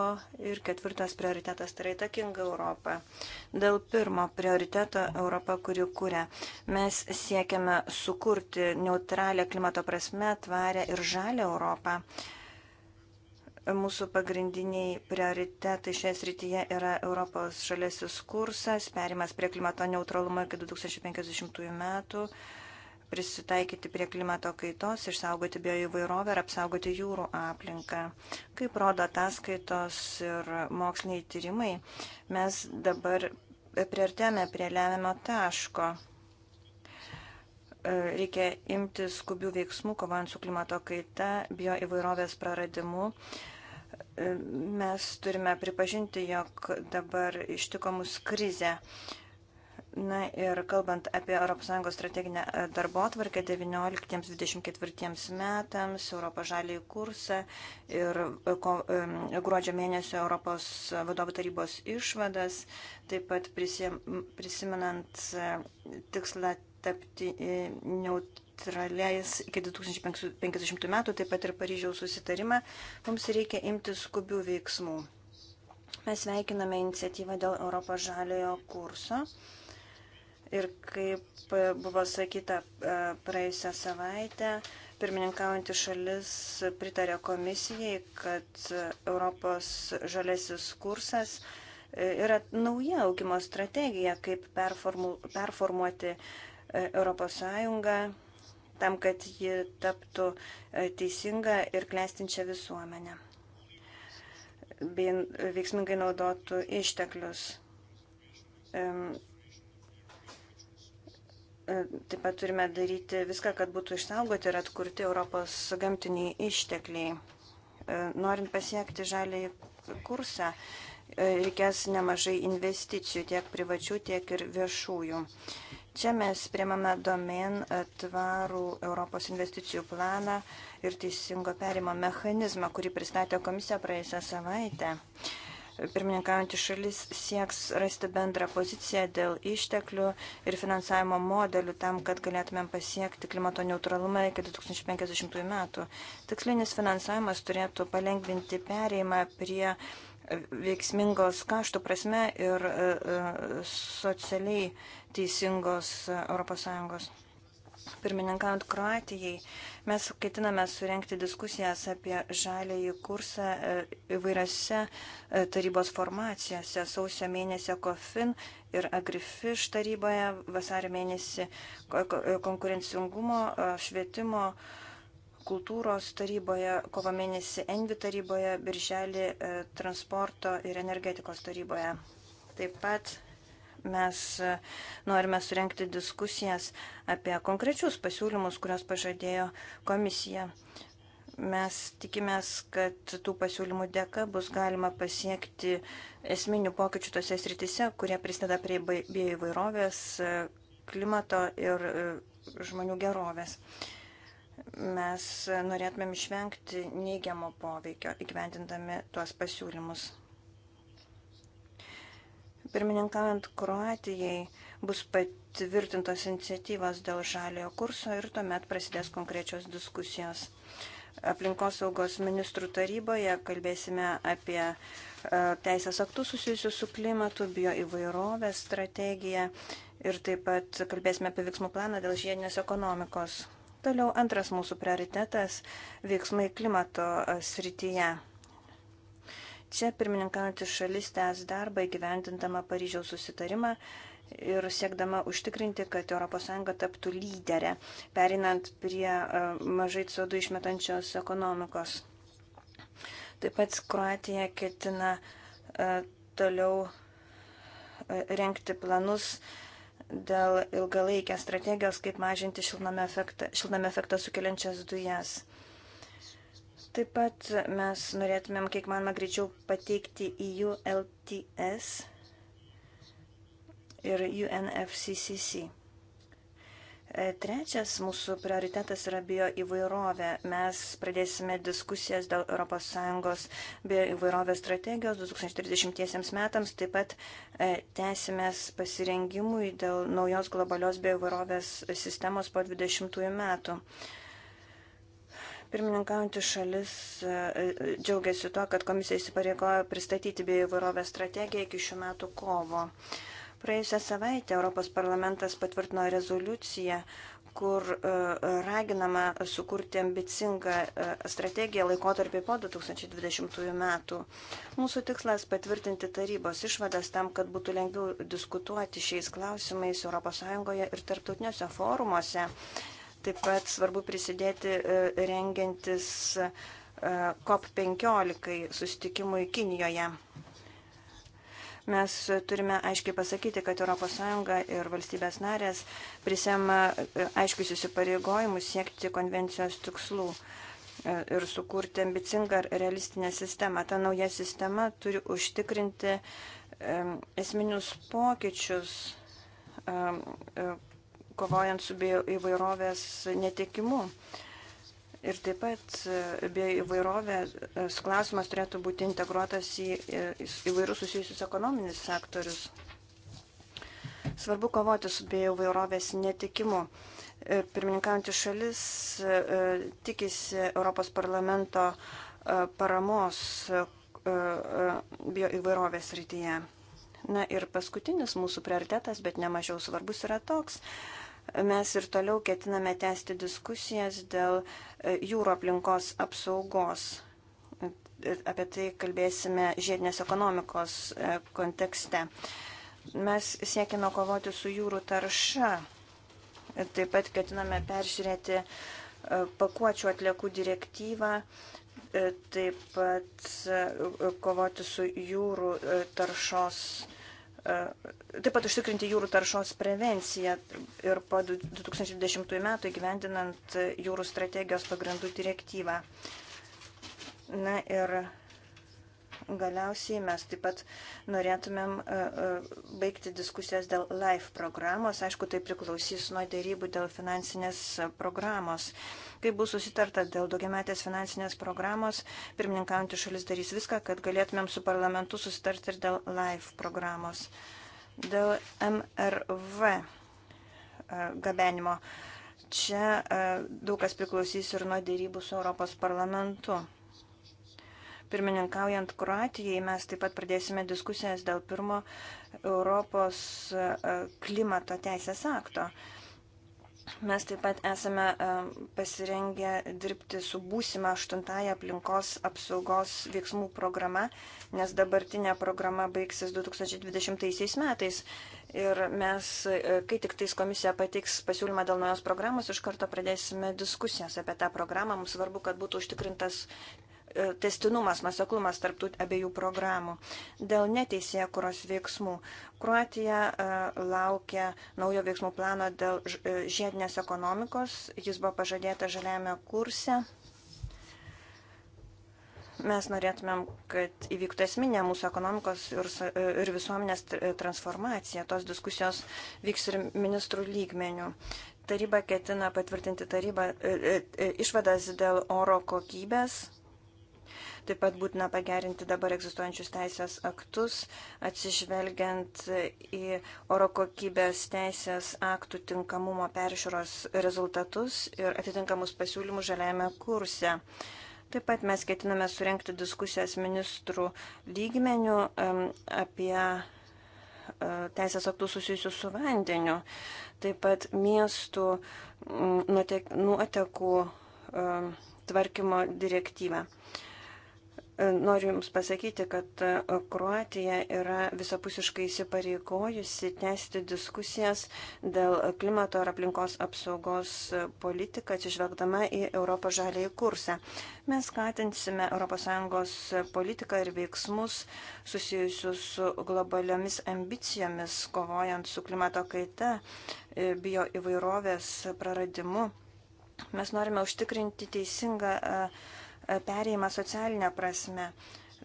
ir ketvirtas prioritetas tai yra įtakinga Europa. Dėl pirmo prioriteto Europa, kuri kūrė, mes siekiame sukurti neutralią klimato prasme, tvarę ir žalę Europą. Mūsų pagrindiniai prioritetai šioje srityje yra Europos šalėsis kursas, perimas prie klimato neutralumo iki 2050 metų, prisitaikyti prie klimato kaitos, išsaugoti bioįvairovę ir apsaugoti jūrų aplinką. Kaip rodo ataskaitos ir moksliniai tyrimai, mes dabar priartėme prie lemiamo taško. Reikia imti skubių veiksmų, kovant su klimato kaita, bioįvairovės praradimu Mes turime pripažinti, jog dabar ištiko mus krizė. Na ir kalbant apie ES strateginę darbo atvarkę 19-24 metams, Europos žalį kursą ir e, e, gruodžio mėnesio Europos vadovų tarybos išvadas, taip pat prisimenant e, tikslą tapti neut neutraliais iki 2050 metų, taip pat ir Paryžiaus susitarimą, mums reikia imti skubių veiksmų. Mes veikiname iniciatyvą dėl Europos žaliojo kurso. Ir kaip buvo sakyta e, praėjusią savaitę, pirmininkaujantį šalis pritarė komisijai, kad Europos žalesis kursas e, yra nauja augimo strategija, kaip performu, performuoti e, Europos Sąjungą tam, kad ji taptų e, teisinga ir klestinčia visuomenė bei veiksmingai naudotų išteklius. E, taip pat turime daryti viską, kad būtų išsaugoti ir atkurti Europos gamtiniai ištekliai. E, norint pasiekti žalį kursą, reikės nemažai investicijų tiek privačių, tiek ir viešųjų. Čia mes priemame domen e, tvarų Europos investicijų planą ir teisingo perimo mechanizmą, kurį pristatė komisija praėjusią savaitę. Pirmininkaujantys šalis sieks rasti bendrą poziciją dėl išteklių ir finansavimo modelių tam, kad galėtumėm pasiekti klimato neutralumą iki 2050 metų. Tikslinis finansavimas turėtų palengvinti perėjimą prie veiksmingos kaštų prasme ir e, e, socialiai teisingos ES. Pirmininkant Kroatijai, mes ketiname surenkti diskusijas apie žalėjį kursą e, įvairiose tarybos formacijose. Sausio mėnesį COFIN ir AgriFish taryboje, vasario mėnesį konkurencingumo, švietimo kultūros taryboje, kovo mėnesį Envi taryboje, birželį e, transporto ir energetikos taryboje. Taip pat mes e, norime surenkti diskusijas apie konkrečius pasiūlymus, kurios pažadėjo komisija. Mes tikimės, kad tų pasiūlymų dėka bus galima pasiekti esminių pokyčių tose sritise, kurie prisideda prie bioįvairovės, e, klimato ir žmonių gerovės mes norėtumėm išvengti neigiamo poveikio įgyvendindami tuos pasiūlymus. Pirmininkaujant Kroatijai bus patvirtintos iniciatyvos dėl žaliojo kurso ir tuomet prasidės konkrečios diskusijos. Aplinkosaugos ministrų taryboje kalbėsime apie e, teisės aktus susijusius su klimatu, bioįvairovės strategiją ir taip pat kalbėsime apie veiksmų planą dėl žiedinės ekonomikos. Toliau antras mūsų prioritetas - veiksmai klimato srityje. Čia pirmininkaujantis šalis tęs darbą įgyvendindama Paryžiaus susitarimą ir siekdama užtikrinti, kad ES taptų lyderę, perinant prie mažai CO2 išmetančios ekonomikos. Taip pat Kroatija ketina toliau renkti planus dėl ilgalaikės strategijos, kaip mažinti šiltnamio efektą, šiltnamio efektą sukeliančias dujas. Taip pat mes norėtumėm, kiek manoma, greičiau pateikti EU LTS ir UNFCCC. E, trečias mūsų prioritetas yra bioįvairovė. Mes pradėsime diskusijas dėl ES bioįvairovės strategijos 2030 metams, taip pat e, tęsimės pasirengimui dėl naujos globalios bioįvairovės sistemos po 20 metų. Pirmininkaujantį šalis e, džiaugiasi tuo, kad komisija įsipareigojo pristatyti bioįvairovės strategiją iki šių metų kovo. Praėjusią savaitę Europos parlamentas patvirtino rezoliuciją, kur e, raginama sukurti ambicingą e, strategiją laikotarpį po 2020 metų. Mūsų tikslas patvirtinti tarybos išvadas tam, kad būtų lengviau diskutuoti šiais klausimais ES ir tarptautiniuose forumuose. Taip pat svarbu prisidėti e, rengiantis COP15 susitikimui Kinijoje. Mes turime aiškiai pasakyti, kad ES ir valstybės narės prisėma e, aiškius įsipareigojimus siekti konvencijos tikslų e, ir sukurti ambicingą ir realistinę sistemą. Ta nauja sistema turi užtikrinti e, esminius pokyčius kovojant su įvairovės netikimu. Ir taip pat bioįvairovės klausimas turėtų būti integruotas į įvairius susijusius ekonominius sektorius. Svarbu kovoti su bioįvairovės netikimu. E, Pirmininkaujantį šalis e, tikisi Europos parlamento e, paramos bioįvairovės rytyje. Na ir paskutinis mūsų prioritetas, bet nemažiau svarbus, yra toks, Mes ir toliau ketiname tęsti diskusijas dėl e, jūro aplinkos apsaugos. Apie tai kalbėsime žiedinės ekonomikos e, kontekste. Mes siekime kovoti su jūrų tarša. Taip pat ketiname peržiūrėti e, pakuočių atliekų direktyvą, taip pat kovoti su jūrų taršos Taip pat užtikrinti jūrų taršos prevenciją ir po 2020 metų įgyvendinant jūrų strategijos pagrindų direktyvą. Na ir galiausiai mes taip pat norėtumėm e, e, baigti diskusijas dėl LIFE programos. Aišku, tai priklausys nuo dėrybų dėl finansinės programos. Kai bus susitarta dėl daugiametės finansinės programos, pirmininkaujantys šalis darys viską, kad galėtumėm su parlamentu susitarti ir dėl LIFE programos. Dėl MRV e, gabenimo. Čia e, daug kas priklausys ir nuo dėrybų su Europos parlamentu. Pirmininkaujant Kroatijai mes taip pat pradėsime diskusijas dėl pirmo Europos e, klimato teisės akto. Mes taip pat esame e, pasirengę dirbti su būsima aštuntąją aplinkos apsaugos veiksmų programa, nes dabartinė programa baigsis 2020 metais. Ir mes, e, kai tik tais komisija pateiks pasiūlymą dėl naujos programos, iš karto pradėsime diskusijas apie tą programą. Mums svarbu, kad būtų užtikrintas E, testinumas, nuseklumas tarptų abiejų programų. Dėl neteisėje kuros veiksmų. Kruatija e, laukia naujo veiksmų plano dėl e, žiedinės ekonomikos. Jis buvo pažadėta žaliame kurse. Mes norėtumėm, kad įvyktų esminė mūsų ekonomikos ir, ir visuomenės transformacija. Tos diskusijos vyks ir ministrų lygmenių taryba ketina patvirtinti tarybą, išvadas dėl oro kokybės Taip pat būtina pagerinti dabar egzistuojančius teisės aktus, atsižvelgiant į oro kokybės teisės aktų tinkamumo peržiūros rezultatus ir atitinkamus pasiūlymus žaliajame kurse. Taip pat mes ketiname surenkti diskusijas ministrų lygmenių apie e, teisės aktų susijusių su vandeniu, taip pat miestų nuotekų tvarkymo direktyvą. E, noriu Jums pasakyti, kad e, Kroatija yra visapusiškai įsipareigojusi tęsti diskusijas dėl klimato ir aplinkos apsaugos e, politiką, atsižvelgdama į Europos žalėjį kursą. Mes skatinsime ES politiką ir veiksmus susijusius su globaliomis ambicijomis, kovojant su klimato kaita, bio įvairovės praradimu. Mes norime užtikrinti teisingą uh, E, perėjimą socialinę prasme.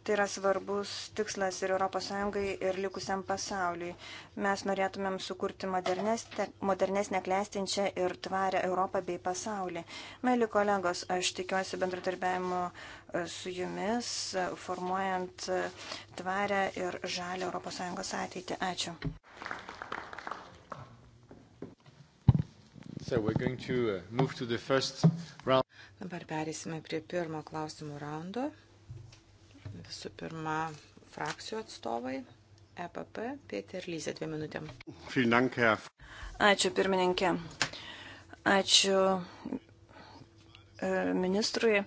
Tai yra svarbus tikslas ir ES ir likusiam pasauliui. Mes norėtumėm sukurti modernesnę, modernesnę klestinčią ir tvarę Europą bei pasaulį. Mėly kolegos, aš tikiuosi bendradarbiavimo e, su jumis, e, formuojant tvarę ir žalę ES ateitį. Ačiū. So we're going to uh, move to the first round. Dabar perėsime prie pirmo klausimų raundo. Visų pirma, frakcijų atstovai. EPP, Peter Lyzė, dvi minutėm. Ačiū, pirmininkė. Ačiū e, ministrui.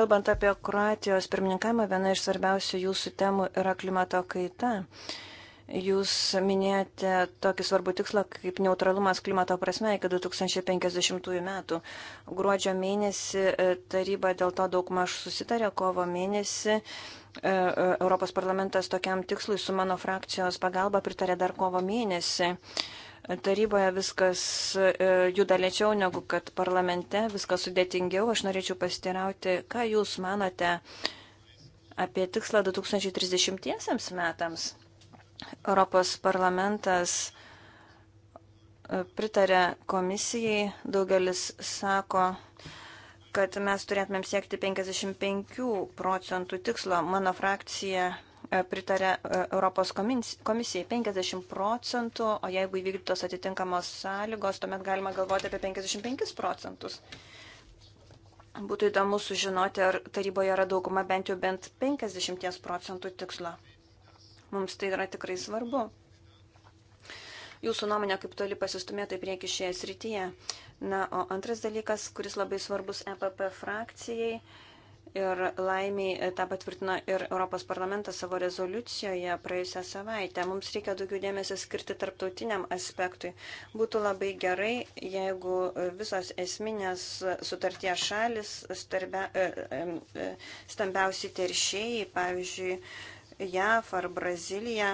Kalbant apie Kroatijos pirmininkavimą, viena iš svarbiausių jūsų temų yra klimato kaita. Jūs minėjote tokį svarbų tikslą kaip neutralumas klimato prasme iki 2050 metų. Gruodžio mėnesį e, taryba dėl to daug maž susitarė, kovo mėnesį e, e, Europos parlamentas tokiam tikslui su mano frakcijos pagalba pritarė dar kovo mėnesį. Taryboje viskas juda lėčiau negu kad parlamente, viskas sudėtingiau. Aš norėčiau pasitirauti, ką Jūs manote apie tikslą 2030 metams Europos parlamentas e, pritarė komisijai, daugelis sako, kad mes turėtumėm siekti 55 procentų tikslo. Mano frakcija e, pritarė e, Europos komisijai 50 procentų, o jeigu įvykdytos atitinkamos sąlygos, tuomet galima galvoti apie 55 procentus. Būtų įdomu sužinoti, ar taryboje yra dauguma bent jau bent 50 procentų tikslo. Mums tai yra tikrai svarbu. Jūsų nuomonė, kaip toli pasistumėtai prieki šioje srityje. Na, o antras dalykas, kuris labai svarbus EPP frakcijai ir laimiai e, tą patvirtino ir Europos parlamentas savo rezoliucijoje praėjusią savaitę. Mums reikia daugiau dėmesio skirti tarptautiniam aspektui. Būtų labai gerai, jeigu visos esminės sutarties šalis, starbia, e, e, stambiausi teršėjai, pavyzdžiui, JAV ar Brazilija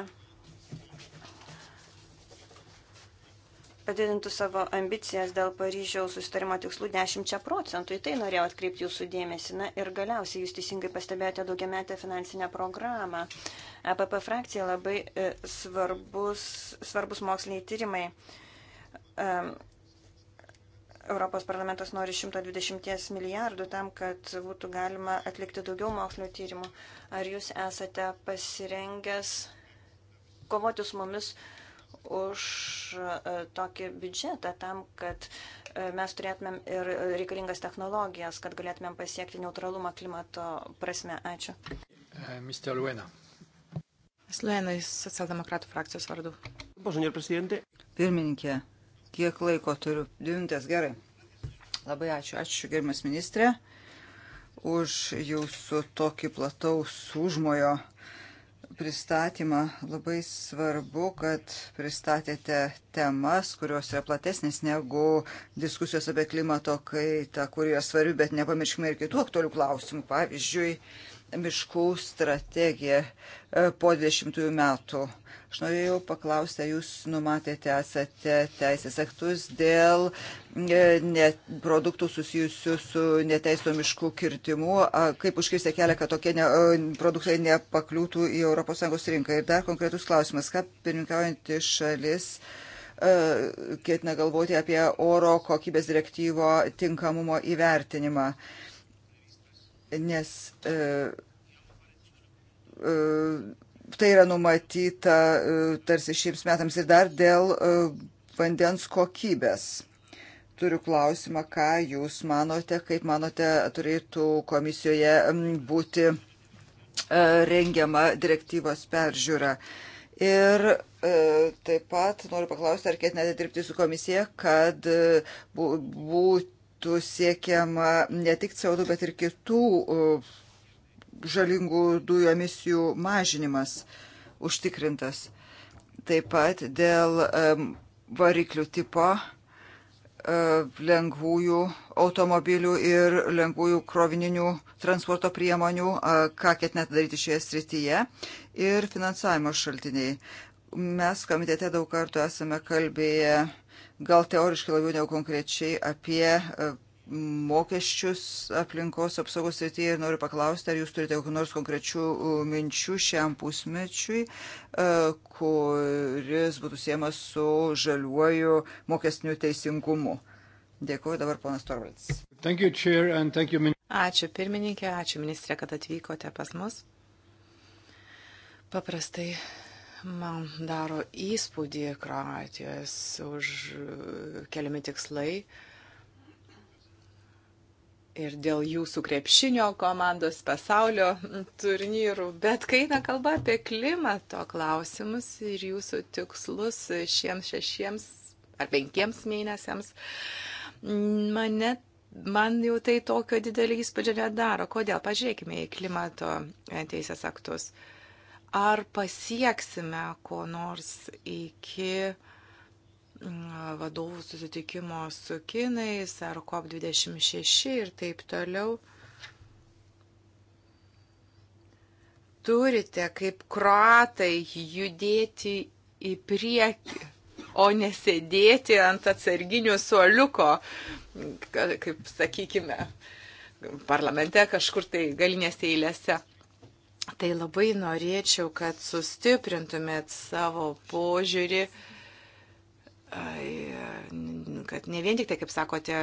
padidintų savo ambicijas dėl Paryžiaus susitarimo tikslų 10 procentų. Į tai norėjau atkreipti jūsų dėmesį. Na ir galiausiai jūs teisingai pastebėjote daugiametę finansinę programą. APP e frakcija labai e, svarbus, svarbus moksliniai tyrimai. E, Europos parlamentas nori 120 milijardų tam, kad būtų galima atlikti daugiau mokslinio tyrimų. Ar jūs esate pasirengęs kovoti su mumis už e, tokį biudžetą tam, kad e, mes turėtumėm ir reikalingas technologijas, kad galėtumėm pasiekti neutralumą klimato prasme? Ačiū. E, Mr. Luena. Luena, socialdemokratų frakcijos vardu. Pirmininkė, Kiek laiko turiu? Dvi minutės, gerai. Labai ačiū. Ačiū, gerbiamas ministrė, už jūsų tokį plataus užmojo pristatymą. Labai svarbu, kad pristatėte temas, kurios yra platesnės negu diskusijos apie klimato kaitą, kur yra svarbi, bet nepamirškime ir kitų aktualių klausimų. Pavyzdžiui, miškų strategija e, po 20 metų. Aš norėjau paklausti, jūs numatėte, esate teisės aktus dėl e, ne, produktų susijusių su neteisto miškų kirtimu, kaip užkirsti kelią, kad tokie ne, produktai nepakliūtų į ES rinką. Ir dar konkretus klausimas, ką pirmininkaujantį šalis e, ketina galvoti apie oro kokybės direktyvo tinkamumo įvertinimą. Nes uh, uh, tai yra numatyta e, tarsi šiems metams ir dar dėl e, vandens kokybės. Turiu klausimą, ką Jūs manote, kaip manote, turėtų komisijoje būti e, rengiama direktyvos peržiūra. Ir e, taip pat noriu paklausti, ar ketinate dirbti su komisija, kad būtų siekiama ne tik CO2, bet ir kitų žalingų dujų emisijų mažinimas užtikrintas. Taip pat dėl variklių tipo e, lengvųjų automobilių ir lengvųjų krovininių transporto priemonių, e, ką ketinat daryti šioje srityje ir finansavimo šaltiniai. Mes komitete daug kartų esame kalbėję, gal teoriškai labiau negu konkrečiai, apie e, mokesčius aplinkos apsaugos srityje ir noriu paklausti, ar jūs turite kokių nors konkrečių minčių šiam pusmečiui, e, kuris būtų siemas su žaliuoju mokestiniu teisingumu. Dėkuoju dabar ponas Torvalds. Ačiū pirmininkė, ačiū ministrė, kad atvykote pas mus. Paprastai man daro įspūdį Kroatijos už keliami tikslai. Uh, ir dėl jūsų krepšinio komandos pasaulio turnyrų, bet kai eina kalba apie klimato klausimus ir jūsų tikslus šiems šešiems ar penkiems mėnesiams, mane, man jau tai tokio didelį įspūdžio nedaro. Kodėl? Pažiūrėkime į klimato teisės aktus. Ar pasieksime ko nors iki vadovų susitikimo su kinais ar COP26 ir taip toliau. Turite kaip kroatai judėti į priekį, o nesėdėti ant atsarginių suoliuko, kaip sakykime, parlamente kažkur tai galinėse eilėse. Tai labai norėčiau, kad sustiprintumėt savo požiūrį uh, kad ne vien tik tai, kaip sakote,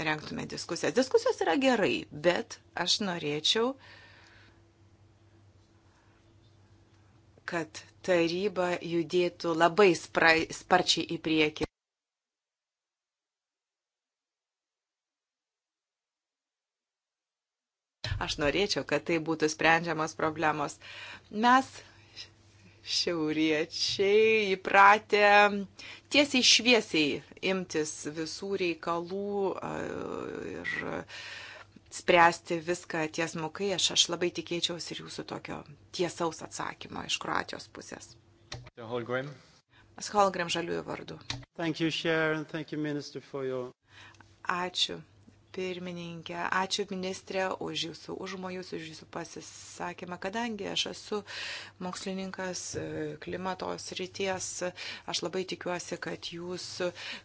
renktume diskusijas. Diskusijos yra gerai, bet aš norėčiau, kad taryba judėtų labai spra, sparčiai į priekį. Aš norėčiau, kad tai būtų sprendžiamos problemos. Mes Šiauriečiai įpratę tiesiai šviesiai imtis visų reikalų ir spręsti viską tiesmukai. Aš, aš labai tikėčiausi ir jūsų tokio tiesaus atsakymo iš Kroatijos pusės. Holgrim. Holgrim žaliųjų vardu. Thank you, Sharon. Thank you, Minister, for your... Ačiū pirmininkė. Ačiū ministrė už jūsų užmojus, už jūsų pasisakymą. Kadangi aš esu mokslininkas e, klimatos ryties, aš labai tikiuosi, kad jūs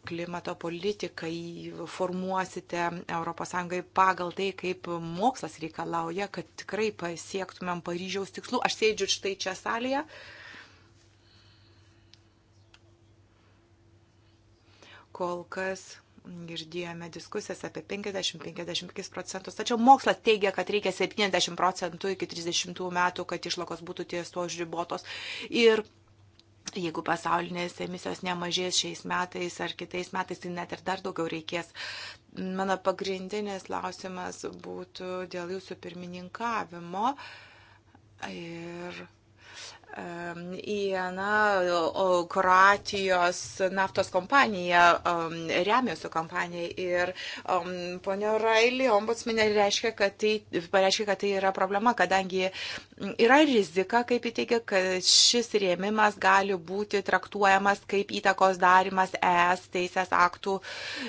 klimato politikai formuosite ES pagal tai, kaip mokslas reikalauja, kad tikrai pasiektumėm Paryžiaus tikslų. Aš sėdžiu štai čia salėje. Kol kas girdėjome diskusijas apie 50-55 procentus, tačiau mokslas teigia, kad reikia 70 procentų iki 30 metų, kad išlakos būtų ties to žribotos. Ir jeigu pasaulinės emisijos nemažės šiais metais ar kitais metais, tai net ir dar daugiau reikės. Mano pagrindinis klausimas būtų dėl jūsų pirmininkavimo. Ir į na, Kroatijos naftos kompaniją, um, remiosių kompaniją. Ir um, ponio Railį ombudsmenė reiškia, kad tai, pareiškia, kad tai yra problema, kadangi yra rizika, kaip įteigia, kad šis rėmimas gali būti traktuojamas kaip įtakos darimas ES teisės aktų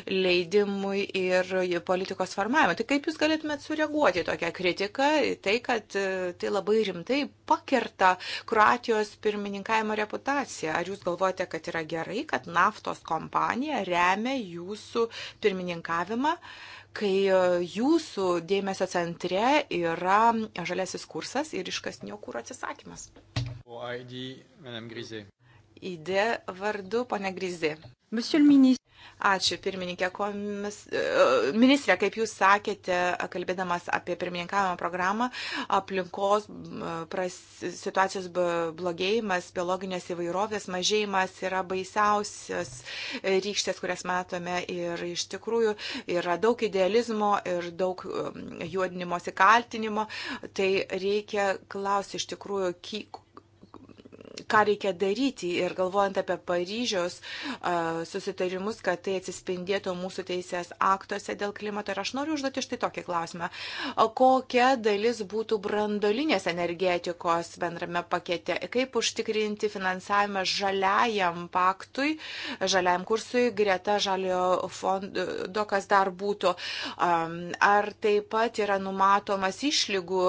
leidimui ir politikos formavimui. Tai kaip jūs galėtumėt sureaguoti tokią kritiką, tai kad e, tai labai rimtai pakerta Kroatijos Kroatijos pirmininkavimo reputaciją. Ar jūs galvojate, kad yra gerai, kad naftos kompanija remia jūsų pirmininkavimą, kai e, jūsų dėmesio centre yra žaliasis kursas ir iškastinio kūro atsisakymas? ID vardu, pane Grizi. Ačiū, pirmininkė. Komis... E, ministrė, kaip jūs sakėte, kalbėdamas apie pirmininkavimo programą, aplinkos pras... situacijos blogėjimas, biologinės įvairovės mažėjimas yra baisiausias rykštės, kurias matome. Ir iš tikrųjų yra daug idealizmo ir daug juodinimosi kaltinimo. Tai reikia klausti iš tikrųjų, ką reikia daryti ir galvojant apie Paryžiaus susitarimus, kad tai atsispindėtų mūsų teisės aktuose dėl klimato. Ir aš noriu užduoti štai tokį klausimą. Kokia dalis būtų brandolinės energetikos bendrame pakete? Kaip užtikrinti finansavimą žaliajam paktui, žaliajam kursui greta žalio fondo, kas dar būtų? Ar taip pat yra numatomas išlygų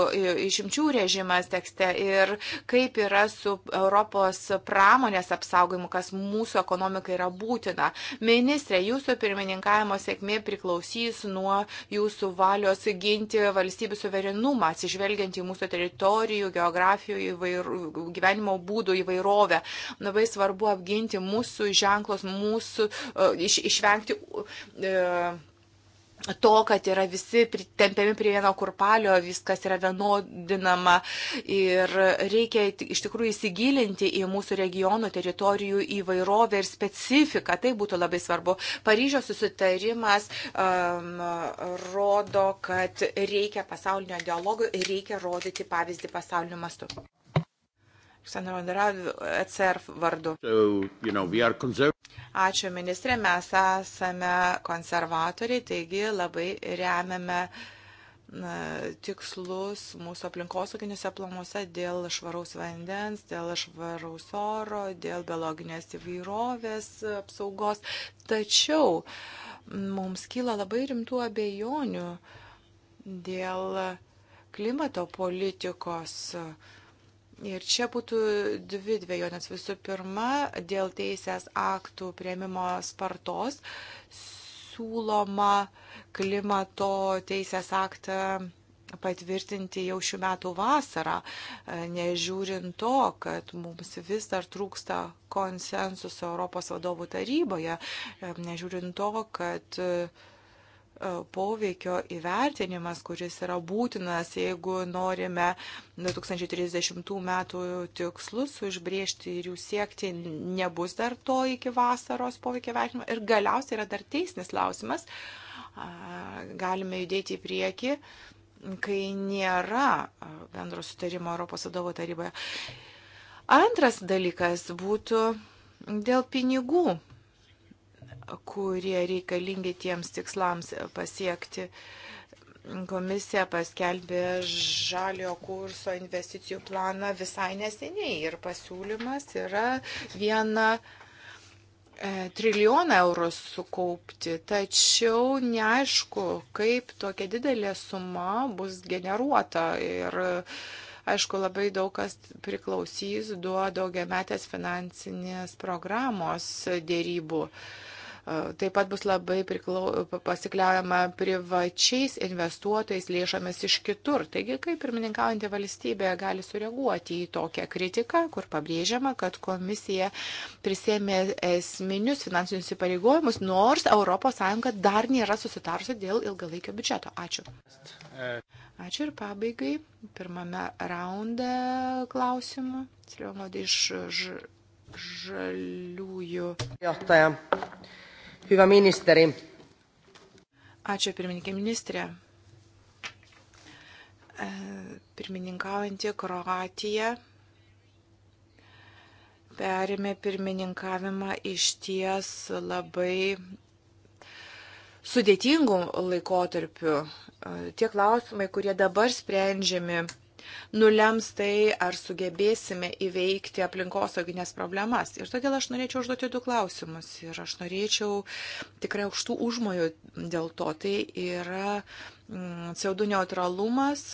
išimčių režimas tekste ir kaip yra su Europos Europos pramonės apsaugojimu, kas mūsų ekonomikai yra būtina. Ministrė, jūsų pirmininkavimo sėkmė priklausys nuo jūsų valios ginti valstybių suverenumą, atsižvelgiant į mūsų teritorijų, geografijų, įvair, gyvenimo būdų įvairovę. Labai svarbu apginti mūsų ženklus, mūsų e, iš, išvengti. Uh, to, kad yra visi tempiami prie vieno kurpalio, viskas yra vienodinama ir reikia iš tikrųjų įsigilinti į mūsų regionų teritorijų įvairovę ir specifiką. Tai būtų labai svarbu. Paryžiaus susitarimas um, rodo, kad reikia pasaulinio dialogo ir reikia rodyti pavyzdį pasauliniu mastu. ECR e vardu. So, you know, Ačiū ministrė, mes esame konservatoriai, taigi labai remiame tikslus mūsų aplinkosauginiuose planuose dėl švaraus vandens, dėl švaraus oro, dėl biologinės įvairovės apsaugos. Tačiau mums kyla labai rimtų abejonių dėl klimato politikos uh, Ir čia būtų dvi dviejonės. Visų pirma, dėl teisės aktų prieimimo spartos siūloma klimato teisės aktą patvirtinti jau šių metų vasarą, e, nežiūrint to, kad mums vis dar trūksta konsensuso Europos vadovų taryboje, e, nežiūrint to, kad e, E, poveikio įvertinimas, kuris yra būtinas, jeigu norime 2030 metų tikslus užbriežti ir jų siekti, nebus dar to iki vasaros poveikio įvertinimo. Ir galiausiai yra dar teisnis klausimas, galime judėti į priekį, kai nėra bendro sutarimo Europos vadovo taryboje. Antras dalykas būtų dėl pinigų kurie reikalingi tiems tikslams pasiekti. Komisija paskelbė žalio kurso investicijų planą visai neseniai ir pasiūlymas yra viena e, trilijoną eurų sukaupti, tačiau neaišku, kaip tokia didelė suma bus generuota. Ir aišku, labai daug kas priklausys duo daugiametės finansinės programos dėrybų. Uh, Taip pat bus labai priklau, pasikliaujama privačiais investuotojais lėšomis iš kitur. Taigi, kaip pirmininkaujantį valstybę gali sureaguoti į tokią kritiką, kur pabrėžiama, kad komisija prisėmė esminius finansinius įpareigojimus, nors ES dar nėra susitarusi dėl ilgalaikio biudžeto. Ačiū. Ačiū ir pabaigai. Pirmame raunde klausimų. Atsiliau nuodai iš žaliųjų. Johtaja. Hyvä ministeri. Ačiū pirmininkė ministrė. E, Pirmininkaujantį Kroatiją perėmė pirmininkavimą iš ties labai sudėtingų laikotarpių. E, tie klausimai, kurie dabar sprendžiami nulems tai, ar sugebėsime įveikti aplinkosauginės problemas. Ir todėl aš norėčiau užduoti du klausimus ir aš norėčiau tikrai aukštų užmojų dėl to. Tai yra mm, CO2 neutralumas.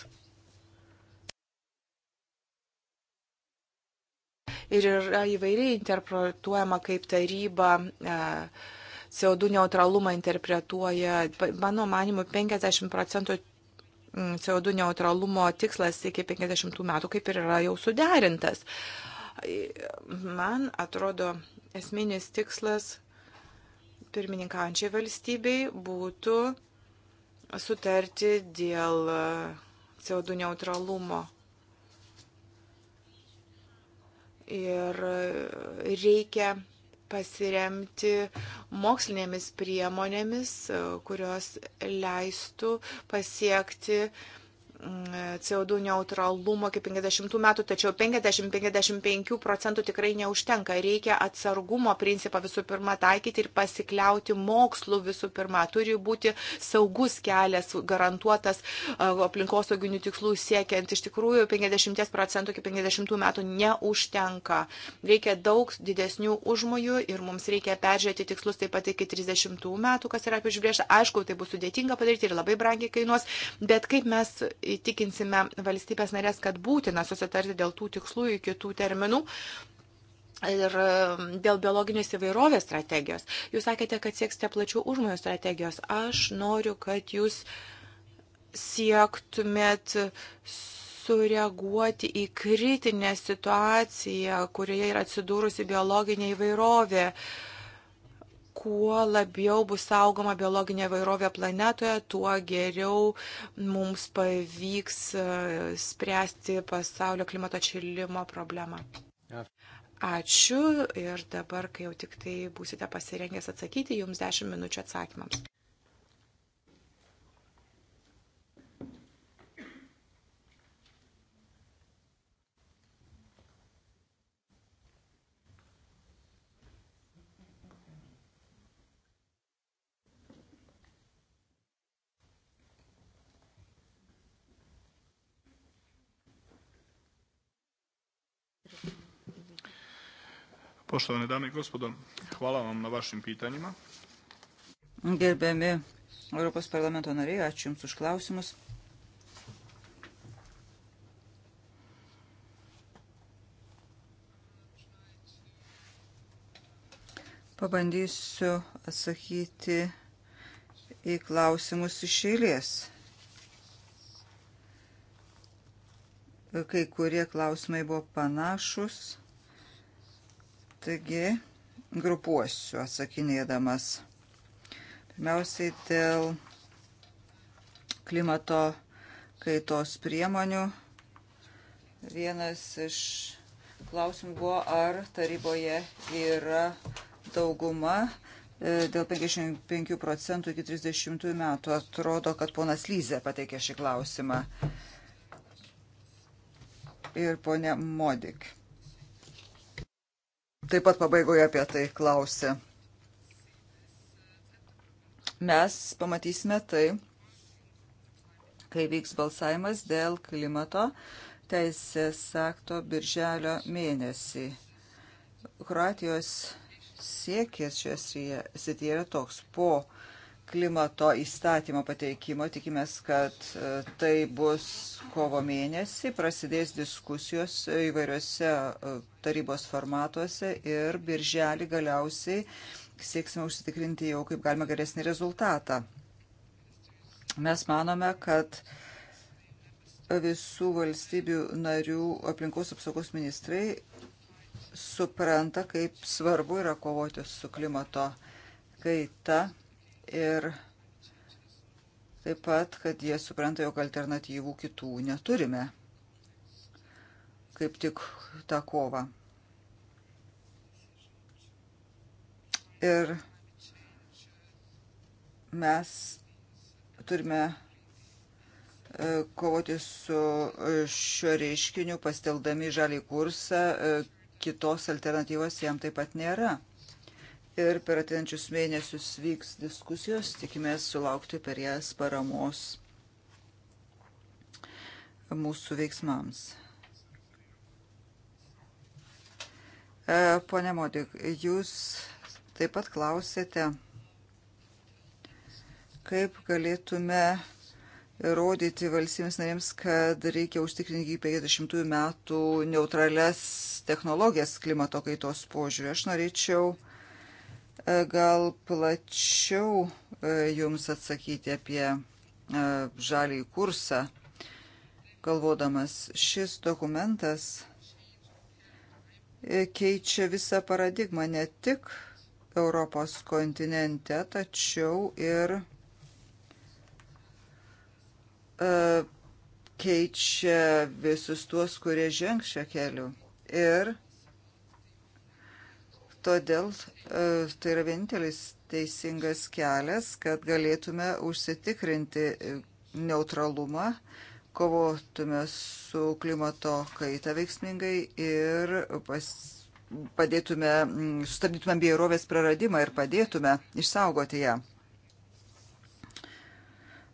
Ir yra įvairiai interpretuojama, kaip taryba. E, CO2 neutralumą interpretuoja, mano manimu, 50 procentų Mm, CO2 neutralumo tikslas iki 50 metų kaip ir yra jau suderintas. Man atrodo, esminis tikslas pirmininkaujančiai valstybei būtų sutarti dėl e, CO2 neutralumo. Ir e, reikia pasiremti mokslinėmis priemonėmis, kurios leistų pasiekti uh, CO2 neutralumo iki 50 metų, tačiau 50-55 procentų tikrai neužtenka. Reikia atsargumo principą visų pirma taikyti ir pasikliauti mokslu visų pirma. Turi būti saugus kelias, garantuotas e, aplinkosauginių tikslų siekiant. Iš tikrųjų, 50 procentų iki 50 metų neužtenka. Reikia daug didesnių užmojų ir mums reikia peržiūrėti tikslus taip pat iki 30 metų, kas yra apižbrėžta. Aišku, tai bus sudėtinga padaryti ir labai brangiai kainuos, bet kaip mes įtikinsime valstybės narės, kad būtina susitarti dėl tų tikslų iki tų terminų, ir um, dėl biologinės įvairovės strategijos. Jūs sakėte, kad sieksite plačių užmojų strategijos. Aš noriu, kad jūs siektumėt sureaguoti į kritinę situaciją, kurioje yra atsidūrusi biologinė įvairovė. Uh, kuo labiau bus saugoma biologinė vairovė planetoje, tuo geriau mums pavyks e, spręsti pasaulio klimato atšilimo problemą. Ačiū ir dabar, kai jau tik tai būsite pasirengęs atsakyti, jums 10 minučių atsakymams. Poštovane dame i gospodo, hvala vam na vašim pitanjima. Gerbiami Europos parlamento nariai, ačiū Jums už klausimus. Pabandysiu atsakyti į klausimus iš eilės. Kai kurie klausimai buvo panašus. Taigi, grupuosiu atsakinėdamas. Pirmiausiai dėl klimato kaitos priemonių. Vienas iš klausimų buvo, ar taryboje yra dauguma e, dėl 55 procentų iki 30 metų. Atrodo, kad ponas Lyze pateikė šį klausimą. Ir ponė Modik taip pat pabaigoje apie tai klausė. Mes pamatysime tai, kai vyks balsavimas dėl klimato teisės akto birželio mėnesį. Kroatijos siekis šioje srityje yra toks po klimato įstatymo pateikimo. Tikimės, kad e, tai bus kovo mėnesį. Prasidės diskusijos e, įvairiuose e, tarybos formatuose ir birželį galiausiai sieksime užsitikrinti jau kaip galima geresnį rezultatą. Mes manome, kad visų valstybių narių aplinkos apsaugos ministrai supranta, kaip svarbu yra kovoti su klimato kaita ir taip pat, kad jie supranta, jog alternatyvų kitų neturime. Kaip tik tą kovą. Ir mes turime e, kovoti su e, šiuo reiškiniu, pasteldami žalį kursą, e, kitos alternatyvos jam taip pat nėra ir per ateinančius mėnesius vyks diskusijos, tikimės sulaukti per jas paramos mūsų veiksmams. E, pone Modik, jūs taip pat klausėte, kaip galėtume rodyti valstybės narėms, kad reikia užtikrinti iki 50 metų neutrales technologijas klimato kaitos požiūrį. Aš norėčiau E, gal plačiau e, jums atsakyti apie e, žalį kursą, galvodamas, šis dokumentas keičia visą paradigmą ne tik Europos kontinente, tačiau ir keičia visus tuos, kurie žengs šią kelių. Ir Todėl e, tai yra vienintelis teisingas kelias, kad galėtume užsitikrinti e, neutralumą, kovotume su klimato kaita veiksmingai ir pas, padėtume, sustabdytume bėrovės praradimą ir padėtume išsaugoti ją.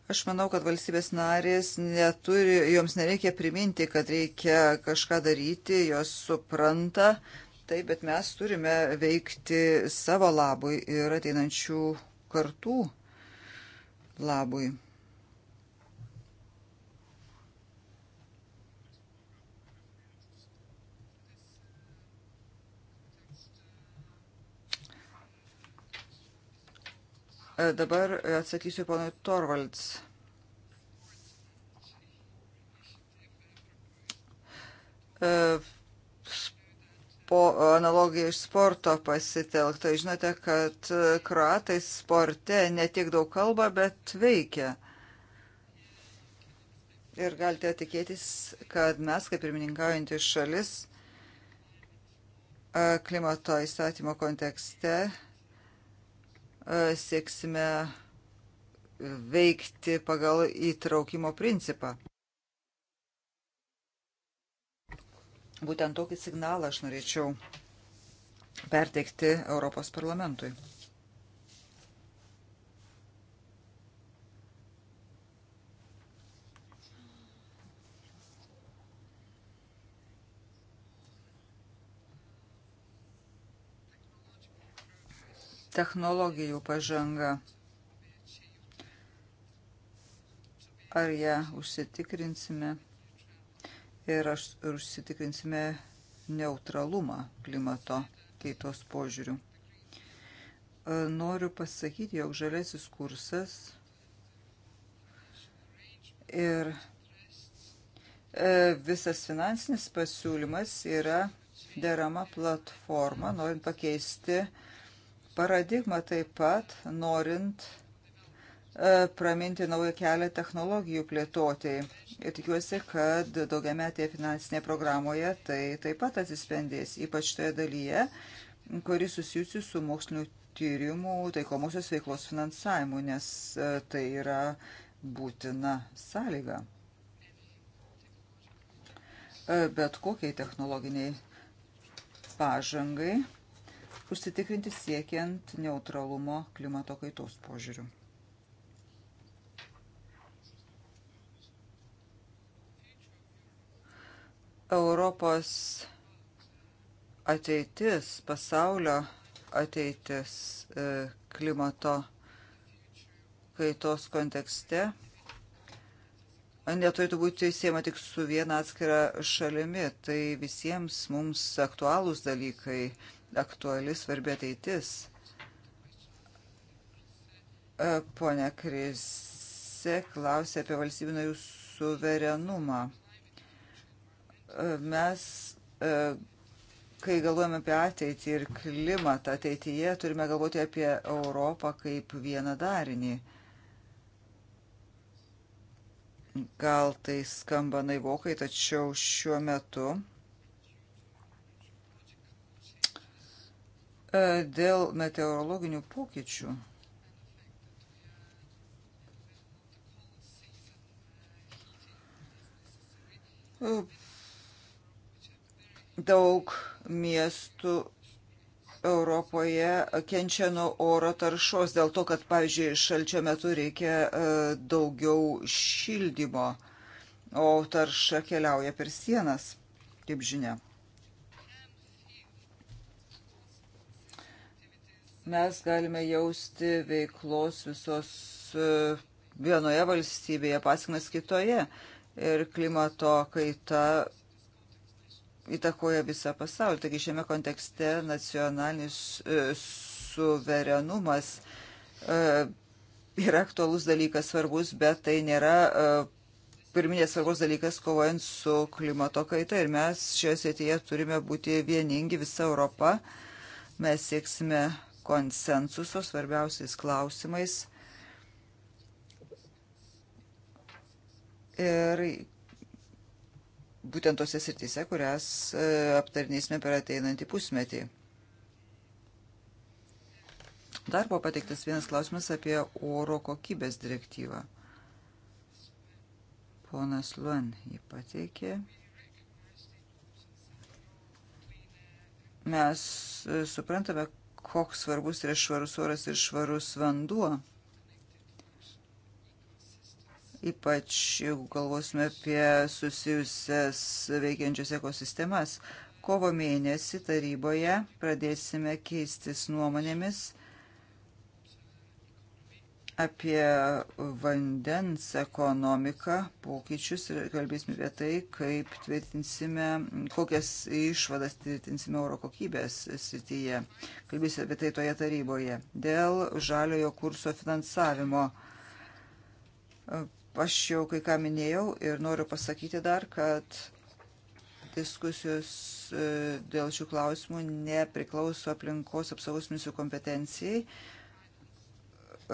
Aš manau, kad valstybės narės neturi, joms nereikia priminti, kad reikia kažką daryti, jos supranta, Taip, bet mes turime veikti savo labui ir ateinančių kartų labui. E, dabar atsakysiu ponui Torvalds. Uh, po analogiją iš sporto pasitelkta. Žinote, kad e, kroatai sporte ne tiek daug kalba, bet veikia. Ir galite tikėtis, kad mes, kaip pirmininkaujantis šalis, e, klimato įstatymo kontekste e, sieksime veikti pagal įtraukimo principą. Būtent tokį signalą aš norėčiau perteikti Europos parlamentui. technologijų pažanga. Ar ją užsitikrinsime? ir, aš, ir užsitikrinsime neutralumą klimato kaitos požiūrių. E, noriu pasakyti, jog žalėsis kursas ir e, visas finansinis pasiūlymas yra derama platforma, norint pakeisti paradigmą taip pat, norint uh, E, praminti naują kelią technologijų plėtoti. Ir tikiuosi, kad daugiametėje finansinėje programoje tai taip pat atsispendės, ypač toje dalyje, kuri susijusi su mokslinių tyrimų taikomosios veiklos finansavimu, nes e, tai yra būtina sąlyga. E, bet kokiai technologiniai pažangai užsitikrinti siekiant neutralumo klimato kaitos požiūrių. Europos ateitis, pasaulio ateitis e, klimato kaitos kontekste neturėtų būti siejama tik su viena atskira šalimi. Tai visiems mums aktualūs dalykai, aktuali svarbi ateitis. E, Pone Krise klausė apie valstybių narių suverenumą mes, e, kai galvojame apie ateitį ir klimatą ateityje, turime galvoti apie Europą kaip vieną darinį. Gal tai skamba naivokai, tačiau šiuo metu e, dėl meteorologinių pokyčių Daug miestų Europoje kenčia nuo oro taršos dėl to, kad, pavyzdžiui, šalčio metu reikia e, daugiau šildymo, o tarša keliauja per sienas, kaip žinia. Mes galime jausti veiklos visos e, vienoje valstybėje, pasikmes kitoje. Ir klimato kaita įtakoja visą pasaulį. Taigi šiame kontekste nacionalinis e, suverenumas e, yra aktualus dalykas svarbus, bet tai nėra e, pirminės svarbos dalykas kovojant su klimato kaita. Ir mes šioje srityje turime būti vieningi visa Europa. Mes sieksime konsensuso svarbiausiais klausimais. Ir būtent tose srityse, kurias e, aptarnysime per ateinantį pusmetį. Dar buvo pateiktas vienas klausimas apie oro kokybės direktyvą. Ponas Luan jį pateikė. Mes e, suprantame, koks svarbus yra švarus oras ir švarus vanduo ypač jeigu galvosime apie susijusias veikiančias ekosistemas. Kovo mėnesį taryboje pradėsime keistis nuomonėmis apie vandens ekonomiką, pokyčius ir kalbėsime apie tai, kaip tvirtinsime, kokias išvadas tvirtinsime oro kokybės srityje. Kalbėsime apie tai toje taryboje. Dėl žaliojo kurso finansavimo Aš jau kai ką minėjau ir noriu pasakyti dar, kad diskusijos e, dėl šių klausimų nepriklauso aplinkos apsaugos ministrų kompetencijai.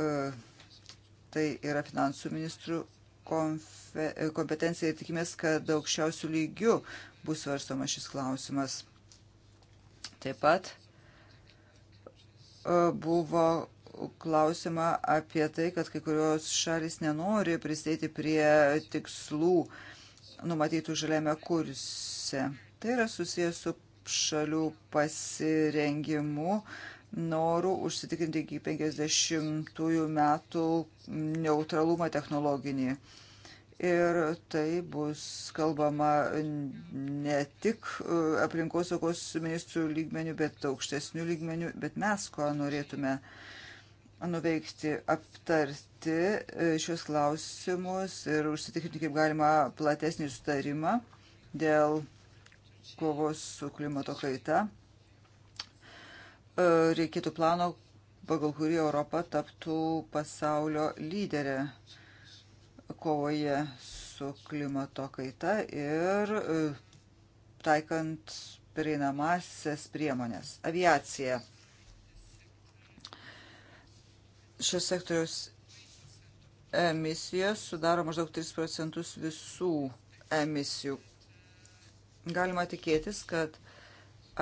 E, tai yra finansų ministrų e, kompetencija ir tikimės, kad aukščiausių lygių bus svarstomas šis klausimas. Taip pat buvo klausimą apie tai, kad kai kurios šalis nenori prisidėti prie tikslų numatytų žaliame kurse. Tai yra susijęs su šalių pasirengimu, noru užsitikrinti iki 50 metų neutralumą technologinį. Ir tai bus kalbama ne tik aplinkosaugos ministrų lygmenių, bet aukštesnių lygmenių, bet mes ko norėtume uh, nuveikti, aptarti e, šios klausimus ir užsitikrinti kaip galima platesnį sutarimą dėl kovos su klimato kaita. E, reikėtų plano, pagal kurį Europa taptų pasaulio lyderė kovoje su klimato kaita ir e, taikant pereinamasias priemonės. Aviacija. šios sektoriaus emisijos sudaro maždaug 3 procentus visų emisijų. Galima tikėtis, kad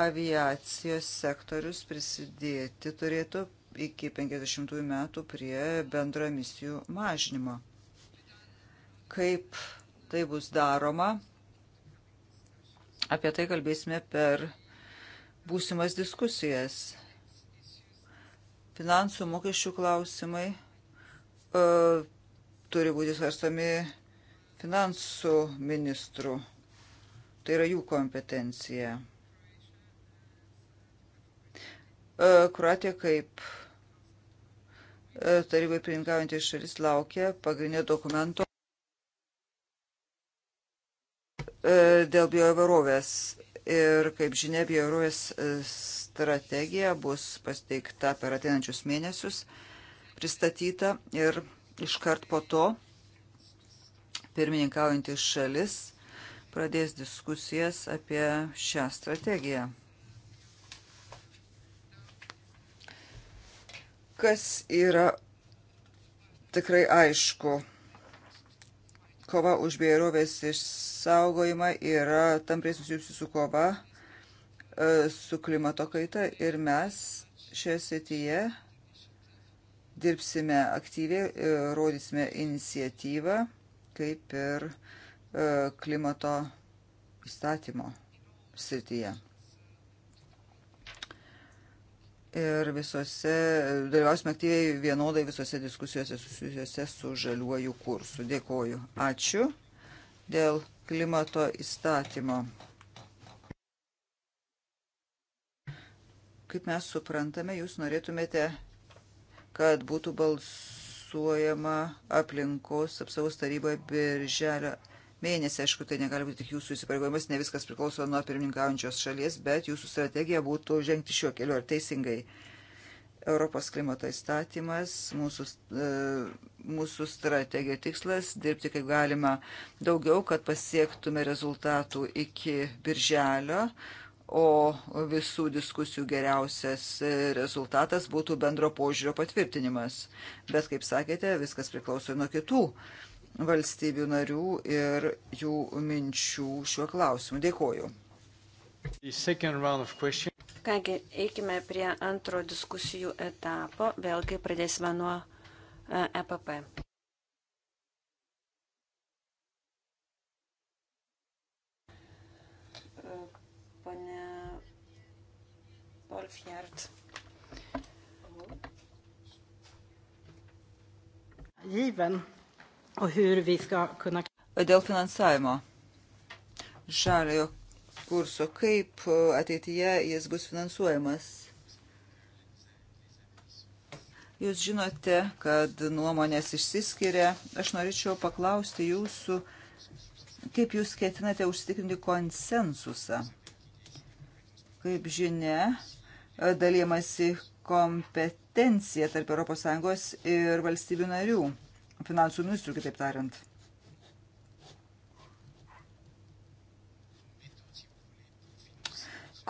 aviacijos sektorius prisidėti turėtų iki 50 metų prie bendro emisijų mažinimo. Kaip tai bus daroma, apie tai kalbėsime per būsimas diskusijas. Finansų mokesčių klausimai uh, turi būti svarstami finansų ministrų. Tai yra jų kompetencija. E, Kroatija kaip e, tarybai pirinkaujantį šalis laukia pagrindinio dokumento dėl bioįvarovės Ir, kaip žinia, biorūjas e, strategija bus pasteikta per ateinančius mėnesius, pristatyta ir iškart po to pirmininkaujantis šalis pradės diskusijas apie šią strategiją. Kas yra tikrai aišku kova už bėrovės išsaugojimą yra tampriai susijusi su kova e, su klimato kaita ir mes šioje srityje dirbsime aktyviai, e, rodysime iniciatyvą kaip ir e, klimato įstatymo srityje ir visose, dalyvausime aktyviai vienodai visose diskusijose susijusiuose su žaliuoju kursu. Dėkoju. Ačiū dėl klimato įstatymo. Kaip mes suprantame, jūs norėtumėte, kad būtų balsuojama aplinkos apsaus taryboje birželio mėnesį. Aišku, tai negali būti tik jūsų įsipareigojimas, ne viskas priklauso nuo pirmininkaujančios šalies, bet jūsų strategija būtų žengti šiuo keliu ar teisingai. Europos klimato įstatymas, mūsų, e, mūsų strategija tikslas dirbti kaip galima daugiau, kad pasiektume rezultatų iki birželio, o visų diskusijų geriausias e, rezultatas būtų bendro požiūrio patvirtinimas. Bet, kaip sakėte, viskas priklauso nuo kitų valstybių narių ir jų minčių šiuo klausimu. Dėkoju. Kągi, eikime prie antro diskusijų etapo. Vėlgi pradėsime nuo EPP. E e, pane Polfjart. Given Dėl finansavimo žaliojo kurso, kaip ateityje jis bus finansuojamas? Jūs žinote, kad nuomonės išsiskiria. Aš norėčiau paklausti jūsų, kaip jūs ketinate užsitikrinti konsensusą. Kaip žinia, dalymasi kompetencija tarp ES ir valstybių narių finansų ministrų, kitaip tariant.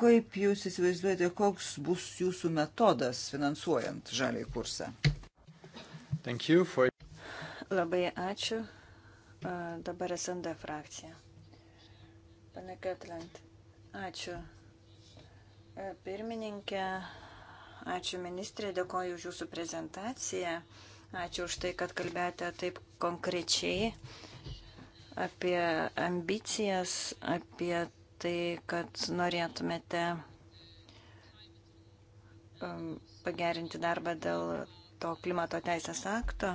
Kaip jūs įsivaizduojate, koks bus jūsų metodas finansuojant žaliai kursą? For... Labai ačiū. Dabar SND frakcija. Pane Ketland, ačiū. E, pirmininkė, ačiū ministrė, dėkoju už jūsų prezentaciją. Ačiū už tai, kad kalbėjote taip konkrečiai apie ambicijas, apie tai, kad norėtumėte um, pagerinti darbą dėl to klimato teisės akto.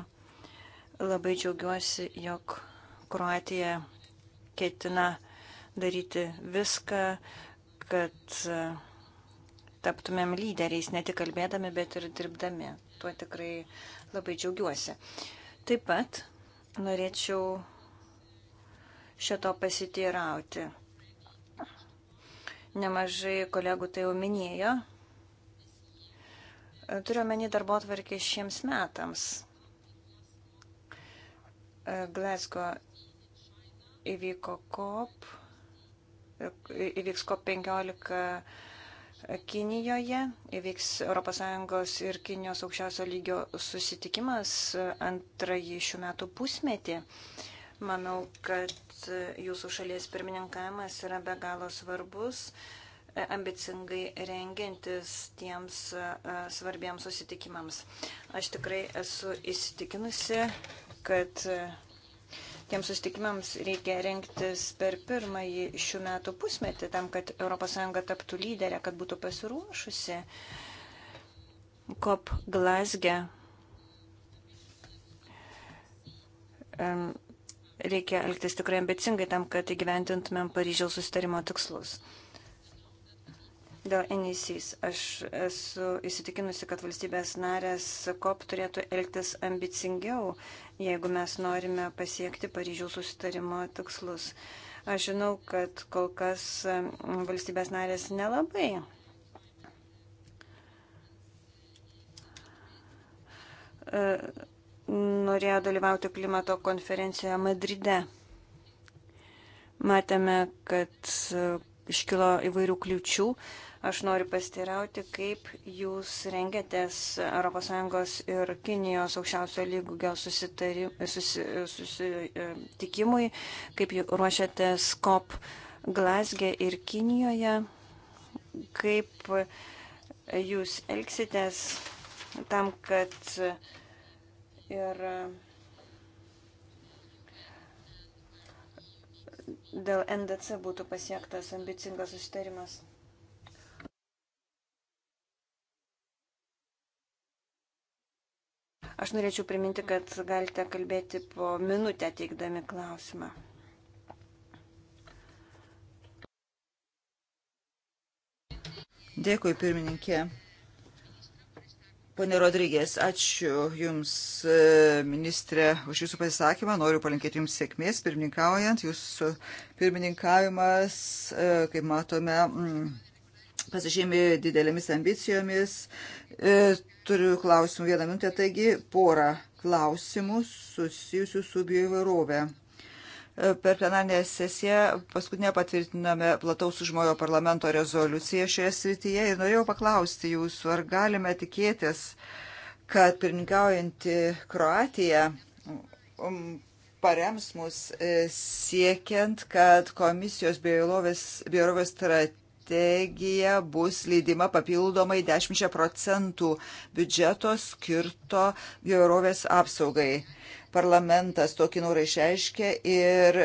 Labai džiaugiuosi, jog Kroatija ketina daryti viską, kad uh, taptumėm lyderiais, ne tik kalbėdami, bet ir dirbdami. Tuo tikrai labai džiaugiuosi. Taip pat norėčiau šito pasiteirauti. Nemažai kolegų tai jau minėjo. Turiu menį darbo atvarkį šiems metams. Glasgow įvyko COP, įvyks COP 15 Kinijoje įvyks ES ir Kinijos aukščiausio lygio susitikimas antrąjį šių metų pusmetį. Manau, kad jūsų šalies pirmininkavimas yra be galo svarbus, e, ambicingai rengiantis tiems e, svarbiems susitikimams. Aš tikrai esu įsitikinusi, kad e, Tiems sustikimams reikia renktis per pirmąjį šių metų pusmetį, tam, kad ES taptų lyderė, kad būtų pasiruošusi. COP Glasge reikia elgtis tikrai ambicingai tam, kad įgyventintumėm Paryžiaus sustarimo tikslus. Dėl NECs aš esu įsitikinusi, kad valstybės narės COP turėtų elgtis ambicingiau jeigu mes norime pasiekti Paryžiaus susitarimo tikslus. Aš žinau, kad kol kas valstybės narės nelabai e, norėjo dalyvauti klimato konferencijoje Madride. Matėme, kad e, iškilo įvairių kliučių, Aš noriu pastirauti, kaip jūs rengiatės ES ir Kinijos aukščiausio lygio susitikimui, kaip ruošiatės COP Glasge ir Kinijoje, kaip jūs elgsitės tam, kad ir dėl NDC būtų pasiektas ambicingas susitarimas. Aš norėčiau priminti, kad galite kalbėti po minutę teikdami klausimą. Dėkui, pirmininkė. Pane Rodrygės, ačiū Jums, e, ministrė, už Jūsų pasisakymą. Noriu palinkėti Jums sėkmės pirmininkaujant. Jūsų pirmininkavimas, e, kaip matome, mm, pasižymė didelėmis ambicijomis. E, turiu klausimų vieną minutę, taigi porą klausimų susijusių su bioįvairovė. E, per plenarinę sesiją paskutinę patvirtiname plataus užmojo parlamento rezoliuciją šioje srityje ir norėjau paklausti jūsų, ar galime tikėtis, kad pirmininkaujanti Kroatija um, parems mus e, siekiant, kad komisijos biorovės strategija strategija bus lydima papildomai 10 procentų biudžeto skirto biorovės apsaugai. Parlamentas tokį norą išreiškė ir e,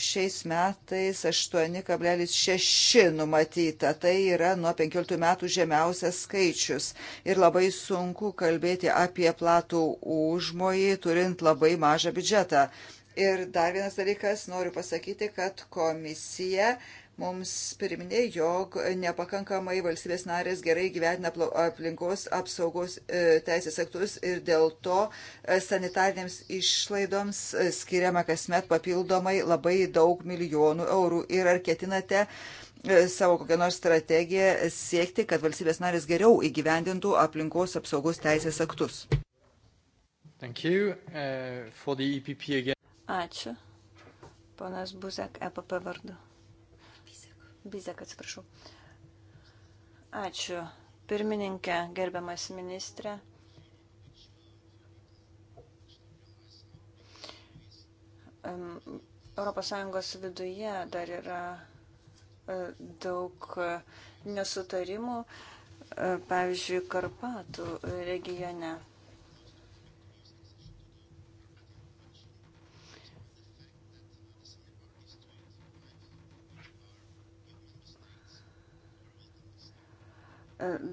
šiais metais 8,6 numatyta. Tai yra nuo 15 metų žemiausias skaičius. Ir labai sunku kalbėti apie platų užmojį, turint labai mažą biudžetą. Ir dar vienas dalykas, noriu pasakyti, kad komisija mums priminė, jog nepakankamai valstybės narės gerai gyvetina aplinkos apsaugos e, teisės aktus ir dėl to e, sanitariniams išlaidoms e, skiriama kasmet papildomai labai daug milijonų eurų. Ir ar ketinate savo kokią nors strategiją siekti, kad valstybės narės geriau įgyvendintų aplinkos apsaugos teisės aktus? Thank you. Uh, for the EPP again. Ačiū. Ponas Buzek, EPP vardu. Bizek, atsiprašau. Ačiū. Pirmininkė, gerbiamas ministrė. ES viduje dar yra e, daug e, nesutarimų, e, pavyzdžiui, Karpatų regione.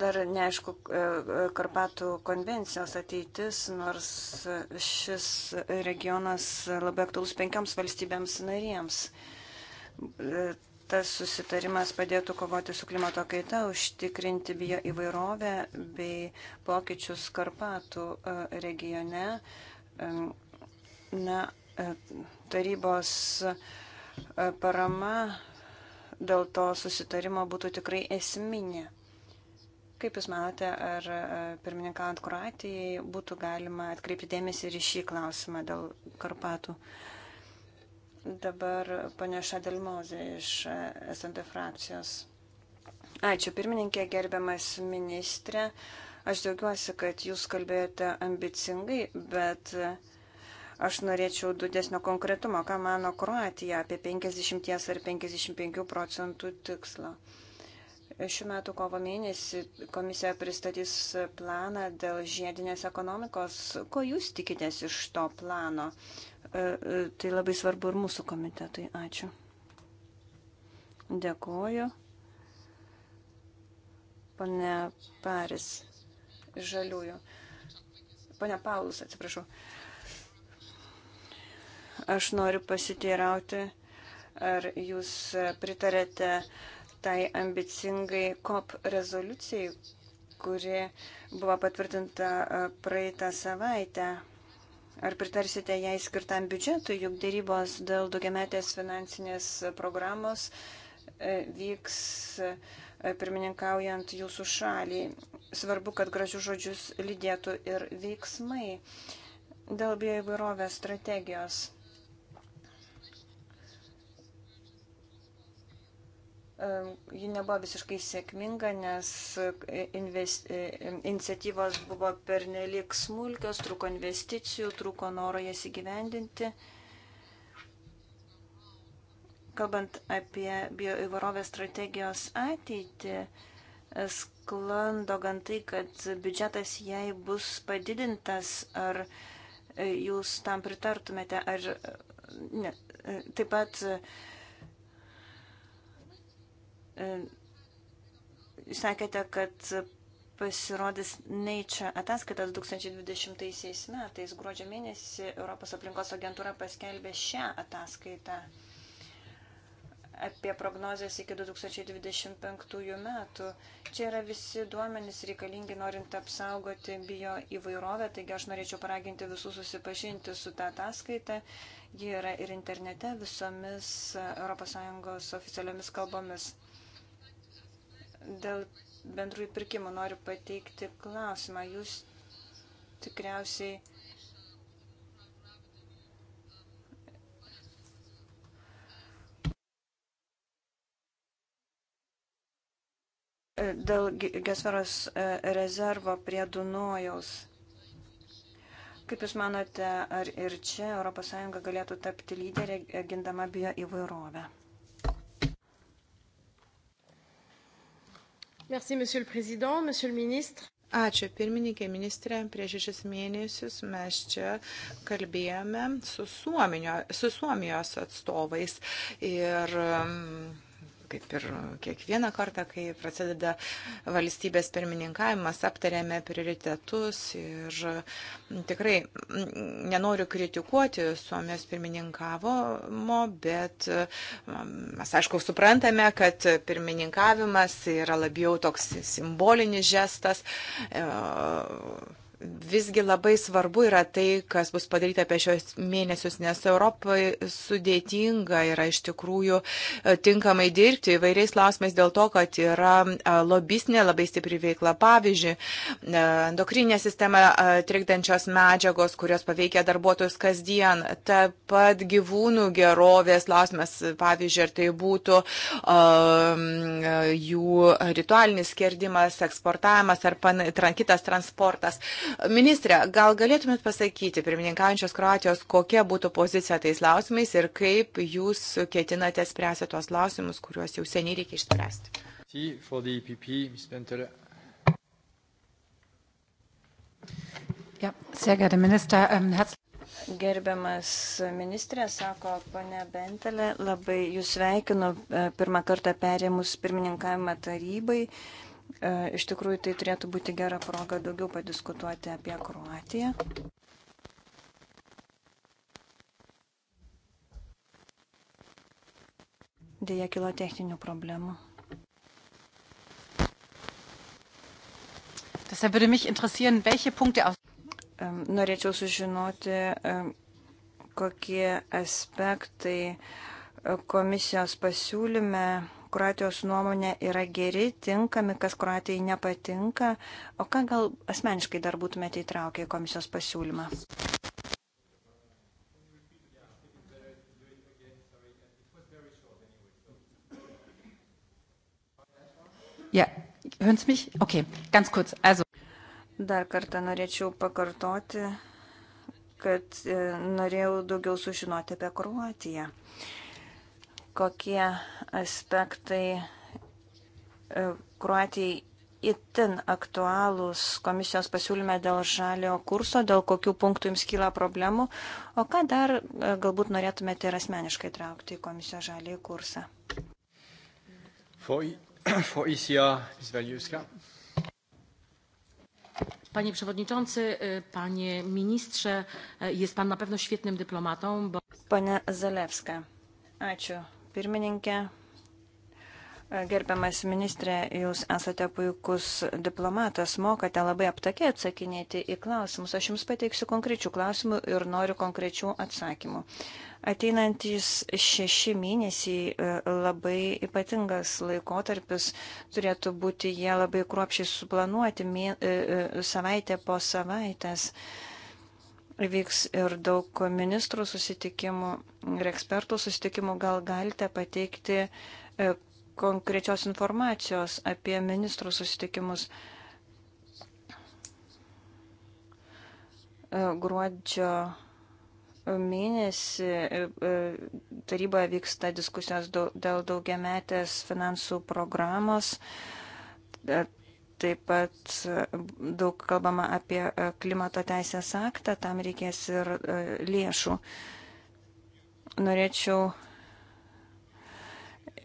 Dar neaišku e, e, Karpatų konvencijos ateitis, nors šis regionas labai aktuolus penkioms valstybėms narėms. E, tas susitarimas padėtų kovoti su klimato kaita, užtikrinti bio įvairovę bei pokyčius Karpatų regione. Na, tarybos parama dėl to susitarimo būtų tikrai esminė. Kaip Jūs manote, ar e, pirmininkant Kroatijai būtų galima atkreipti dėmesį ir į šį klausimą dėl Karpatų? Dabar paneša Delmozė iš e, SND frakcijos. Ačiū pirmininkė, gerbiamas ministrė. Aš džiaugiuosi, kad Jūs kalbėjote ambicingai, bet e, aš norėčiau didesnio konkretumo, ką mano Kroatija apie 50 ar 55 procentų tikslą. Šiuo metu kovo mėnesį komisija pristatys planą dėl žiedinės ekonomikos. Ko jūs tikitės iš to plano? E, e, tai labai svarbu ir mūsų komitetui. Ačiū. Dėkuoju. Pane Paris, žaliųjų. Pane Paulus, atsiprašau. Aš noriu pasiteirauti, ar jūs pritarėte uh, tai ambicingai COP rezoliucijai, kuri buvo patvirtinta e, praeitą savaitę. Ar pritarsite jai skirtam biudžetui, juk dėrybos dėl daugiametės finansinės programos e, vyks e, pirmininkaujant jūsų šaliai. Svarbu, kad gražių žodžius lydėtų ir veiksmai dėl bioįvairovės strategijos. Ji nebuvo visiškai sėkminga, nes invest... iniciatyvos buvo pernelik smulkios, trūko investicijų, trūko noro jas įgyvendinti. Kalbant apie bioįvarovės strategijos ateitį, sklando gantai, kad biudžetas jai bus padidintas. Ar jūs tam pritartumėte? Ar ne, taip pat Sakėte, kad pasirodys Nature ataskaitas 2020 metais. Gruodžio mėnesį Europos aplinkos agentūra paskelbė šią ataskaitą apie prognozes iki 2025 metų. Čia yra visi duomenys reikalingi norint apsaugoti bio įvairovę, taigi aš norėčiau paraginti visus susipažinti su tą ataskaitą. Ji yra ir internete visomis ES oficialiomis kalbomis dėl bendrųjų pirkimų noriu pateikti klausimą. Jūs tikriausiai e, dėl Gesveros e, rezervo prie Dunojaus. Kaip Jūs manote, ar ir čia ES galėtų tapti lyderė gindama bio įvairovę? Merci, monsieur le président, monsieur le ministre. Ačiū pirmininkė ministrė. Prieš šešis mėnesius mes čia kalbėjome su, Suominio, su Suomijos atstovais ir um, kaip ir kiekvieną kartą, kai prasideda valstybės pirmininkavimas, aptarėme prioritetus ir tikrai nenoriu kritikuoti Suomijos pirmininkavimo, bet mes aišku suprantame, kad pirmininkavimas yra labiau toks simbolinis žestas e, visgi labai svarbu yra tai, kas bus padaryta apie šios mėnesius, nes Europai sudėtinga yra iš tikrųjų e, tinkamai dirbti įvairiais klausimais dėl to, kad yra e, lobistinė labai stipri veikla. Pavyzdžiui, e, endokrinė sistema trikdančios medžiagos, kurios paveikia darbuotojus kasdien. Taip pat gyvūnų gerovės klausimas, pavyzdžiui, ar tai būtų um, jų ritualinis skerdimas, eksportavimas ar pan, kitas transportas Ministrė, gal galėtumėt pasakyti, pirmininkaujančios Kroatijos, kokia būtų pozicija tais klausimais ir kaip jūs ketinate spręsti tuos klausimus, kuriuos jau seniai reikia išspręsti? E ja, sehr geehrter Minister, ähm, herzlichen Gerbiamas ministrė, sako pane Bentelė, labai jūs sveikinu e, pirmą kartą perėmus pirmininkavimą tarybai. E, iš tikrųjų, tai turėtų būti gera proga daugiau padiskutuoti apie Kroatiją. Dėja kilo techninių problemų. Deshalb würde mich interessieren, welche Punkte aus. E, norėčiau sužinoti, e, kokie aspektai komisijos pasiūlyme Kroatijos nuomonė yra geri, tinkami, kas Kroatijai nepatinka, o ką gal asmeniškai dar būtumėte įtraukę į komisijos pasiūlymą? Ja, hören Sie mich? Okay, ganz kurz. Also. Dar kartą norėčiau pakartoti, kad e, norėjau daugiau sužinoti apie Kroatiją kokie aspektai e, Kruatijai itin aktualūs komisijos pasiūlyme dėl žalio kurso, dėl kokių punktų jums kyla problemų, o ką dar e, galbūt norėtumėte ir asmeniškai traukti į komisijos žalį kursą. Panie przewodniczący, e, panie ministrze, jest pan na pewno świetnym dyplomatą, bo... Panie Zalewska, ačiū pirmininkė. Gerbiamas ministrė, jūs esate puikus diplomatas, mokate labai aptakiai atsakinėti į klausimus. Aš jums pateiksiu konkrečių klausimų ir noriu konkrečių atsakymų. Ateinantis šeši mėnesiai e, labai ypatingas laikotarpis turėtų būti jie labai kruopšiai suplanuoti e, e, savaitę po savaitės vyks ir daug ministrų susitikimų ir ekspertų susitikimų. Gal galite pateikti e, konkrečios informacijos apie ministrų susitikimus? E, gruodžio mėnesį e, taryboje vyksta diskusijos dėl daugiametės finansų programos Taip pat e, daug kalbama apie e, klimato teisės aktą, tam reikės ir e, lėšų. Norėčiau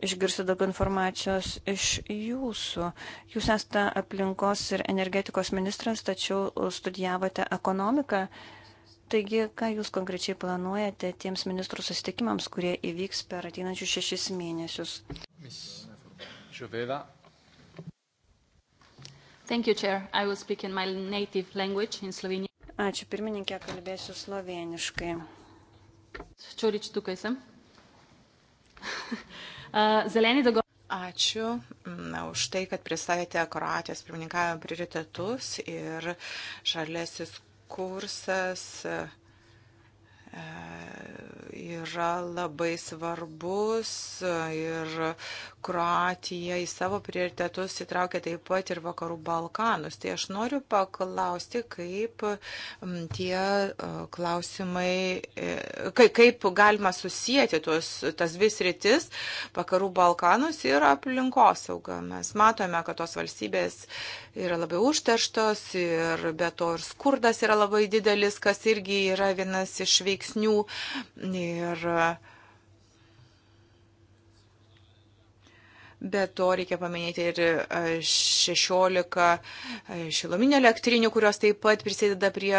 išgirsti daug informacijos iš jūsų. Jūs esate aplinkos ir energetikos ministras, tačiau studijavote ekonomiką. Taigi, ką jūs konkrečiai planuojate tiems ministrų susitikimams, kurie įvyks per ateinančius šešis mėnesius? Žiūrėda. Thank you, Chair. I will speak in my native language, in Slovenia. Ačiū pirmininkė, kalbėsiu sloveniškai. Čurič, tu kai sam? Zeleni dogovor. Ačiū na, už tai, kad pristatėte Kroatijos pirmininkavimo prioritetus ir žalėsis kursas. Uh, yra labai svarbus ir Kroatija į savo prioritetus įtraukia taip pat ir Vakarų Balkanus. Tai aš noriu paklausti, kaip tie e, klausimai, e, kaip galima susijęti tuos, tas vis rytis, Vakarų Balkanus ir aplinkosaugą. Mes matome, kad tos valstybės yra labiau užterštos ir be to ir skurdas yra labai didelis, kas irgi yra vienas iš veiksnių. Ir, uh, Be to reikia paminėti ir 16 e, e, šiluminių elektrinių, kurios taip pat prisideda prie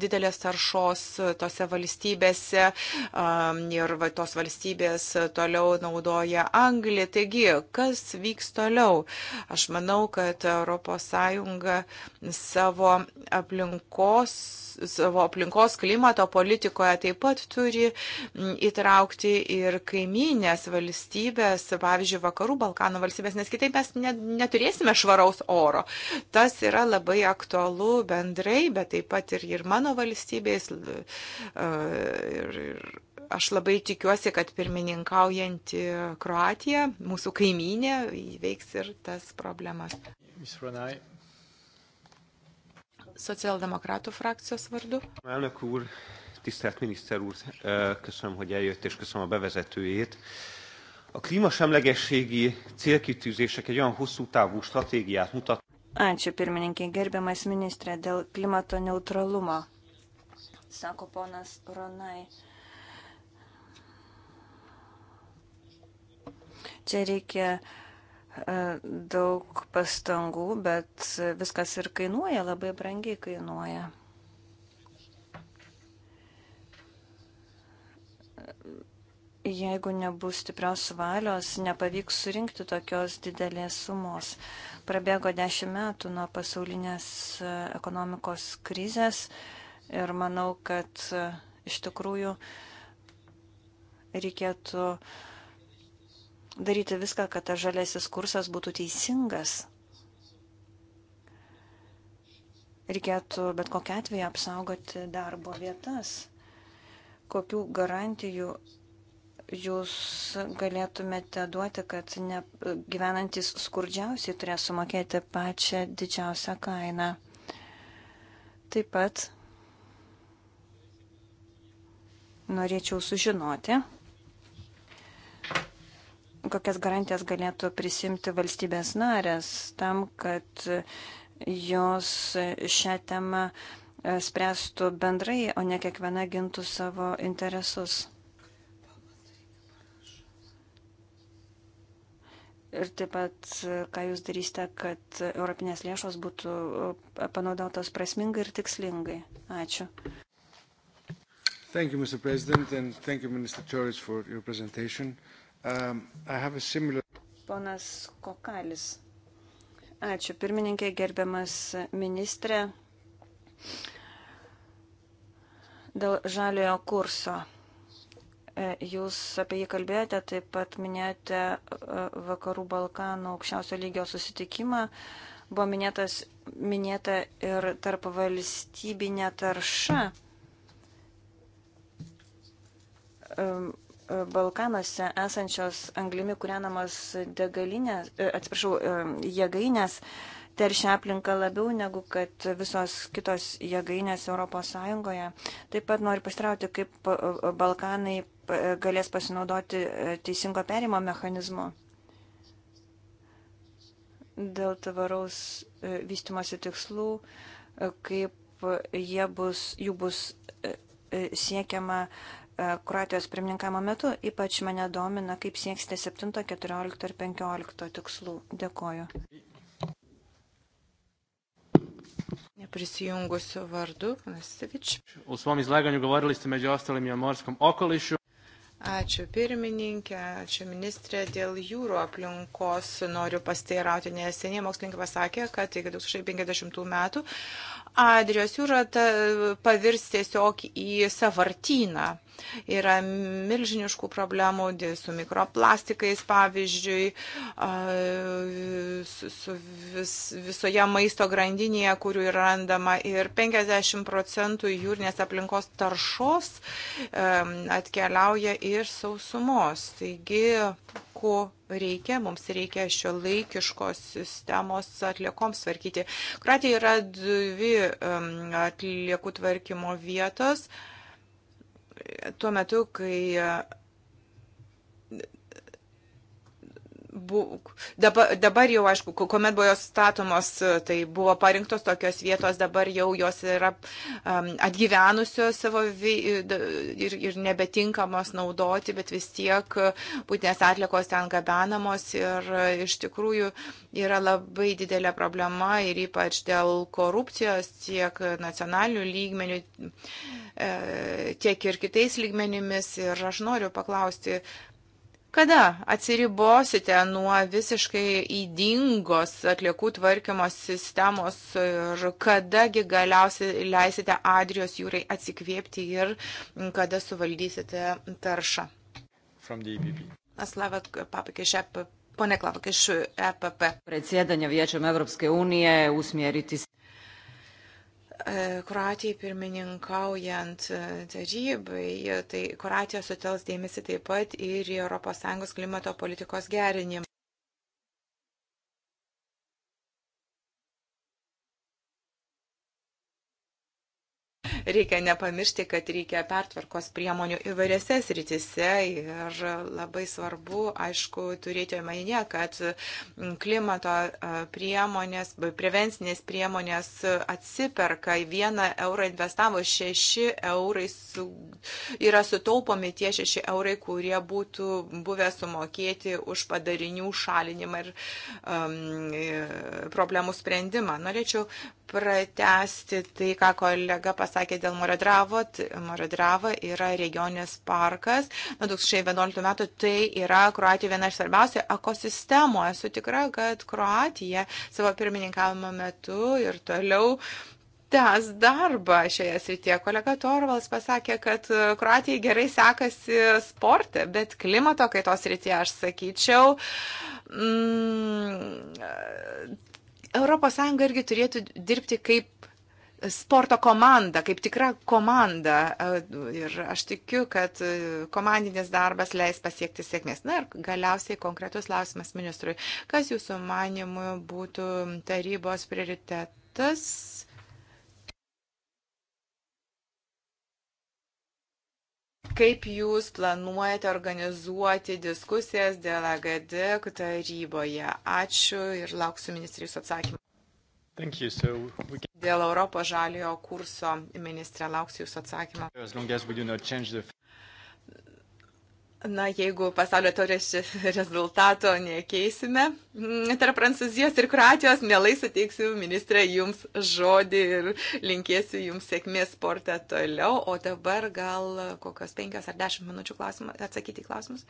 didelės taršos e, tose valstybėse ir tos valstybės toliau naudoja anglį. Taigi, kas vyks toliau? Aš manau, kad ES savo aplinkos savo aplinkos klimato politikoje taip pat turi įtraukti ir kaiminės valstybės, pavyzdžiui, vakarų Balkanų valstybės, nes kitaip mes ne, neturėsime švaraus oro. Tas yra labai aktualu bendrai, bet taip pat ir, ir mano valstybės. E, ir, ir, aš labai tikiuosi, kad pirmininkaujanti Kroatija, mūsų kaiminė, įveiks ir tas problemas. Szociáldemokratų frakcijos vardu. Elnök úr, tisztelt miniszter úr, e, köszönöm, hogy eljött, és köszönöm a bevezetőjét. A klímasemlegességi célkitűzések egy olyan hosszú távú stratégiát mutat. Ačiū pirmininkė, gerbiamas ministrė, dėl klimato neutralumo, sako ponas Ronai. Čia reikia e, daug pastangų, bet viskas ir kainuoja, labai brangiai kainuoja. jeigu nebus stiprios valios, nepavyks surinkti tokios didelės sumos. Prabėgo dešimt metų nuo pasaulinės e, ekonomikos krizės ir manau, kad e, iš tikrųjų reikėtų daryti viską, kad tas žalėsis kursas būtų teisingas. Reikėtų bet kokia atveju apsaugoti darbo vietas. Kokių garantijų jūs galėtumėte duoti, kad ne, gyvenantis skurdžiausiai turės sumokėti pačią didžiausią kainą? Taip pat norėčiau sužinoti, kokias garantijas galėtų prisimti valstybės narės tam, kad jos šią temą spręstų bendrai, o ne kiekviena gintų savo interesus. Ir taip pat, ką jūs darysite, kad europinės lėšos būtų e, panaudotos prasmingai ir tikslingai. Ačiū. Thank you, Mr. President, and thank you, Minister Choris, for your presentation. Um, I have a similar... Ponas Kokalis. Ačiū, pirmininkė, gerbiamas ministrė. Dėl žaliojo kurso E, jūs apie jį kalbėjote, taip pat minėjote e, Vakarų Balkanų aukščiausio lygio susitikimą. Buvo minėtas, minėta ir tarp valstybinė tarša. E, Balkanuose esančios anglimi kūrenamos degalinės, atsiprašau, jėgainės teršia aplinką labiau negu kad visos kitos jėgainės Europos Sąjungoje. Taip pat noriu pastrauti, kaip Balkanai galės pasinaudoti e, teisingo perimo mechanizmu. Dėl tvaraus e, vystimosi tikslų, e, kaip jie bus, jų bus siekiama Kroatijos pirmininkamo metu, ypač mane domina, kaip sieksite 7, 14 ir 15 tikslų. Dėkoju. Neprisijungusiu vardu, Vasevič. U svom izlaganju govorili ste među ostalim i o morskom okolišu. Ačiū pirmininkė, ačiū ministrė. Dėl jūrų aplinkos noriu pasteirauti, nes seniai mokslininkai pasakė, kad iki 2050 metų Adrijos jūra pavirs tiesiog į savartyną. Yra milžiniškų problemų su mikroplastikais, pavyzdžiui, su vis, visoje maisto grandinėje, kurių yra randama ir 50 procentų jūrinės aplinkos taršos atkeliauja iš sausumos. Taigi, ko reikia, mums reikia šio laikiškos sistemos atliekoms tvarkyti. Kroatija yra dvi atliekų tvarkymo vietos tuo metu, kai bu, dabar, dabar jau, aišku, kuomet buvo jos statomos, tai buvo parinktos tokios vietos, dabar jau jos yra um, atgyvenusios savo ir, ir nebetinkamos naudoti, bet vis tiek uh, būtinės atlikos ten gabenamos ir uh, iš tikrųjų yra labai didelė problema ir ypač dėl korupcijos tiek nacionalinių lygmenių, uh, tiek ir kitais lygmenimis. Ir aš noriu paklausti, Kada atsiribosite nuo visiškai įdingos atliekų tvarkymo sistemos ir kadagi galiausiai leisite Adrijos jūrai atsikvėpti ir kada suvaldysite taršą? E Slavak Papakiš, e ponė Klavak iš EPP. Predsjedanje Vijećem Europske unije usmjeriti se E, Kroatijai pirmininkaujant e, tarybai, tai Kroatija sutels dėmesį taip pat ir į ES klimato politikos gerinimą. Reikia nepamiršti, kad reikia pertvarkos priemonių įvairiose sritise ir labai svarbu, aišku, turėti omenyje, kad mm, klimato priemonės, prevencinės priemonės atsiperka. Vieną eurą investavo, šeši eurai su, yra sutaupomi tie šeši eurai, kurie būtų buvę sumokėti už padarinių šalinimą ir um, problemų sprendimą. Norėčiau pratesti tai, ką kolega pasakė dėl Moradravo. Moradrava yra regioninis parkas. Nuo 2011 metų tai yra Kroatija viena iš svarbiausių ekosistemų. Esu tikra, kad Kroatija savo pirmininkavimo metu ir toliau tęs darbą šioje srityje. Kolega Torvalas pasakė, kad Kroatijai gerai sekasi sporte, bet klimato kaitos srityje aš sakyčiau. Mm, ES irgi turėtų dirbti kaip sporto komanda, kaip tikra komanda. Ir aš tikiu, kad komandinis darbas leis pasiekti sėkmės. Na ir galiausiai konkretus klausimas ministrui. Kas jūsų manimų būtų tarybos prioritetas? Kaip jūs planuojate organizuoti diskusijas dėl AGD taryboje? Ačiū ir lauksiu ministrė jūsų atsakymą. So we... Dėl Europos žaliojo kurso ministrė lauksiu jūsų atsakymą. As as the... Na, jeigu pasaulio taurės rezultato nekeisime, mm, tarp Prancūzijos ir Kroatijos, mielai suteiksiu ministrė jums žodį ir linkėsiu jums sėkmės sportą toliau. O dabar gal kokios penkios ar dešimt minučių klausimą, atsakyti į klausimus.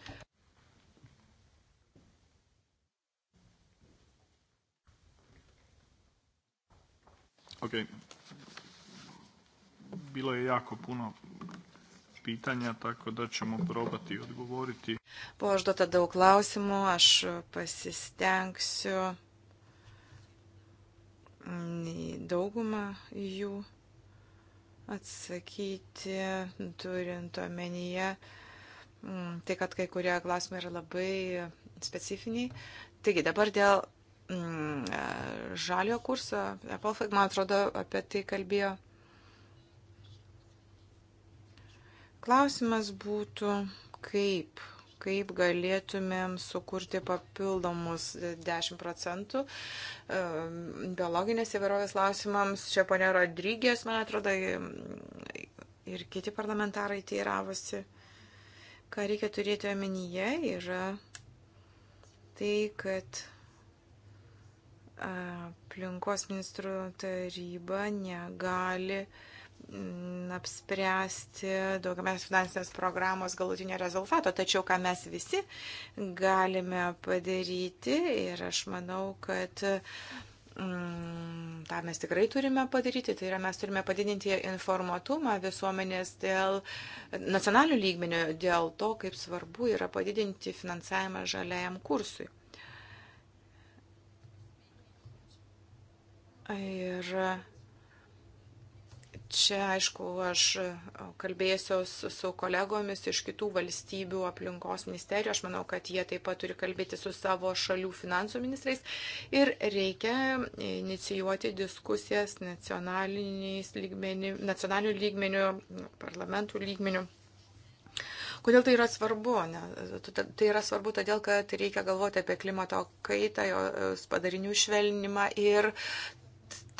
Okay. Bilo je jako puno pitanja, tako da ćemo probati odgovoriti. Buvo užduota daug klausimų, aš pasistengsiu daugumą jų atsakyti, turint omenyje mm, tai, kad kai kurie klausimai yra labai specifiniai. Taigi dabar dėl mm, žalio kurso, Apple, man atrodo, apie tai kalbėjo Klausimas būtų, kaip, kaip galėtumėm sukurti papildomus 10 procentų biologinės įvairovės klausimams. Čia ponė Rodrygės, man atrodo, ir kiti parlamentarai teiravosi, ką reikia turėti omenyje, yra tai, kad aplinkos ministrų taryba negali uh, Mm, apspręsti daugiamės finansinės programos galutinio rezultato. Tačiau, ką mes visi galime padaryti ir aš manau, kad mm, tą mes tikrai turime padaryti, tai yra mes turime padidinti informatumą visuomenės dėl nacionalių lygmenių, dėl to, kaip svarbu yra padidinti finansavimą žaliajam kursui. Ir Čia, aišku, aš e, kalbėsiu su kolegomis iš kitų valstybių aplinkos ministerijų. Aš manau, kad jie taip pat turi kalbėti su savo šalių finansų ministrais. Ir reikia inicijuoti diskusijas lygmeni, nacionalinių lygmenių, parlamentų lygmenių. Kodėl tai yra svarbu? Ne? Tai yra svarbu todėl, kad reikia galvoti apie klimato kaitą, jos padarinių švelnimą ir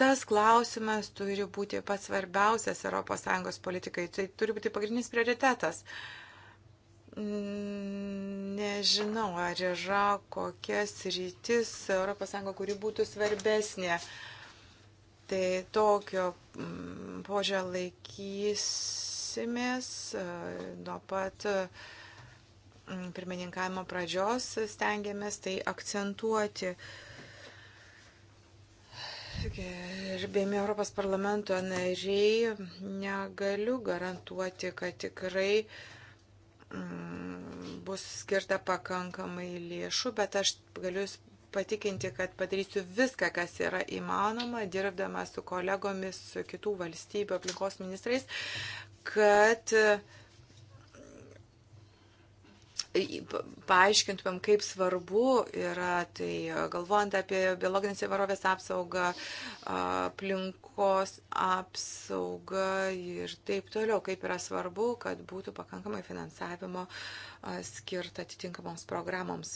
tas klausimas turi būti pats svarbiausias ES politikai. Tai turi būti pagrindinis prioritetas. Nežinau, ar yra kokias rytis ES, kuri būtų svarbesnė. Tai tokio požiūrio laikysimės e, nuo pat e, pirmininkavimo pradžios stengiamės tai akcentuoti. Uh, Gerbėmi Europos parlamento nariai, negaliu garantuoti, kad tikrai mm, bus skirta pakankamai lėšų, bet aš galiu Jūs patikinti, kad padarysiu viską, kas yra įmanoma, dirbdama su kolegomis, su kitų valstybių aplinkos ministrais, kad uh, paaiškintumėm, kaip svarbu yra, tai galvojant apie biologinės įvarovės apsaugą, aplinkos apsaugą ir taip toliau, kaip yra svarbu, kad būtų pakankamai finansavimo skirta atitinkamoms programoms.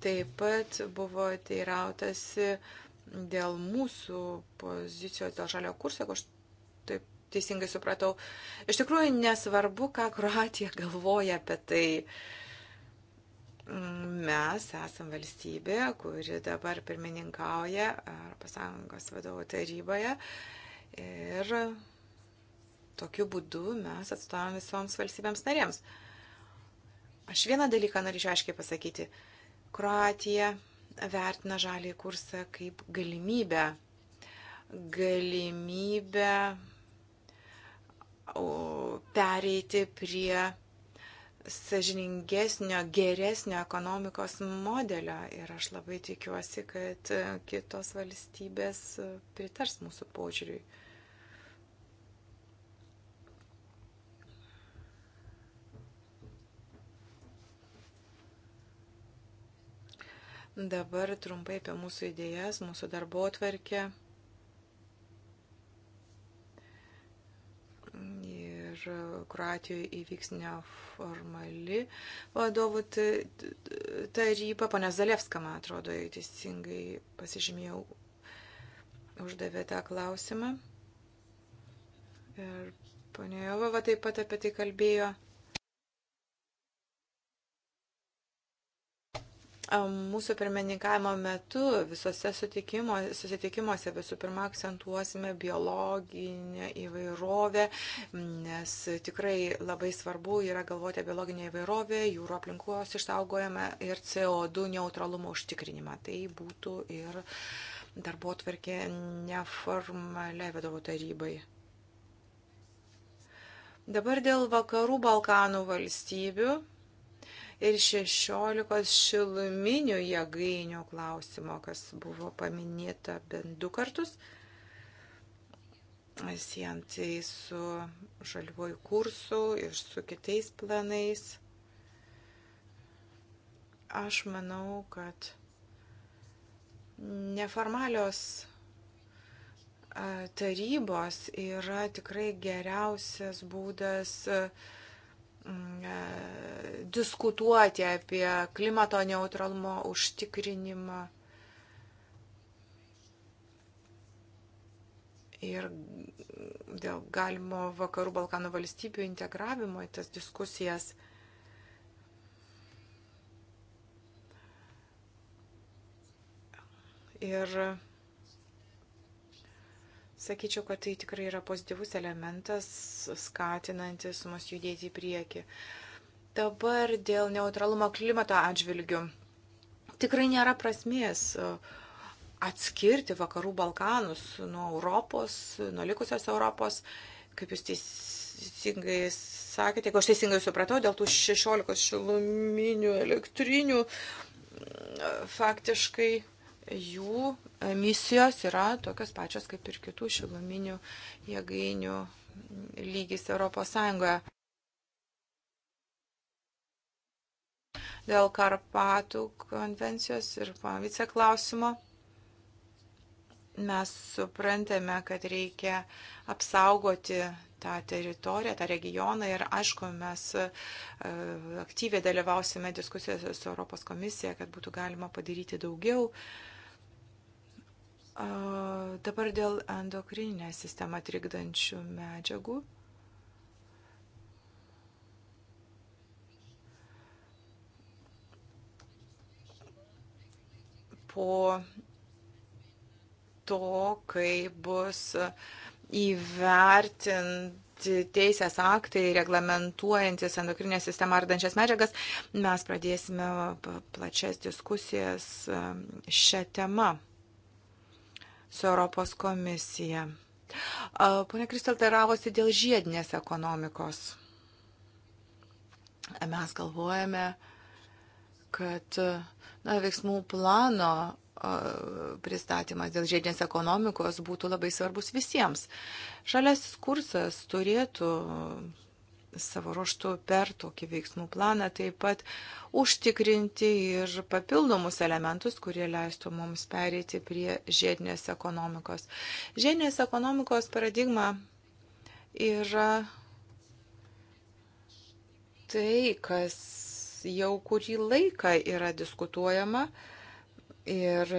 Taip pat buvo teirautasi dėl mūsų pozicijos, dėl žalio kurso, jeigu aš teisingai supratau. Iš tikrųjų, nesvarbu, ką Kroatija galvoja apie tai. Mes esam valstybė, kuri dabar pirmininkauja Europos Sąjungos vadovų taryboje ir tokiu būdu mes atstovavom visoms valstybėms narėms. Aš vieną dalyką norėčiau aiškiai pasakyti. Kroatija vertina žalį kursą kaip galimybę. Galimybę pereiti prie sažiningesnio, geresnio ekonomikos modelio. Ir aš labai tikiuosi, kad kitos valstybės pritars mūsų požiūriui. Dabar trumpai apie mūsų idėjas, mūsų darbo atverkę. Ir Kroatijoje įvyks neformali vadovų taryba. Pane Zalevska, man atrodo, teisingai pasižymėjau, uždavė tą klausimą. Ir ponė Jovava taip pat apie tai kalbėjo. Mūsų pirmininkavimo metu visose susitikimuose visų pirma akcentuosime biologinę įvairovę, nes tikrai labai svarbu yra galvoti apie biologinę įvairovę, jūro aplinkos išsaugojimą ir CO2 neutralumo užtikrinimą. Tai būtų ir darbo tvarkė neformaliai vadovų tarybai. Dabar dėl vakarų Balkanų valstybių ir 16 šiluminių jėgainių klausimo, kas buvo paminėta bent du kartus, siejant tai su žaliuoju kursu ir su kitais planais. Aš manau, kad neformalios tarybos yra tikrai geriausias būdas uh, Mm, e, diskutuoti apie klimato neutralumo užtikrinimą. Ir dėl galimo vakarų Balkanų valstybių integravimo į tas diskusijas. Ir Sakyčiau, kad tai tikrai yra pozityvus elementas, skatinantis mus judėti į priekį. Dabar dėl neutralumo klimato atžvilgių. Tikrai nėra prasmės e, atskirti vakarų Balkanus nuo Europos, nuo likusios Europos, kaip jūs teisingai sakėte, jeigu aš teisingai supratau, dėl tų 16 šiluminių elektrinių e, faktiškai jų e, misijos yra tokios pačios kaip ir kitų šiluminių jėgainių lygis Europos Sąjungoje. Dėl Karpatų konvencijos ir viceklausimo mes suprantame, kad reikia apsaugoti tą teritoriją, tą regioną ir aišku, mes e, aktyviai dalyvausime diskusijose su Europos komisija, kad būtų galima padaryti daugiau. Uh, Dabar dėl endokrininę sistemą trikdančių medžiagų. Po to, kai bus įvertinti teisės aktai reglamentuojantis endokrinę sistemą ardančias medžiagas, mes pradėsime plačias diskusijas šią temą su Europos komisija. Pone Kristal teravosi tai dėl žiedinės ekonomikos. Mes galvojame, kad na, veiksmų plano pristatymas dėl žiedinės ekonomikos būtų labai svarbus visiems. Žaliasis kursas turėtų savo ruoštų per tokį veiksmų planą taip pat užtikrinti ir papildomus elementus, kurie leistų mums pereiti prie žiedinės ekonomikos. Žiedinės ekonomikos paradigma yra tai, kas jau kurį laiką yra diskutuojama. Ir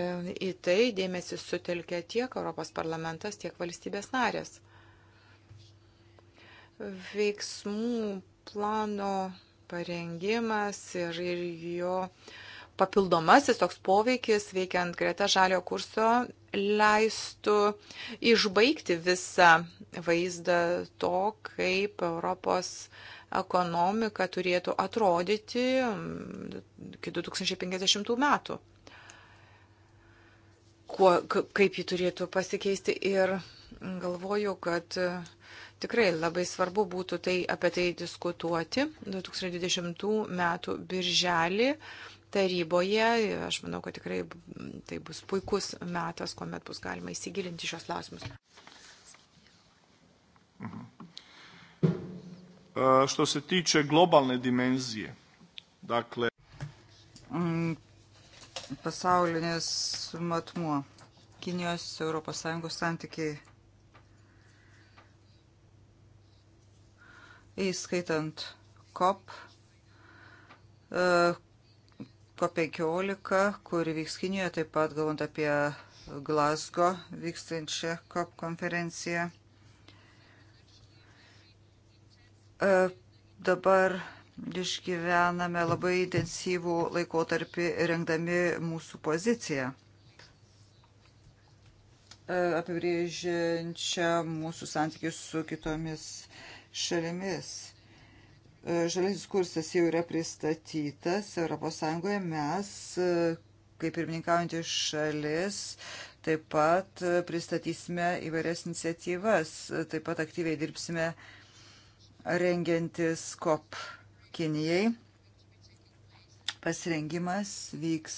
į tai dėmesį sutelkia tiek Europos parlamentas, tiek valstybės narės veiksmų plano parengimas ir, ir jo papildomasis toks poveikis veikiant greta žalio kurso leistų išbaigti visą vaizdą to, kaip Europos ekonomika turėtų atrodyti mm, iki 2050 metų. Kuo, kaip ji turėtų pasikeisti ir galvoju, kad Tikrai labai svarbu būtų tai, apie tai diskutuoti 2020 m. birželį taryboje. Aš manau, kad tikrai tai bus puikus metas, kuomet bus galima įsigilinti šios klausimus. Mhm. E, što se tiče globalne dimenzije, dakle... Mm, Pasaulinės matmuo, Kinijos ES santykiai įskaitant COP, COP15, kuri vyks Kinijoje, taip pat galvant apie Glasgo vykstančią COP konferenciją. E, dabar išgyvename labai intensyvų laikotarpį rengdami mūsų poziciją e, apibrėžiančią mūsų santykius su kitomis šalimis. E, Žaliasis kursas jau yra pristatytas ES, mes, e, kaip pirmininkaujantis šalis, taip pat e, pristatysime įvairias iniciatyvas, taip pat aktyviai dirbsime rengiantis COP Kinijai. Pasirengimas vyks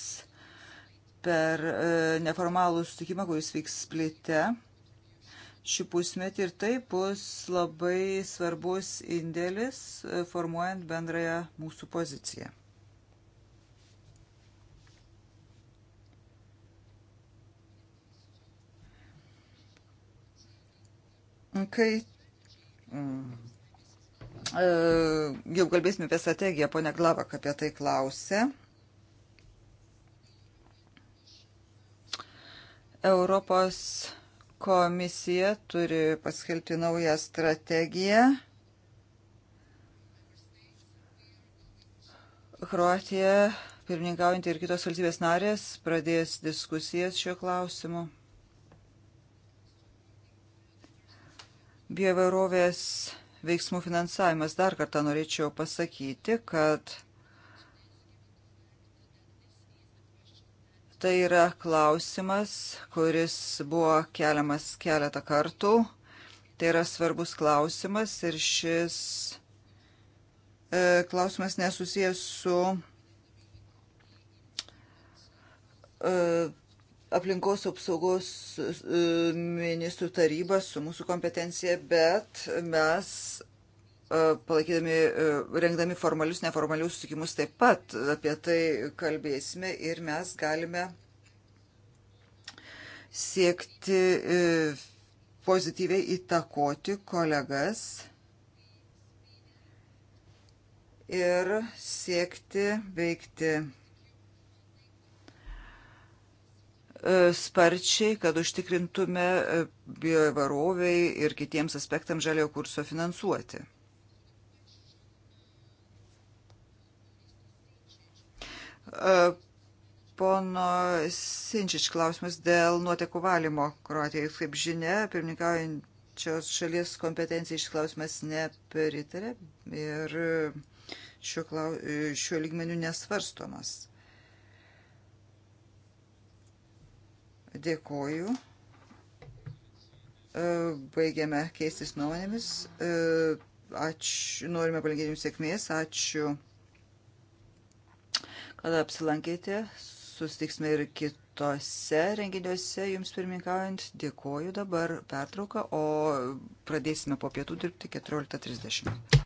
per neformalų sutikimą, kuris vyks splite šį pusmetį ir tai bus labai svarbus indėlis e, formuojant bendrąją mūsų poziciją. Kai mm, e, jau kalbėsime apie strategiją, ponia Glavak apie tai klausė. Europos Komisija turi paskelbti naują strategiją. Kroatija, pirmininkaujantį ir kitos valstybės narės, pradės diskusijas šiuo klausimu. Bioverovės veiksmų finansavimas. Dar kartą norėčiau pasakyti, kad Tai yra klausimas, kuris buvo keliamas keletą kartų. Tai yra svarbus klausimas ir šis e, klausimas nesusijęs su e, aplinkos apsaugos e, ministrų taryba su mūsų kompetencija, bet mes E, palaikydami, e, rengdami formalius, neformalius sutikimus taip pat apie tai kalbėsime ir mes galime siekti e, pozityviai įtakoti kolegas ir siekti veikti sparčiai, kad užtikrintume bioįvaroviai ir kitiems aspektams žaliojo kurso finansuoti. E, pono Sinčič klausimas dėl nuotekų valymo Kroatijai. Kaip žinia, pirmininkaujančios šalies kompetencija šis klausimas nepritarė ir šiuo, klau, šiuo lygmeniu nesvarstomas. Dėkoju. E, baigiame keistis nuomonėmis. E, Ačiū, norime palinkėti jums sėkmės. Ačiū kad apsilankėte. Sustiksime ir kitose renginiuose jums pirmininkaujant. Dėkoju dabar pertrauką, o pradėsime po pietų dirbti 14.30.